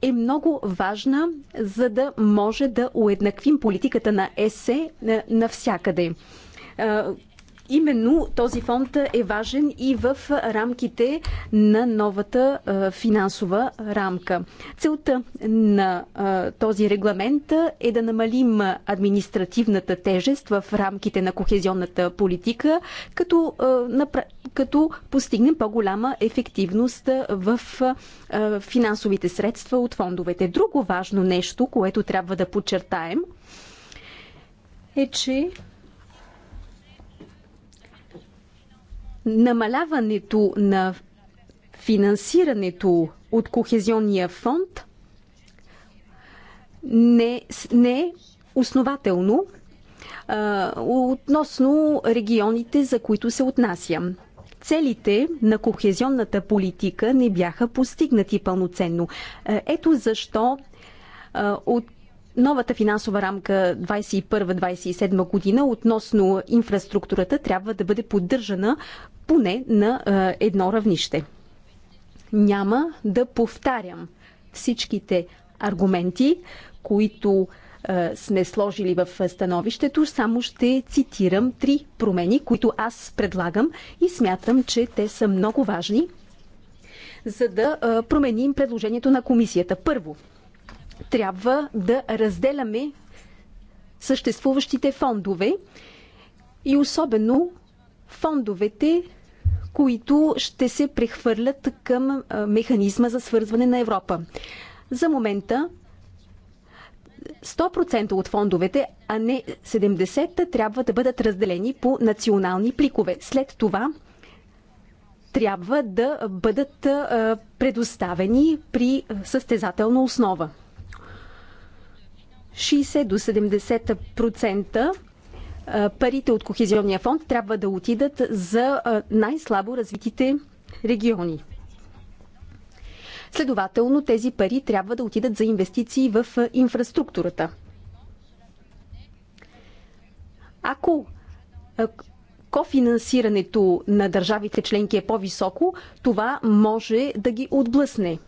е много важна, за да може да уеднаквим политиката на ЕСЕ е, навсякъде. Е, Именно този фонд е важен и в рамките на новата финансова рамка. Целта на този регламент е да намалим административната тежест в рамките на кохезионната политика, като, като постигнем по-голяма ефективност в финансовите средства от фондовете. Друго важно нещо, което трябва да подчертаем, е, че намаляването на финансирането от Кохезионния фонд не, не е основателно а, относно регионите, за които се отнасям. Целите на кохезионната политика не бяха постигнати пълноценно. Е, ето защо от новата финансова рамка 2021-2027 година относно инфраструктурата трябва да бъде поддържана поне на е, едно равнище. Няма да повтарям всичките аргументи, които е, сме сложили в становището, само ще цитирам три промени, които аз предлагам и смятам, че те са много важни, за да е, променим предложението на комисията. Първо, трябва да разделяме съществуващите фондове и особено фондовете, които ще се прехвърлят към механизма за свързване на Европа. За момента 100% от фондовете, а не 70% трябва да бъдат разделени по национални пликове. След това трябва да бъдат предоставени при състезателна основа. 60 до 70% парите от Кохезионния фонд трябва да отидат за най-слабо развитите региони. Следователно, тези пари трябва да отидат за инвестиции в инфраструктурата. Ако кофинансирането на държавите членки е по-високо, това може да ги отблъсне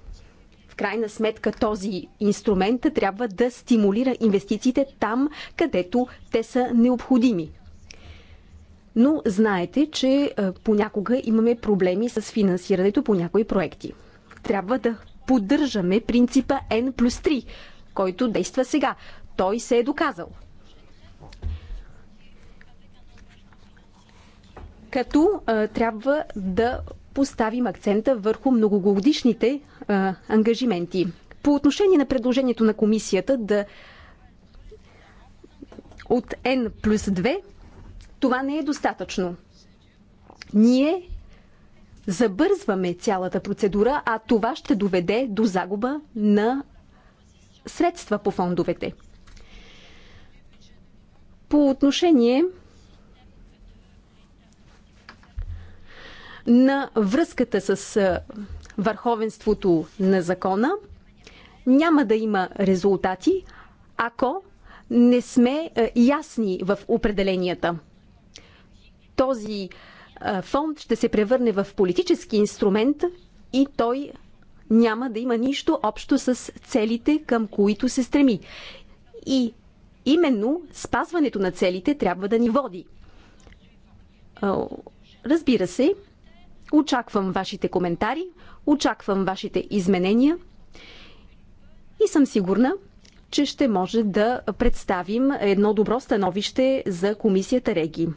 крайна сметка този инструмент трябва да стимулира инвестициите там, където те са необходими. Но знаете, че е, понякога имаме проблеми с финансирането по някои проекти. Трябва да поддържаме принципа N плюс 3, който действа сега. Той се е доказал. Като а, е, трябва да поставим акцента върху многогодишните а, ангажименти. По отношение на предложението на комисията да от N плюс 2, това не е достатъчно. Ние забързваме цялата процедура, а това ще доведе до загуба на средства по фондовете. По отношение на връзката с върховенството на закона. Няма да има резултати, ако не сме ясни в определенията. Този фонд ще се превърне в политически инструмент и той няма да има нищо общо с целите, към които се стреми. И именно спазването на целите трябва да ни води. Разбира се, Очаквам вашите коментари, очаквам вашите изменения и съм сигурна, че ще може да представим едно добро становище за комисията Реги.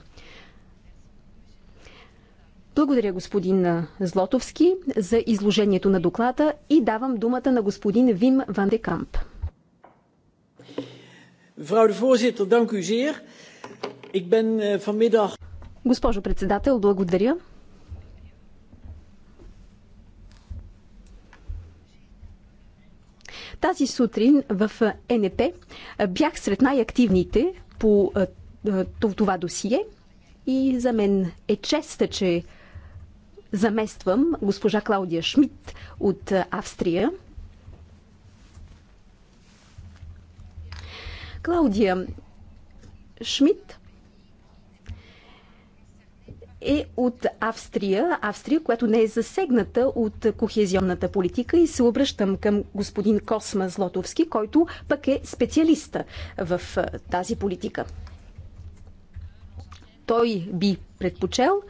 Благодаря господин Злотовски за изложението на доклада и давам думата на господин Вим Ван де Камп. Eh, Госпожо председател, благодаря. Тази сутрин в НП бях сред най-активните по това досие и за мен е честа, че замествам госпожа Клаудия Шмидт от Австрия. Клаудия Шмидт е от Австрия, Австрия, която не е засегната от кохезионната политика и се обръщам към господин Косма Злотовски, който пък е специалиста в тази политика. Той би предпочел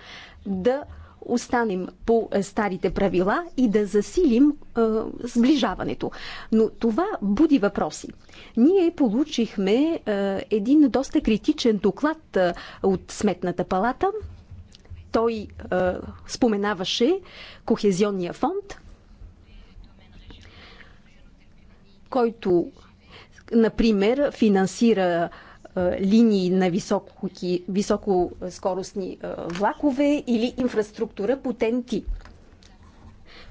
да останем по старите правила и да засилим е, сближаването. Но това буди въпроси. Ние получихме е, един доста критичен доклад е, от Сметната палата – той а, е, споменаваше Кохезионния фонд, който, например, финансира е, линии на високо, високоскоростни е, влакове или инфраструктура по ТНТ.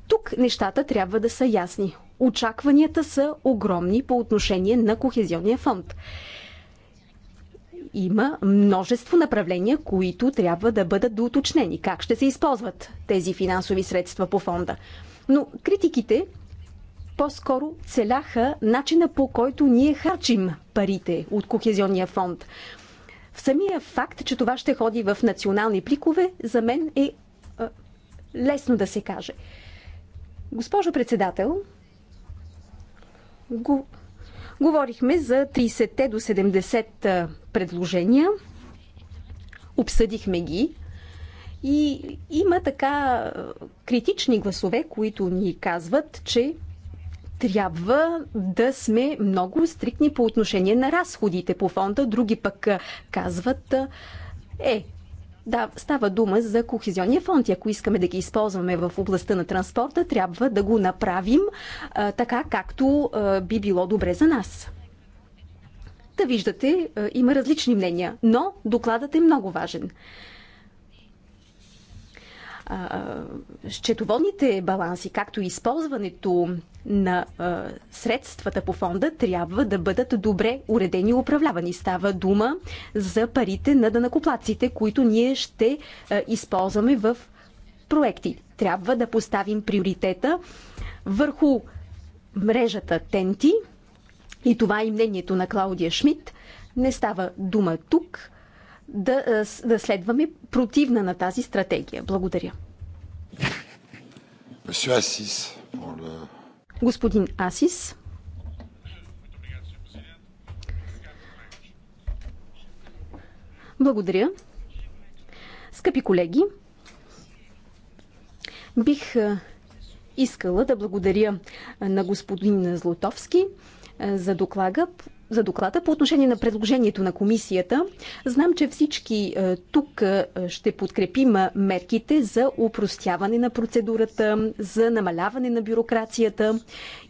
Тук нещата трябва да са ясни. Очакванията са огромни по отношение на Кохезионния фонд има множество направления, които трябва да бъдат доуточнени. Как ще се използват тези финансови средства по фонда? Но критиките по-скоро целяха начина по който ние харчим парите от Кохезионния фонд. В самия факт, че това ще ходи в национални пликове, за мен е а, лесно да се каже. Госпожо председател, го, Говорихме за 30 те до 70 предложения, обсъдихме ги и има така критични гласове, които ни казват, че трябва да сме много стрикни по отношение на разходите по фонда. Други пък казват, е, да, става дума за Кохезионния фонд. Ако искаме да ги използваме в областта на транспорта, трябва да го направим а, така, както а, би било добре за нас. Да виждате, а, има различни мнения, но докладът е много важен счетоводните баланси, както и използването на а, средствата по фонда трябва да бъдат добре уредени и управлявани. Става дума за парите на данакоплаците, които ние ще а, използваме в проекти. Трябва да поставим приоритета върху мрежата Тенти и това е мнението на Клаудия Шмидт. Не става дума тук да, е, да следваме противна на тази стратегия. Благодаря. Господин Асис. Благодаря. Скъпи колеги, бих е, искала да благодаря на господин Злотовски е, за доклада за доклада. По отношение на предложението на комисията, знам, че всички е, тук е, ще подкрепим е, мерките за упростяване на процедурата, за намаляване на бюрокрацията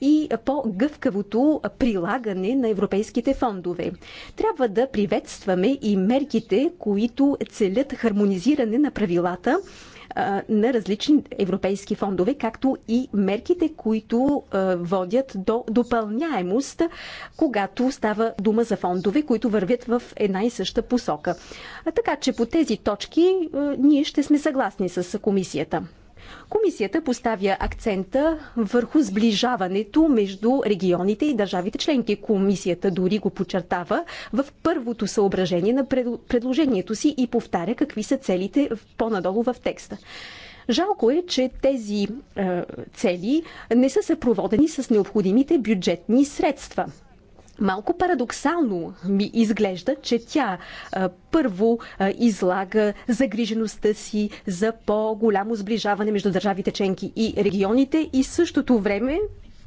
и по-гъвкавото прилагане на европейските фондове. Трябва да приветстваме и мерките, които целят хармонизиране на правилата на различни европейски фондове, както и мерките, които водят до допълняемост, когато става дума за фондове, които вървят в една и съща посока. Така че по тези точки ние ще сме съгласни с комисията. Комисията поставя акцента върху сближаването между регионите и държавите членки. Комисията дори го подчертава в първото съображение на предложението си и повтаря какви са целите по-надолу в текста. Жалко е, че тези е, цели не са съпроводени с необходимите бюджетни средства. Малко парадоксално ми изглежда, че тя а, първо а, излага загрижеността си за по-голямо сближаване между държавите членки и регионите и същото време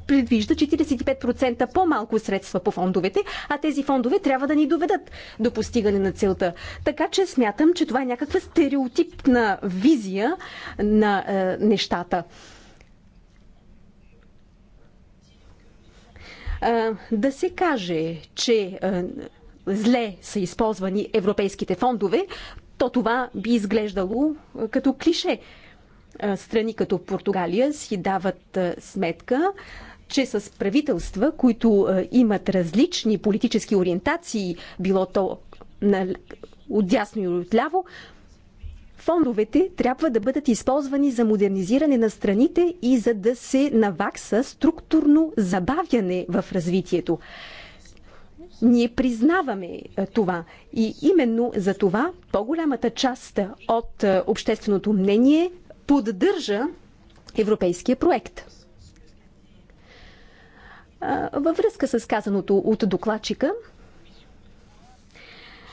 предвижда 45% по-малко средства по фондовете, а тези фондове трябва да ни доведат до постигане на целта. Така че смятам, че това е някаква стереотипна визия на е, нещата. да се каже, че зле са използвани европейските фондове, то това би изглеждало като клише. Страни като Португалия си дават сметка, че с правителства, които имат различни политически ориентации, било то на дясно и отляво, фондовете трябва да бъдат използвани за модернизиране на страните и за да се навакса структурно забавяне в развитието. Ние признаваме това и именно за това по-голямата част от общественото мнение поддържа европейския проект. Във връзка с казаното от докладчика,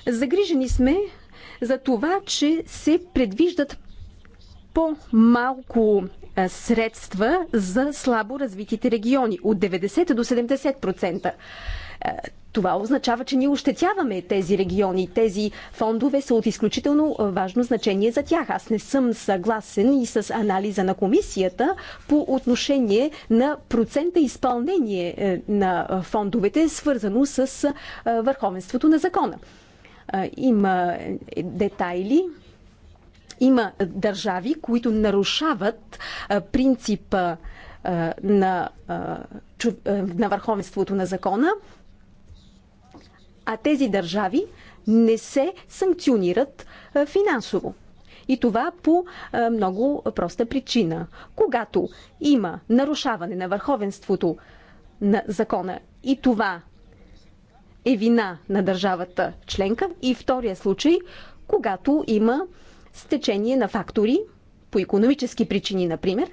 загрижени сме за това, че се предвиждат по-малко средства за слабо развитите региони от 90 до 70%. Това означава, че ние ощетяваме тези региони. Тези фондове са от изключително важно значение за тях. Аз не съм съгласен и с анализа на комисията по отношение на процента изпълнение е, на фондовете, свързано с върховенството на закона има е, детайли. Има държави, които нарушават принципа на, на върховенството на закона, а тези държави не се санкционират финансово. И това по много проста причина. Когато има нарушаване на върховенството на закона и това е вина на държавата членка. И втория случай, когато има стечение на фактори, по економически причини, например,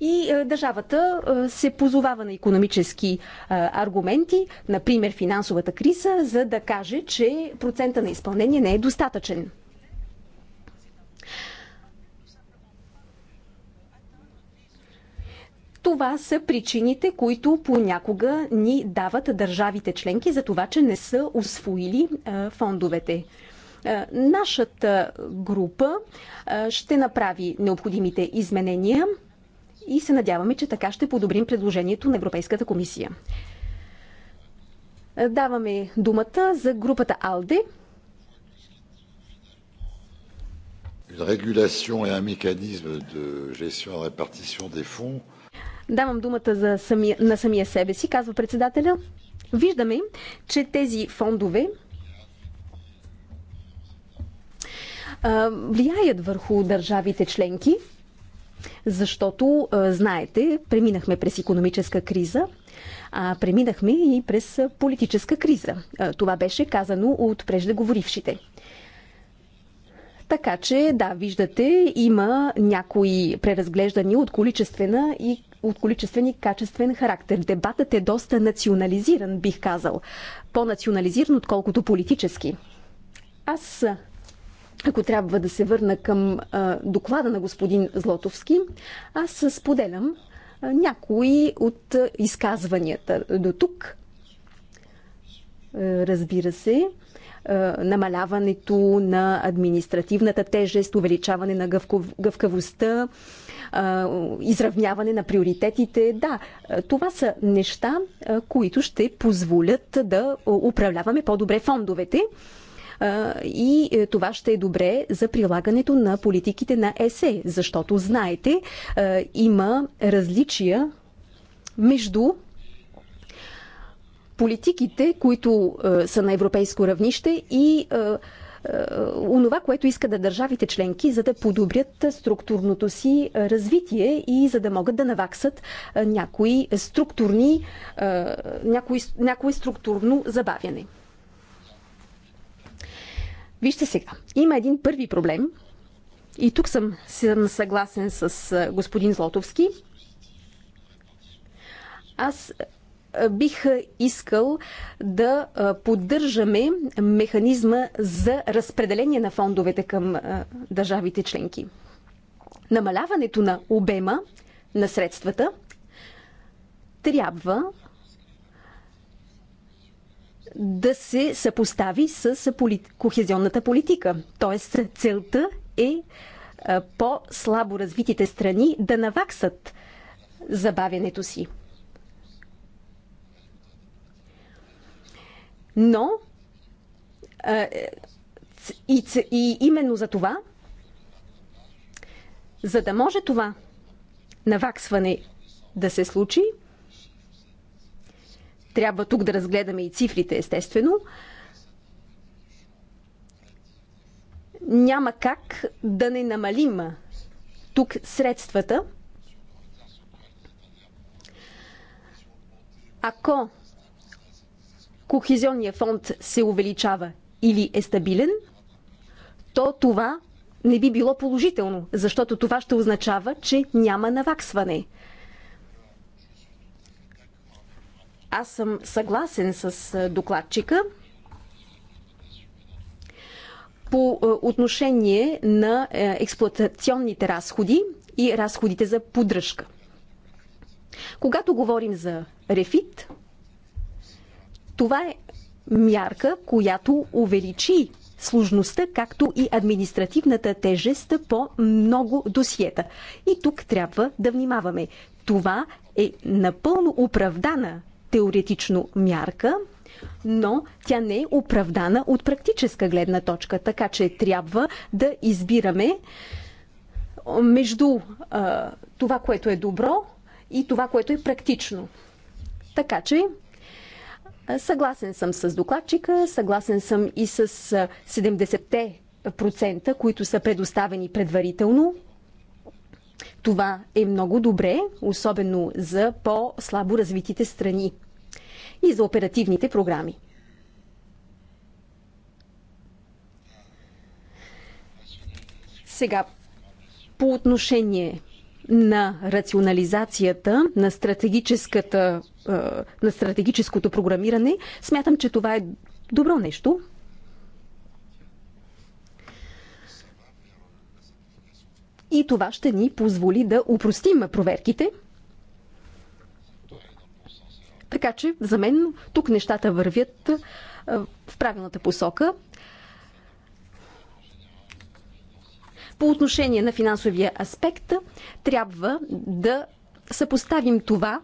и е, държавата е, се позовава на економически е, аргументи, например финансовата криза, за да каже, че процента на изпълнение не е достатъчен. Това са причините, които понякога ни дават държавите членки за това, че не са освоили фондовете. Нашата група ще направи необходимите изменения и се надяваме, че така ще подобрим предложението на Европейската комисия. Даваме думата за групата АЛДЕ. Une régulation et un mécanisme de gestion et répartition des fonds Давам думата за самия, на самия себе си, казва председателя. Виждаме, че тези фондове влияят върху държавите членки, защото, знаете, преминахме през економическа криза, а преминахме и през политическа криза. Това беше казано от преждеговорившите. Така че, да, виждате, има някои преразглеждания от количествена и от количествен и качествен характер. Дебатът е доста национализиран, бих казал. По-национализиран, отколкото политически. Аз, ако трябва да се върна към а, доклада на господин Злотовски, аз споделям а, някои от а, изказванията до тук. Разбира се, е, намаляването на административната тежест, увеличаване на гъвков, гъвкавостта, е, изравняване на приоритетите. Да, е, това са неща, които ще позволят да управляваме по-добре фондовете и това ще е добре за прилагането на политиките на ЕСЕ, защото знаете, има различия между политиките, които е, са на европейско равнище и е, е, онова, което иска да държавите членки, за да подобрят структурното си е, развитие и за да могат да наваксат е, някои структурни, някои, някои структурно забавяне. Вижте сега, има един първи проблем и тук съм, съм съгласен с господин Злотовски. Аз бих искал да поддържаме механизма за разпределение на фондовете към държавите членки. Намаляването на обема на средствата трябва да се съпостави с кохезионната политика. Т.е. целта е по-слабо развитите страни да наваксат забавянето си. но и, и именно за това, за да може това наваксване да се случи, трябва тук да разгледаме и цифрите, естествено, няма как да не намалим тук средствата. Ако кохезионния фонд се увеличава или е стабилен, то това не би било положително, защото това ще означава, че няма наваксване. Аз съм съгласен с докладчика по отношение на експлуатационните разходи и разходите за поддръжка. Когато говорим за рефит, това е мярка, която увеличи сложността, както и административната тежест по много досиета. И тук трябва да внимаваме. Това е напълно оправдана теоретично мярка, но тя не е оправдана от практическа гледна точка, така че трябва да избираме между а, това, което е добро и това, което е практично. Така че Съгласен съм с докладчика, съгласен съм и с 70-те процента, които са предоставени предварително. Това е много добре, особено за по-слабо развитите страни и за оперативните програми. Сега, по отношение на рационализацията, на, стратегическата, на стратегическото програмиране, смятам, че това е добро нещо. И това ще ни позволи да упростим проверките. Така че, за мен, тук нещата вървят в правилната посока. По отношение на финансовия аспект, трябва да съпоставим това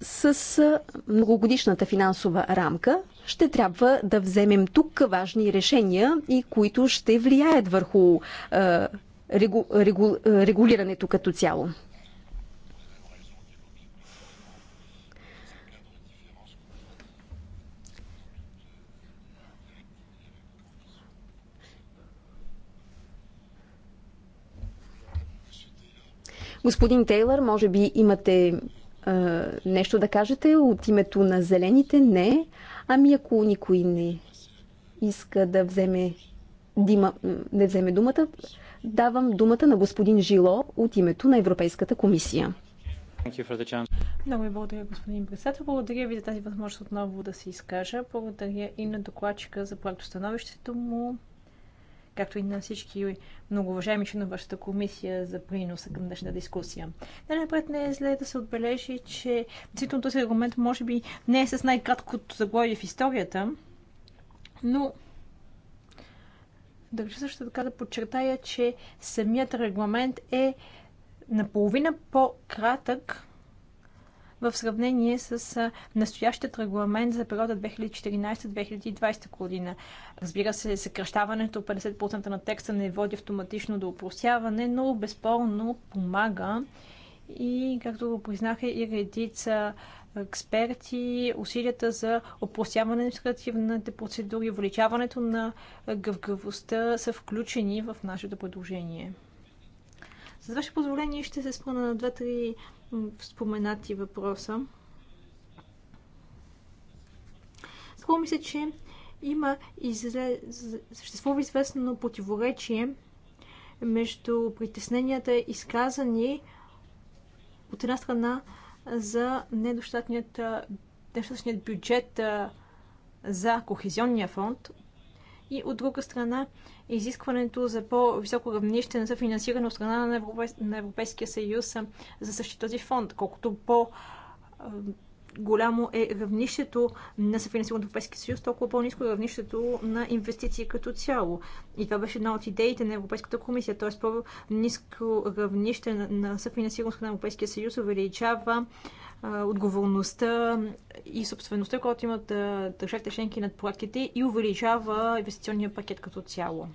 с многогодишната финансова рамка ще трябва да вземем тук важни решения и които ще влияят върху регулирането като цяло. Господин Тейлър, може би имате а, нещо да кажете от името на зелените? Не. Ами ако никой не иска да вземе, дима, не вземе думата, давам думата на господин Жило от името на Европейската комисия. Много ви благодаря, господин председател. Благодаря ви за тази възможност отново да се изкажа. Благодаря и на докладчика за проектостановището му както и на всички уважаеми членове на вашата комисия за приноса към днешна дискусия. Най-напред не е зле да се отбележи, че действително този аргумент може би не е с най-краткото заглавие в историята, но държа също така да подчертая, че самият регламент е наполовина по-кратък в сравнение с настоящият регламент за периода 2014-2020 година. Разбира се, съкръщаването 50% на текста не води автоматично до упростяване, но безспорно помага и, както го признаха и редица експерти, усилията за опростяване на административните процедури, увеличаването на гъвгавостта са включени в нашето предложение. С ваше позволение ще се спомена на два-три споменати въпроса. Скоро мисля, се, че има изле... съществува известно противоречие между притесненията изказани от една страна за недостатният бюджет за Кохезионния фонд, и от друга страна изискването за по-високо равнище на съфинансиране от страна на, на Европейския съюз за същи този фонд. Колкото по- голямо е равнището на съфинансиране от Европейския съюз, толкова по-низко е равнището на инвестиции като цяло. И това беше една от идеите на Европейската комисия, т.е. по-низко равнище на, на съфинансиране на Европейския съюз увеличава отговорността и собствеността, която имат държавите членки над проектите и увеличава инвестиционния пакет като цяло.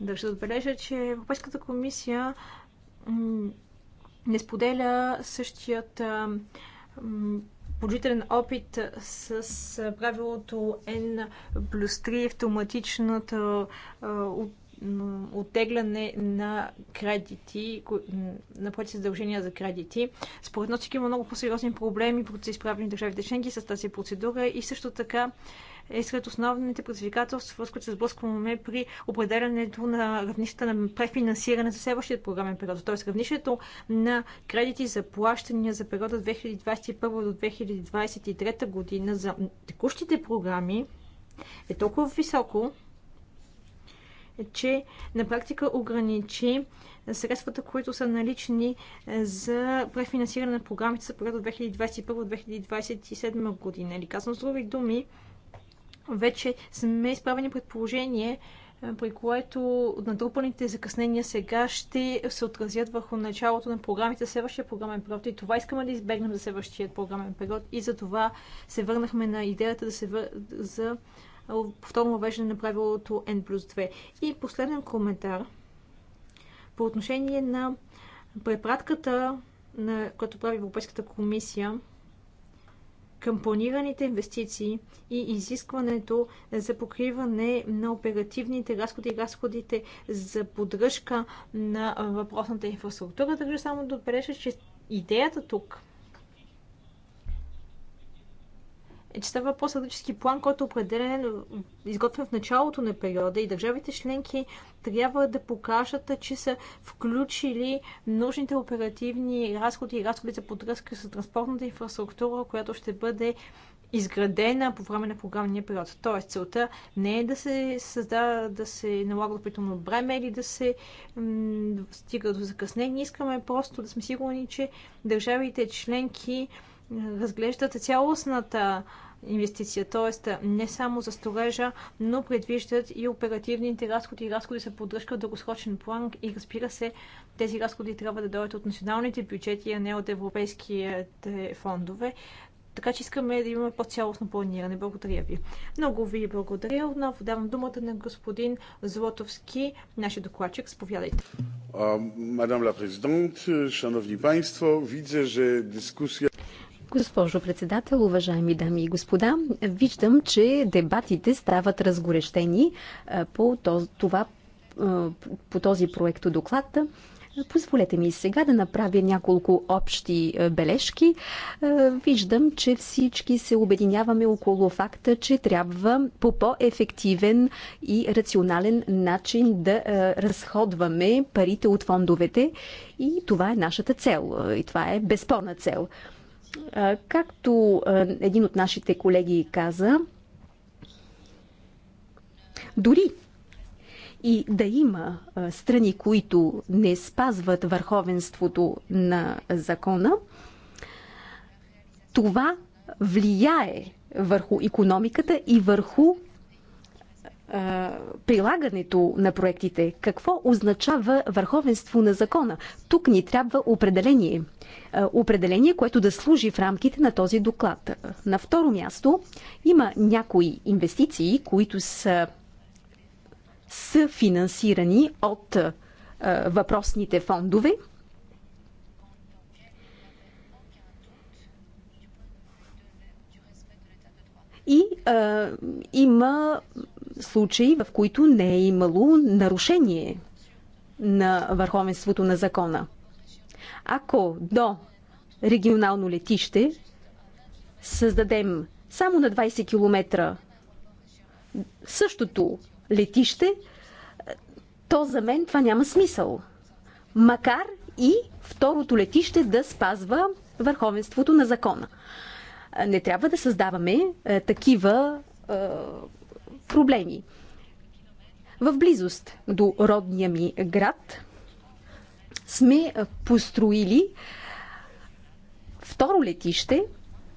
Държа да отбележа, че Европейската комисия не споделя същият положителен опит с правилото N плюс 3, автоматичната от оттегляне на кредити, на плати задължения за кредити. Според нас има много по-сериозни проблеми, които са изправени държавите членки с тази процедура и също така е сред основните предизвикателства, с които се сблъскваме при определянето на равнищата на префинансиране за следващия програмен период. Т.е. равнището на кредити за плащания за периода 2021 до 2023 година за текущите програми е толкова високо, че на практика ограничи средствата, които са налични е, за префинансиране на програмите за период от 2021-2027 година. Или казвам с други думи, вече сме изправени предположение, е, при което натрупаните закъснения сега ще се отразят върху началото на програмите следващия програмен период. И това искаме да избегнем за следващия програмен период. И за това се върнахме на идеята да се вър... за повторно въвеждане на правилото N плюс 2. И последен коментар по отношение на препратката, на, която прави Европейската комисия към планираните инвестиции и изискването за покриване на оперативните разходи и разходите за поддръжка на въпросната инфраструктура. Държа само да отбележа, че идеята тук – е, че става по стратегически план, който е определен, изготвен в началото на периода и държавите членки трябва да покажат, че са включили нужните оперативни разходи и разходи за подръзка с транспортната инфраструктура, която ще бъде изградена по време на програмния период. Тоест, целта не е да се създава, да се налага допълнително бреме или да се стига до закъснение. Искаме просто да сме сигурни, че държавите членки разглеждат цялостната инвестиция, т.е. не само за сторежа, но предвиждат и оперативните разходи и разходи за поддръжка в дългосрочен план и разбира се, тези разходи трябва да дойдат от националните бюджети, а не от европейските фондове. Така че искаме да имаме по-цялостно планиране. Благодаря ви. Много ви благодаря. Отново давам думата на господин Злотовски, нашия докладчик. Сповядайте. Мадам ла президент, шановни панство, видя, че дискусия... Госпожо председател, уважаеми дами и господа, виждам, че дебатите стават разгорещени е, по това е, по този проект доклад. Позволете ми сега да направя няколко общи е, бележки. Виждам, че всички се обединяваме около факта, че трябва по по-ефективен и рационален начин да разходваме парите от фондовете и това е нашата цел. И това е безспорна цел. Както един от нашите колеги каза, дори и да има страни, които не спазват върховенството на закона, това влияе върху економиката и върху прилагането на проектите. Какво означава върховенство на закона? Тук ни трябва определение. Определение, което да служи в рамките на този доклад. На второ място има някои инвестиции, които са, са финансирани от въпросните фондове. И а, има случаи, в които не е имало нарушение на върховенството на закона. Ако до регионално летище създадем само на 20 км същото летище, то за мен това няма смисъл. Макар и второто летище да спазва върховенството на закона. Не трябва да създаваме е, такива е, проблеми. В близост до родния ми град сме построили второ летище,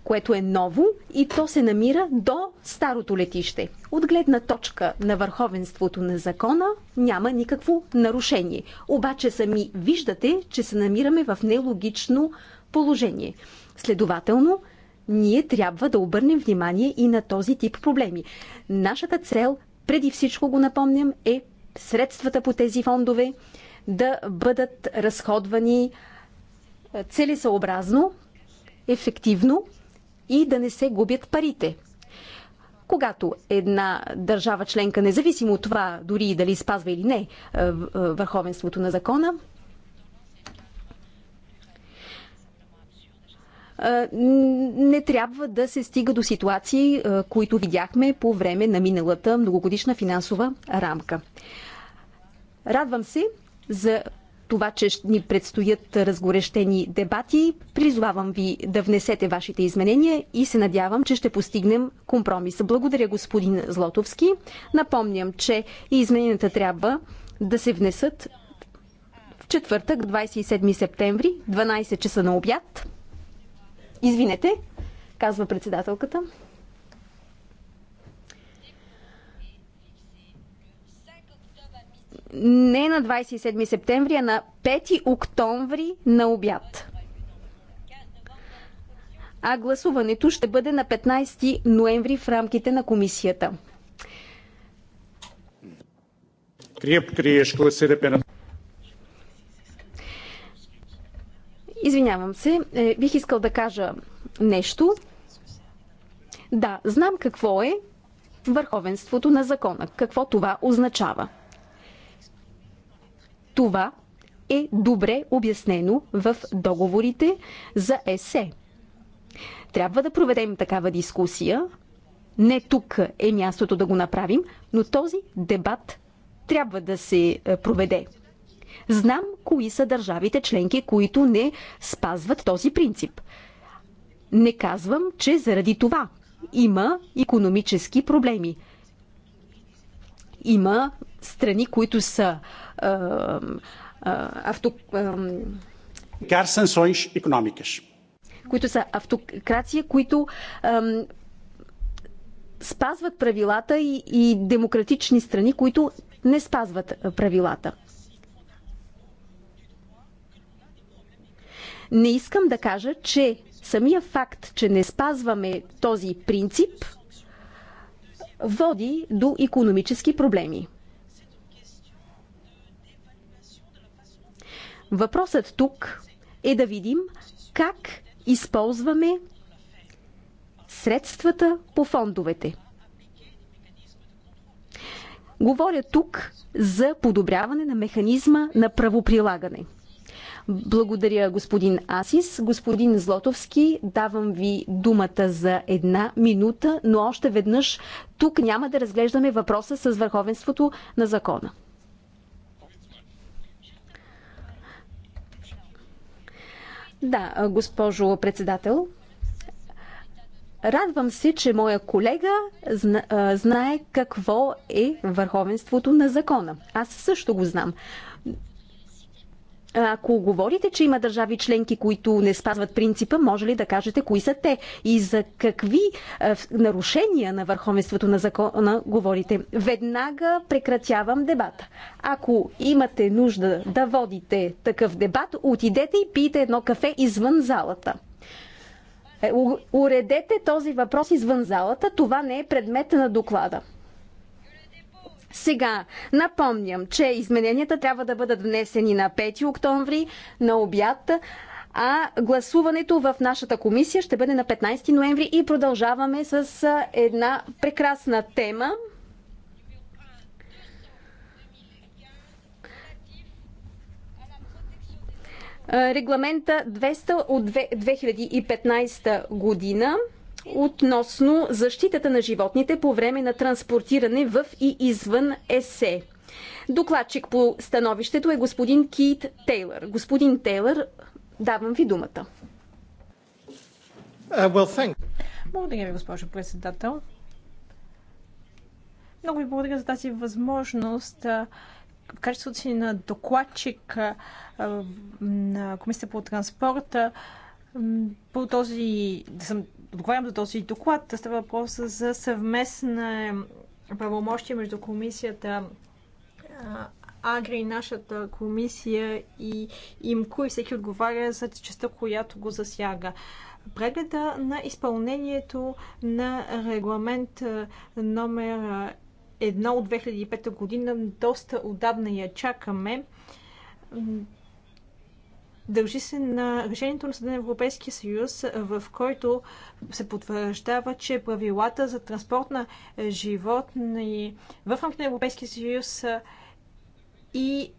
което е ново и то се намира до старото летище. От гледна точка на върховенството на закона няма никакво нарушение. Обаче сами виждате, че се намираме в нелогично положение. Следователно, ние трябва да обърнем внимание и на този тип проблеми. Нашата цел, преди всичко го напомням, е средствата по тези фондове да бъдат разходвани е, целесообразно, ефективно и да не се губят парите. Когато една държава членка, независимо от това, дори и дали спазва или не е, е, върховенството на закона, не трябва да се стига до ситуации, които видяхме по време на миналата многогодишна финансова рамка. Радвам се за това, че ни предстоят разгорещени дебати. Призовавам ви да внесете вашите изменения и се надявам, че ще постигнем компромис. Благодаря, господин Злотовски. Напомням, че измененията трябва да се внесат в четвъртък, 27 септември, 12 часа на обяд. Извинете, казва председателката. не на 27 септември, а на 5 октомври на обяд. А гласуването ще бъде на 15 ноември в рамките на комисията. Крепко queria esclarecer Извинявам се, е, бих искал да кажа нещо. Да, знам какво е върховенството на закона, какво това означава. Това е добре обяснено в договорите за ЕСЕ. Трябва да проведем такава дискусия. Не тук е мястото да го направим, но този дебат трябва да се е, проведе. Знам кои са държавите членки, които не спазват този принцип. Не казвам, че заради това има економически проблеми. Има страни, които са а, а, авто... Е, които са автокрация, които спазват правилата и, и демократични страни, които не спазват правилата. Не искам да кажа, че самия факт, че не спазваме този принцип, води до економически проблеми. Въпросът тук е да видим как използваме средствата по фондовете. Говоря тук за подобряване на механизма на правоприлагане – благодаря, господин Асис. Господин Злотовски, давам ви думата за една минута, но още веднъж тук няма да разглеждаме въпроса с върховенството на закона. Да, госпожо председател. Радвам се, че моя колега знае какво е върховенството на закона. Аз също го знам. Ако говорите, че има държави членки, които не спазват принципа, може ли да кажете кои са те и за какви е, нарушения на върховенството на закона говорите? Веднага прекратявам дебата. Ако имате нужда да водите такъв дебат, отидете и пийте едно кафе извън залата. Е, уредете този въпрос извън залата. Това не е предмет на доклада. Сега напомням, че измененията трябва да бъдат внесени на 5 октомври на обяд, а гласуването в нашата комисия ще бъде на 15 ноември и продължаваме с една прекрасна тема. Регламента 200 от 2015 година относно защитата на животните по време на транспортиране в и извън ЕСЕ. Докладчик по становището е господин Кит Тейлър. Господин Тейлър, давам ви думата. Uh, well, благодаря ви, госпожо председател. Много ви благодаря за тази възможност в качеството си на докладчик на Комисията по транспорта по този, съм, отговарям за този доклад, става въпрос за съвместна правомощие между комисията Агри, нашата комисия и ИМКО и всеки отговаря за частта, която го засяга. Прегледа на изпълнението на регламент номер 1 от 2005 година доста отдавна я чакаме дължи се на решението на Съда на Европейския съюз, в който се потвърждава, че правилата за транспорт на животни в рамките на Европейския съюз и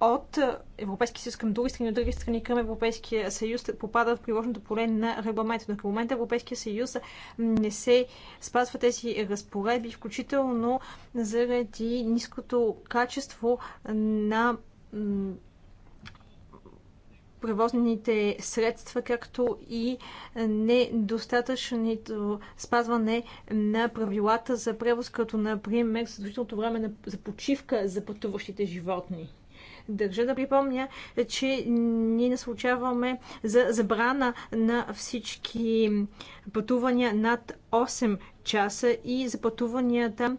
от Европейския съюз към други страни, от други страни към Европейския съюз попадат в приложното поле на регламента. Но към момента Европейския съюз не се спазва тези разпоредби, включително заради ниското качество на превозните средства, както и недостатъчното спазване на правилата за превоз, като например задължителното време на, за почивка за пътуващите животни. Държа да припомня, че ние наслучаваме за забрана на всички пътувания над 8 часа и за пътуванията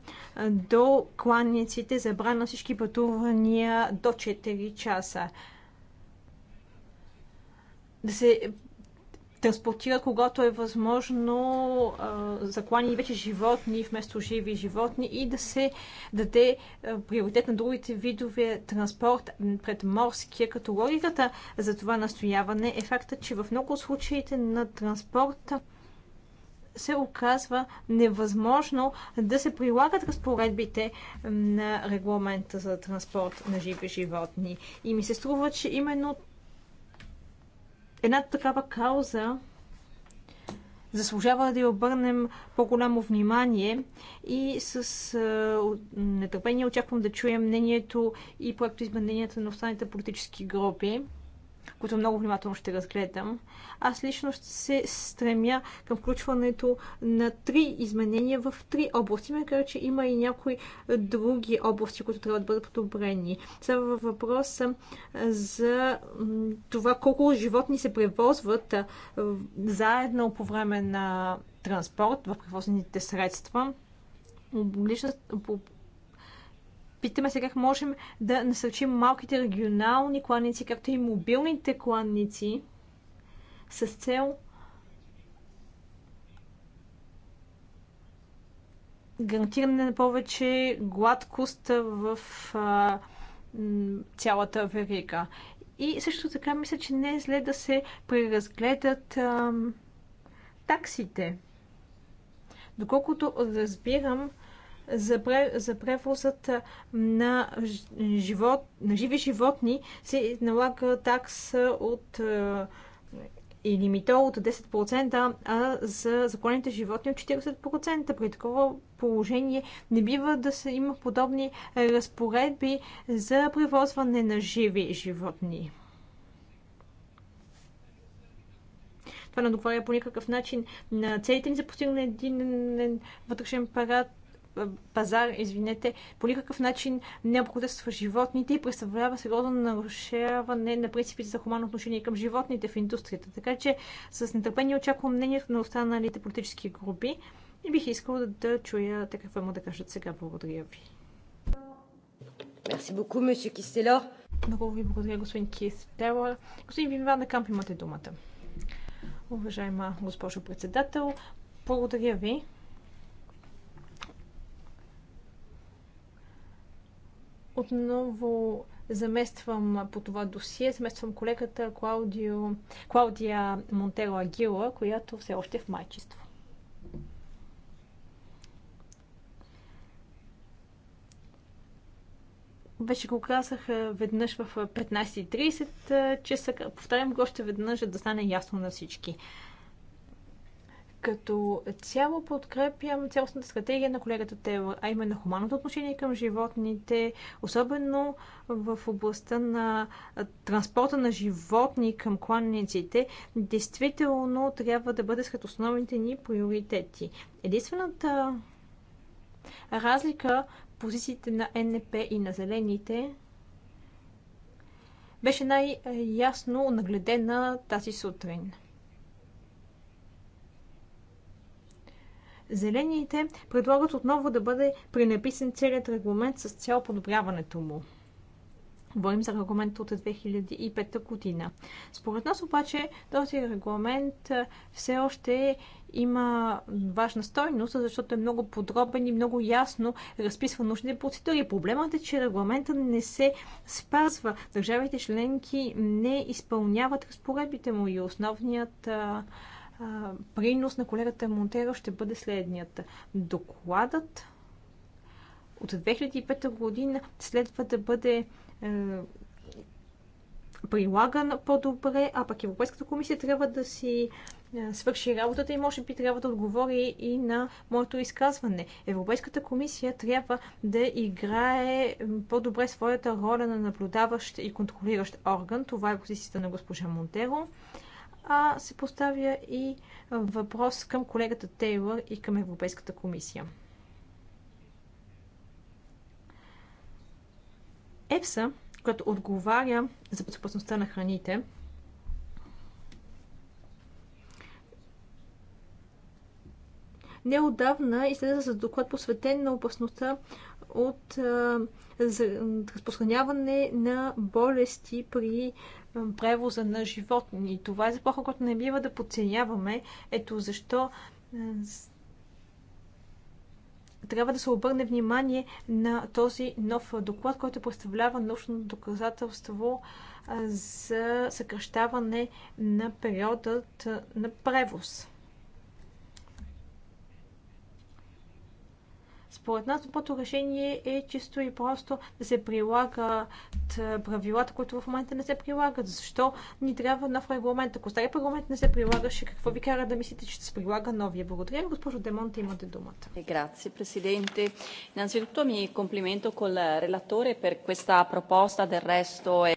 до кланиците забрана на всички пътувания до 4 часа да се транспортира, когато е възможно, заклани вече животни вместо живи животни и да се даде приоритет на другите видове транспорт пред морския, като логиката за това настояване е факта, че в много случаите на транспорта се оказва невъзможно да се прилагат разпоредбите на регламента за транспорт на живи животни. И ми се струва, че именно една такава кауза заслужава да й обърнем по-голямо внимание и с е, нетърпение очаквам да чуем мнението и проекто измененията на останалите политически групи които много внимателно ще разгледам. Аз лично ще се стремя към включването на три изменения в три области, кажа, че има и някои други области, които трябва да бъдат подобрени. Става въпрос за това колко животни се превозват заедно по време на транспорт в превозните средства. Питаме се как можем да насърчим малките регионални кланици, както и мобилните кланици, с цел гарантиране на повече гладкост в а, цялата верига. И също така мисля, че не е зле да се преразгледат а, таксите. Доколкото разбирам, за, пре, за превозът на, живот, на живи животни се налага такса от е, или мито от 10%, а за законните животни от 40%. При такова положение не бива да се има подобни разпоредби за превозване на живи животни. Това не по никакъв начин на целите ни за постигане един вътрешен парад, пазар, извинете, по никакъв начин не обходества животните и представлява сериозно нарушаване на принципите за хуманно отношение към животните в индустрията. Така че с нетърпение очаквам мнението на останалите политически групи и бих искала да, да чуя какво му да кажат сега. Благодаря ви. Мерси beaucoup, monsieur Кистелор. Много ви благодаря, господин Кистелор. Господин Вимиван, на Камп, имате думата. Уважаема госпожо председател, благодаря ви. Отново замествам по това досие, замествам колегата Клаудио, Клаудия Монтело Агила, която все още е в майчество. Вече го казах веднъж в 15.30 часа. Повтарям го още веднъж, за да стане ясно на всички. Като цяло подкрепям цялостната стратегия на колегата Тейлър, а именно хуманното отношение към животните, особено в областта на транспорта на животни към кланниците, действително трябва да бъде сред основните ни приоритети. Единствената разлика позициите на НП и на зелените беше най-ясно нагледена тази сутрин. Зелените предлагат отново да бъде пренаписан целият регламент с цел подобряването му. Говорим за регламент от 2005 година. Според нас обаче този регламент все още има важна стойност, защото е много подробен и много ясно разписва нужните процедури. Проблемът е, че регламента не се спазва. Държавите членки не изпълняват разпоредбите му и основният а, принос на колегата Монтеро ще бъде следният. Докладът от 2005 година следва да бъде е, прилаган по-добре, а пък Европейската комисия трябва да си е, свърши работата и може би трябва да отговори и на моето изказване. Европейската комисия трябва да играе по-добре своята роля на наблюдаващ и контролиращ орган. Това е позицията на госпожа Монтеро а се поставя и въпрос към колегата Тейлър и към Европейската комисия. ЕПСА, която отговаря за безопасността на храните, неодавна изследва с доклад посветен на опасността от разпространяване на болести при превоза на животни. Това е заплаха, която не бива да подценяваме. Ето защо трябва да се обърне внимание на този нов доклад, който представлява научно доказателство за съкръщаване на периодът на превоз. Според нас доброто решение е чисто и просто да се прилагат правилата, които в момента не се прилагат. Защо ни трябва нов регламент? Ако стария регламент не се прилагаше, какво ви кара да мислите, че ще се прилага новия? Благодаря госпожо Демонта, имате думата. Grazie, е, Presidente. Innanzitutto mi комплименто кол релаторе per questa proposta, del resto е...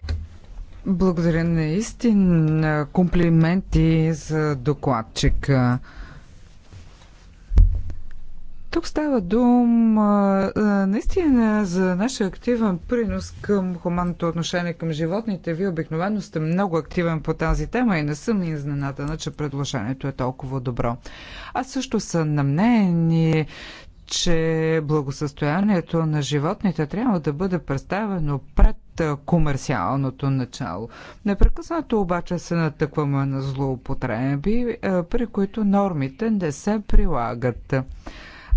Благодаря наистина. Комплименти за докладчика. Тук става дума наистина за нашия активен принос към хуманното отношение към животните. Вие обикновено сте много активен по тази тема и не съм изненадана, че предложението е толкова добро. Аз също съм на мнение, че благосъстоянието на животните трябва да бъде представено пред комерциалното начало. Непрекъснато обаче се натъкваме на злоупотреби, при които нормите не се прилагат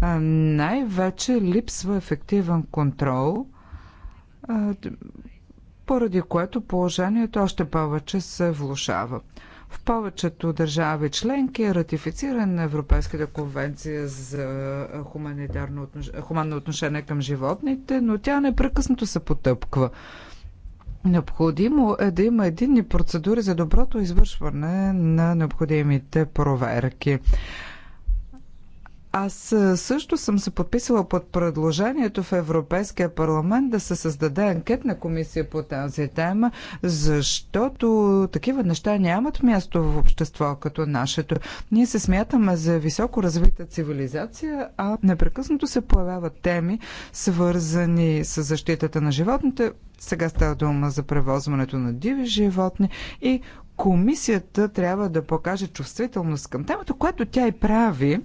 най-вече липсва ефективен контрол, поради което положението още повече се влушава. В повечето държави членки е ратифициран на Европейската конвенция за хуманитарно, хуманно отношение към животните, но тя непрекъснато се потъпква. Необходимо е да има единни процедури за доброто извършване на необходимите проверки. Аз също съм се подписала под предложението в Европейския парламент да се създаде анкетна комисия по тази тема, защото такива неща нямат място в общество като нашето. Ние се смятаме за високо развита цивилизация, а непрекъснато се появяват теми, свързани с защитата на животните. Сега става дума за превозването на диви животни и комисията трябва да покаже чувствителност към темата, което тя и прави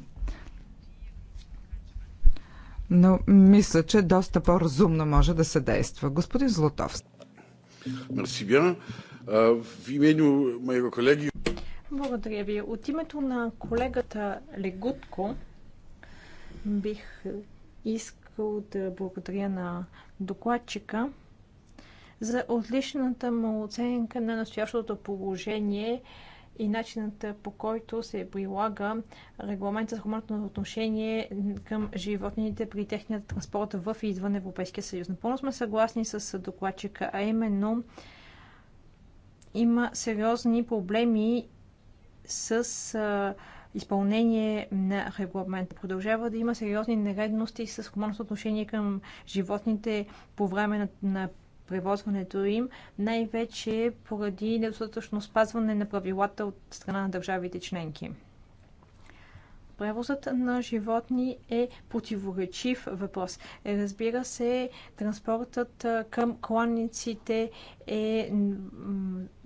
но мисля, че доста по-разумно може да се действа. Господин Златов. Благодаря ви. От името на колегата Легутко бих искал да благодаря на докладчика за отличната му оценка на настоящото положение – и начинът по който се прилага регламент за хуманно отношение към животните при техния транспорт в и извън Европейския съюз. Напълно сме съгласни с докладчика, а именно има сериозни проблеми с изпълнение на регламент. Продължава да има сериозни нередности с хуманното отношение към животните по време на, на превозването им, най-вече поради недостатъчно спазване на правилата от страна на държавите членки. Превозът на животни е противоречив въпрос. Е, разбира се, транспортът към кланниците е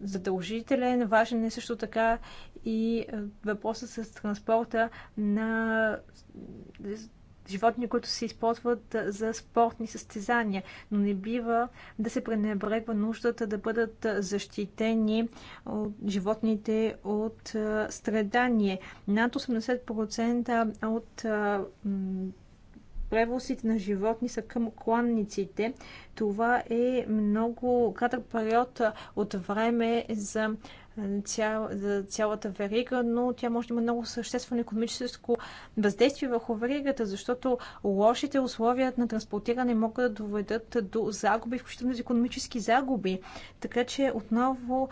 задължителен, важен е също така и въпросът с транспорта на животни, които се използват за спортни състезания, но не бива да се пренебрегва нуждата да бъдат защитени от животните от страдание. Над 80% от превозите на животни са към кланниците. Това е много кратък период от време за за цялата верига, но тя може да има много съществено економическо въздействие върху веригата, защото лошите условия на транспортиране могат да доведат до загуби, включително за економически загуби. Така че отново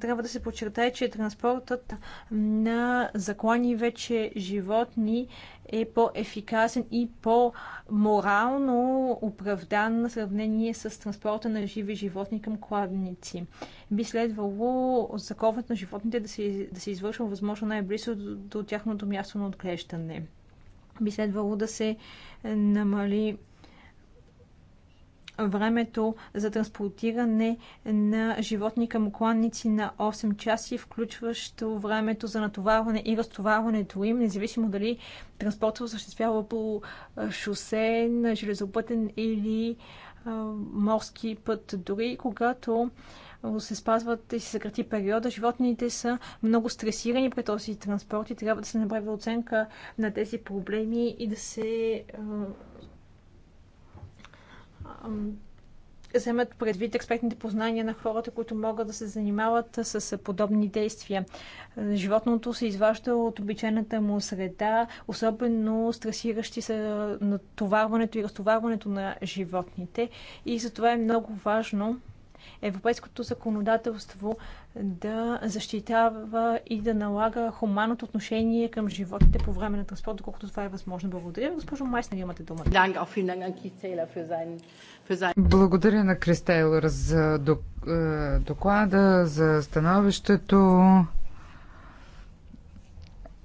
трябва да се подчертае, че транспортът на заклани вече животни е по-ефикасен и по-морално оправдан в сравнение с транспорта на живи животни към кладници би следвало заковът на животните да се, да се извършва възможно най-близо до, до тяхното място на отглеждане. Би следвало да се е, намали времето за транспортиране на животни към кланници на 8 часи, включващо времето за натоварване и разтоварването им, независимо дали транспортът се осъществява по е, шосе, на железопътен или а, е, морски път. Дори когато се спазват и се съкрати периода. Животните са много стресирани при този транспорт и трябва да се направи оценка на тези проблеми и да се вземат предвид експертните познания на хората, които могат да се занимават с подобни действия. Животното се изважда от обичайната му среда, особено стресиращи се натоварването и разтоварването на животните. И затова е много важно европейското законодателство да защитава и да налага хуманното отношение към животите по време на транспорта, колкото това е възможно. Благодаря госпожо госпожо Майснер, имате дума. Благодаря на Кристейлър за е, доклада, за становището.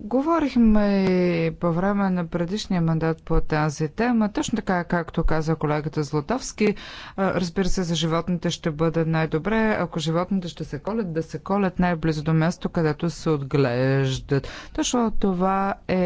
Говорихме по време на предишния мандат по тази тема, точно така, както каза колегата Златовски. Разбира се, за животните ще бъде най-добре, ако животните ще се колят, да се колят най-близо до място, където се отглеждат. Точно това е,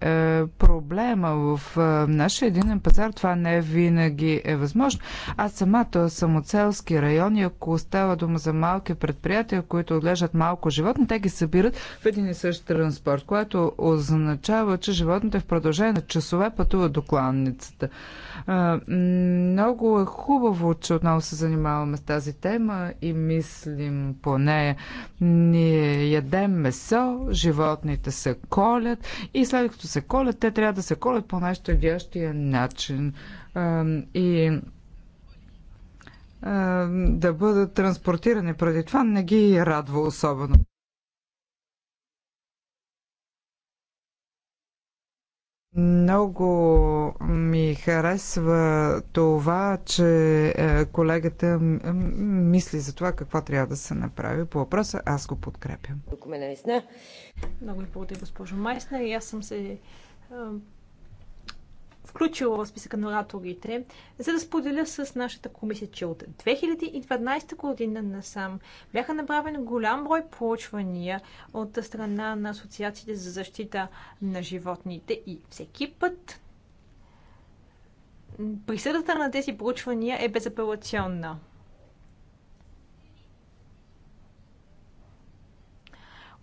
е, е проблема в е, нашия един пазар. Това не винаги е възможно. Аз самата съм от селски райони, ако става дума за малки предприятия, които отглеждат малко животни, те ги събират в един и същ транспорт транспорт, което означава, че животните в продължение на часове пътуват до кланницата. Много е хубаво, че отново се занимаваме с тази тема и мислим по нея. Ние ядем месо, животните се колят и след като се колят, те трябва да се колят по най-щадящия начин. И да бъдат транспортирани. Преди това не ги радва особено. Много ми харесва това, че е, колегата мисли за това какво трябва да се направи по въпроса. Аз го подкрепям. Много ви благодаря, госпожо Майсна. И аз съм се е, включила в списъка на ораторите, за да споделя с нашата комисия, че от 2012 година насам бяха направени голям брой проучвания от страна на асоциациите за защита на животните и всеки път присъдата на тези проучвания е безапелационна.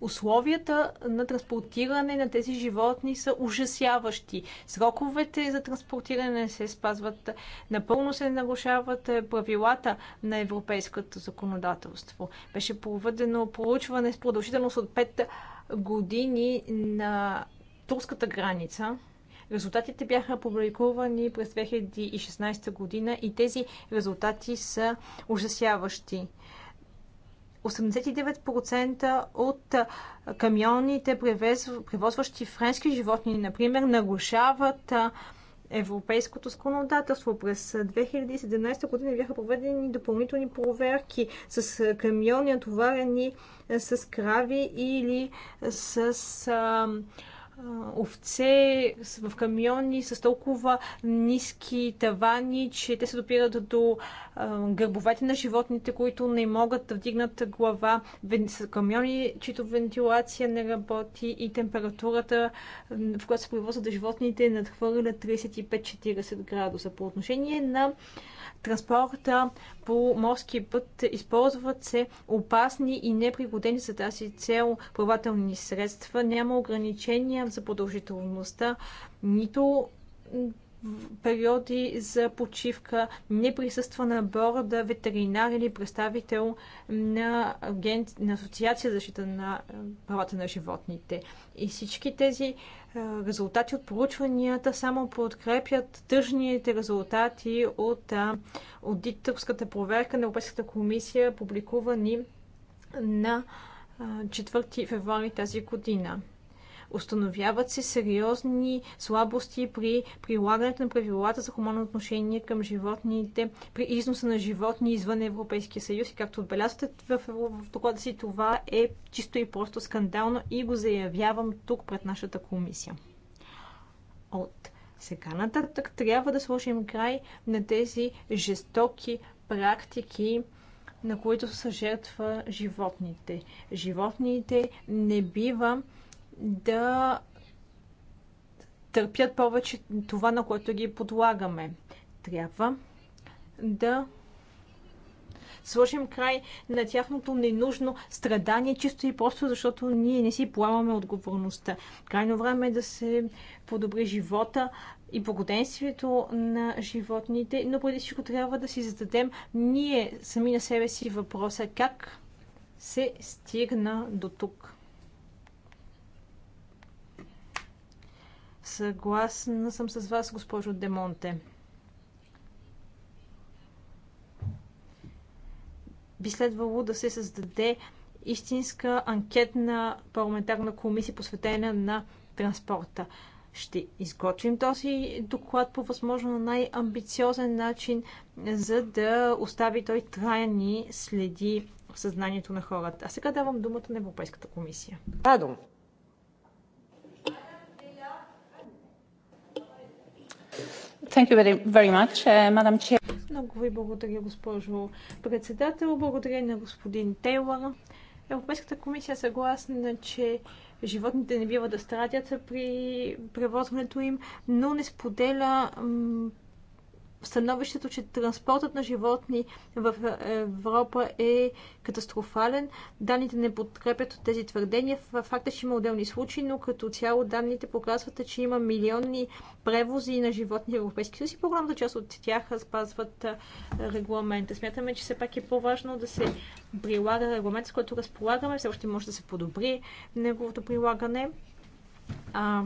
Условията на транспортиране на тези животни са ужасяващи. Сроковете за транспортиране не се спазват. Напълно се нарушават правилата на европейското законодателство. Беше проведено проучване с продължителност от 5 години на турската граница. Резултатите бяха публикувани през 2016 година и тези резултати са ужасяващи. 89% от камионите, превозващи френски животни, например, нарушават европейското законодателство. През 2017 година бяха проведени допълнителни проверки с камиони, натоварени с крави или с овце в камиони с толкова ниски тавани, че те се допират до гърбовете на животните, които не могат да вдигнат глава, камиони, чието вентилация не работи и температурата, в която се превозват животните, е надхвърля 35-40 градуса. По отношение на транспорта по морски път използват се опасни и непригодени за тази цел плавателни средства. Няма ограничения знаем за продължителността, нито периоди за почивка, не присъства на борда ветеринар или представител на, агент, на Асоциация за защита на е, правата на животните. И всички тези е, резултати от проучванията само подкрепят тъжните резултати от е, аудиторската проверка на Европейската комисия, публикувани на 4 февруари тази година. Установяват се сериозни слабости при прилагането на правилата за хуманно отношение към животните, при износа на животни извън Европейския съюз. И както отбелязвате в, в доклада си, това е чисто и просто скандално и го заявявам тук пред нашата комисия. От сега нататък трябва да сложим край на тези жестоки практики, на които са жертва животните. Животните не бива да търпят повече това, на което ги подлагаме. Трябва да сложим край на тяхното ненужно страдание, чисто и просто защото ние не си поемаме отговорността. Крайно време е да се подобри живота и благоденствието на животните, но преди всичко трябва да си зададем ние сами на себе си въпроса как се стигна до тук. Съгласна съм с вас, госпожо Демонте. Би следвало да се създаде истинска анкетна парламентарна комисия, посветена на транспорта. Ще изготвим този доклад по възможно най-амбициозен начин, за да остави той трайни следи в съзнанието на хората. А сега давам думата на Европейската комисия. Радом. Thank you very, very much, uh, Madam Chair. Много ви благодаря, госпожо председател. Благодаря на господин Тейлър. Европейската комисия е съгласна, че животните не бива да страдят при превозването им, но не споделя становището, че транспортът на животни в е, Европа е катастрофален. Данните не подкрепят от тези твърдения. Факта, че има отделни случаи, но като цяло данните показват, че има милионни превози на животни в Европейския съюз и по-голямата част от тях спазват е, регламента. Смятаме, че все пак е по-важно да се прилага регламент, с който разполагаме. Все още може да се подобри неговото прилагане. А,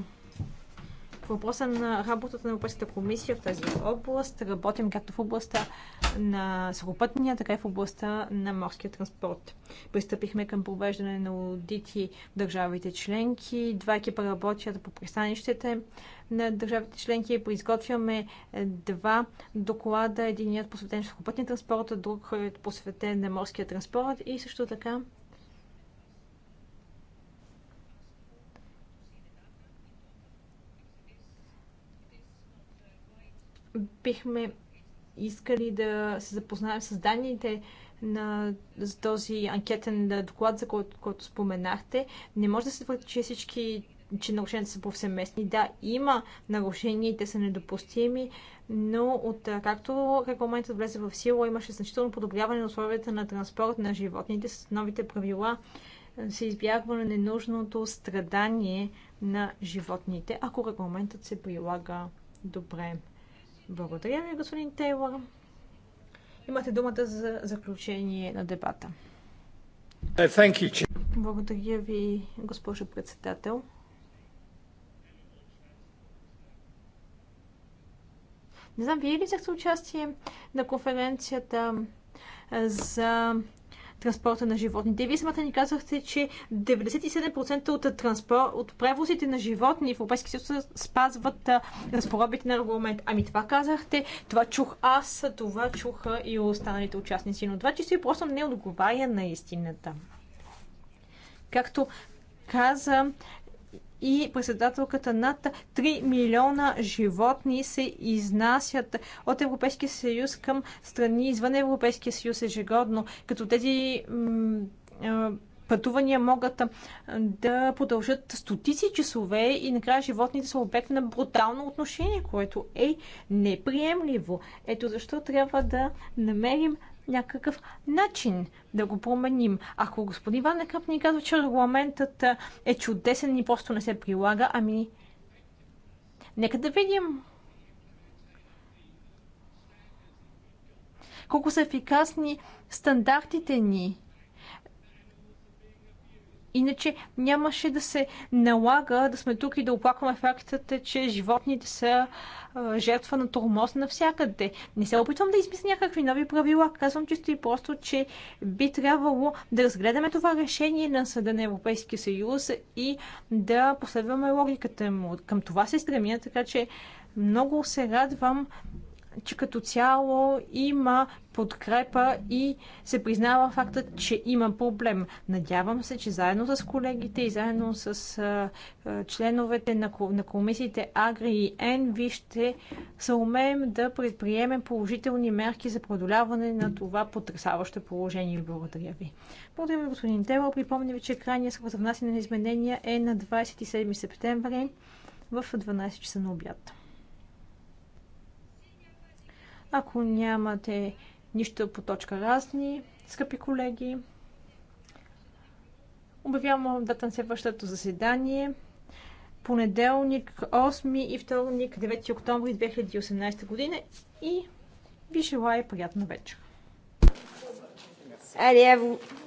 въпроса на работата на Европейската комисия в тази област. Работим както в областта на сухопътния, така и в областта на морския транспорт. Пристъпихме към провеждане на аудити в държавите членки. Два екипа работят по пристанищите на държавите членки Произготвяме два доклада. Единият е посветен сухопътния транспорт, друг е посветен на морския транспорт и също така бихме искали да се запознаем с данните на за този анкетен доклад, за който, който споменахте. Не може да се твърди, че всички че нарушенията са повсеместни. Да, има нарушения и те са недопустими, но от както регламентът влезе в сила, имаше значително подобряване на условията на транспорт на животните с новите правила се избягва на ненужното страдание на животните, ако регламентът се прилага добре. Благодаря ви, господин Тейлор. Имате думата за заключение на дебата. Е, Благодаря ви, госпожо председател. Не знам, вие ли взехте участие на конференцията за транспорта на животните. Вие самата ни казахте, че 97% от, транспор... от превозите на животни в Европейския съюз спазват разпоробите на регламент. Ами това казахте, това чух аз, това чуха и останалите участници. Но това чисто и просто не отговаря на истината. Както каза и председателката над 3 милиона животни се изнасят от Европейския съюз към страни извън Европейския съюз ежегодно, като тези пътувания могат да продължат стотици часове и накрая животните са обект на брутално отношение, което е неприемливо. Ето защо трябва да намерим някакъв начин да го променим. Ако господин Ван Екъп ни казва, че регламентът е чудесен и просто не се прилага, ами нека да видим колко са ефикасни стандартите ни Иначе нямаше да се налага да сме тук и да оплакваме фактът, че животните са жертва на тормоз навсякъде. Не се опитвам да измисля някакви нови правила. Казвам чисто и просто, че би трябвало да разгледаме това решение на Съда на Европейския съюз и да последваме логиката му. Към това се стремя, така че много се радвам, че като цяло има подкрепа и се признава фактът, че има проблем. Надявам се, че заедно с колегите и заедно с а, а, членовете на, на комисиите Агри и Енви ще съумеем да предприемем положителни мерки за продоляване на това потрясаващо положение. Благодаря ви. Благодаря ви, господин Дева. Припомня ви, че крайният срок за внасяне на изменения е на 27 септември в 12 часа на обяд. Ако нямате нищо по точка разни, скъпи колеги, обявявам дата на следващото заседание. Понеделник 8 и вторник 9 октомври 2018 година и ви желая приятна вечер. Allez à vous.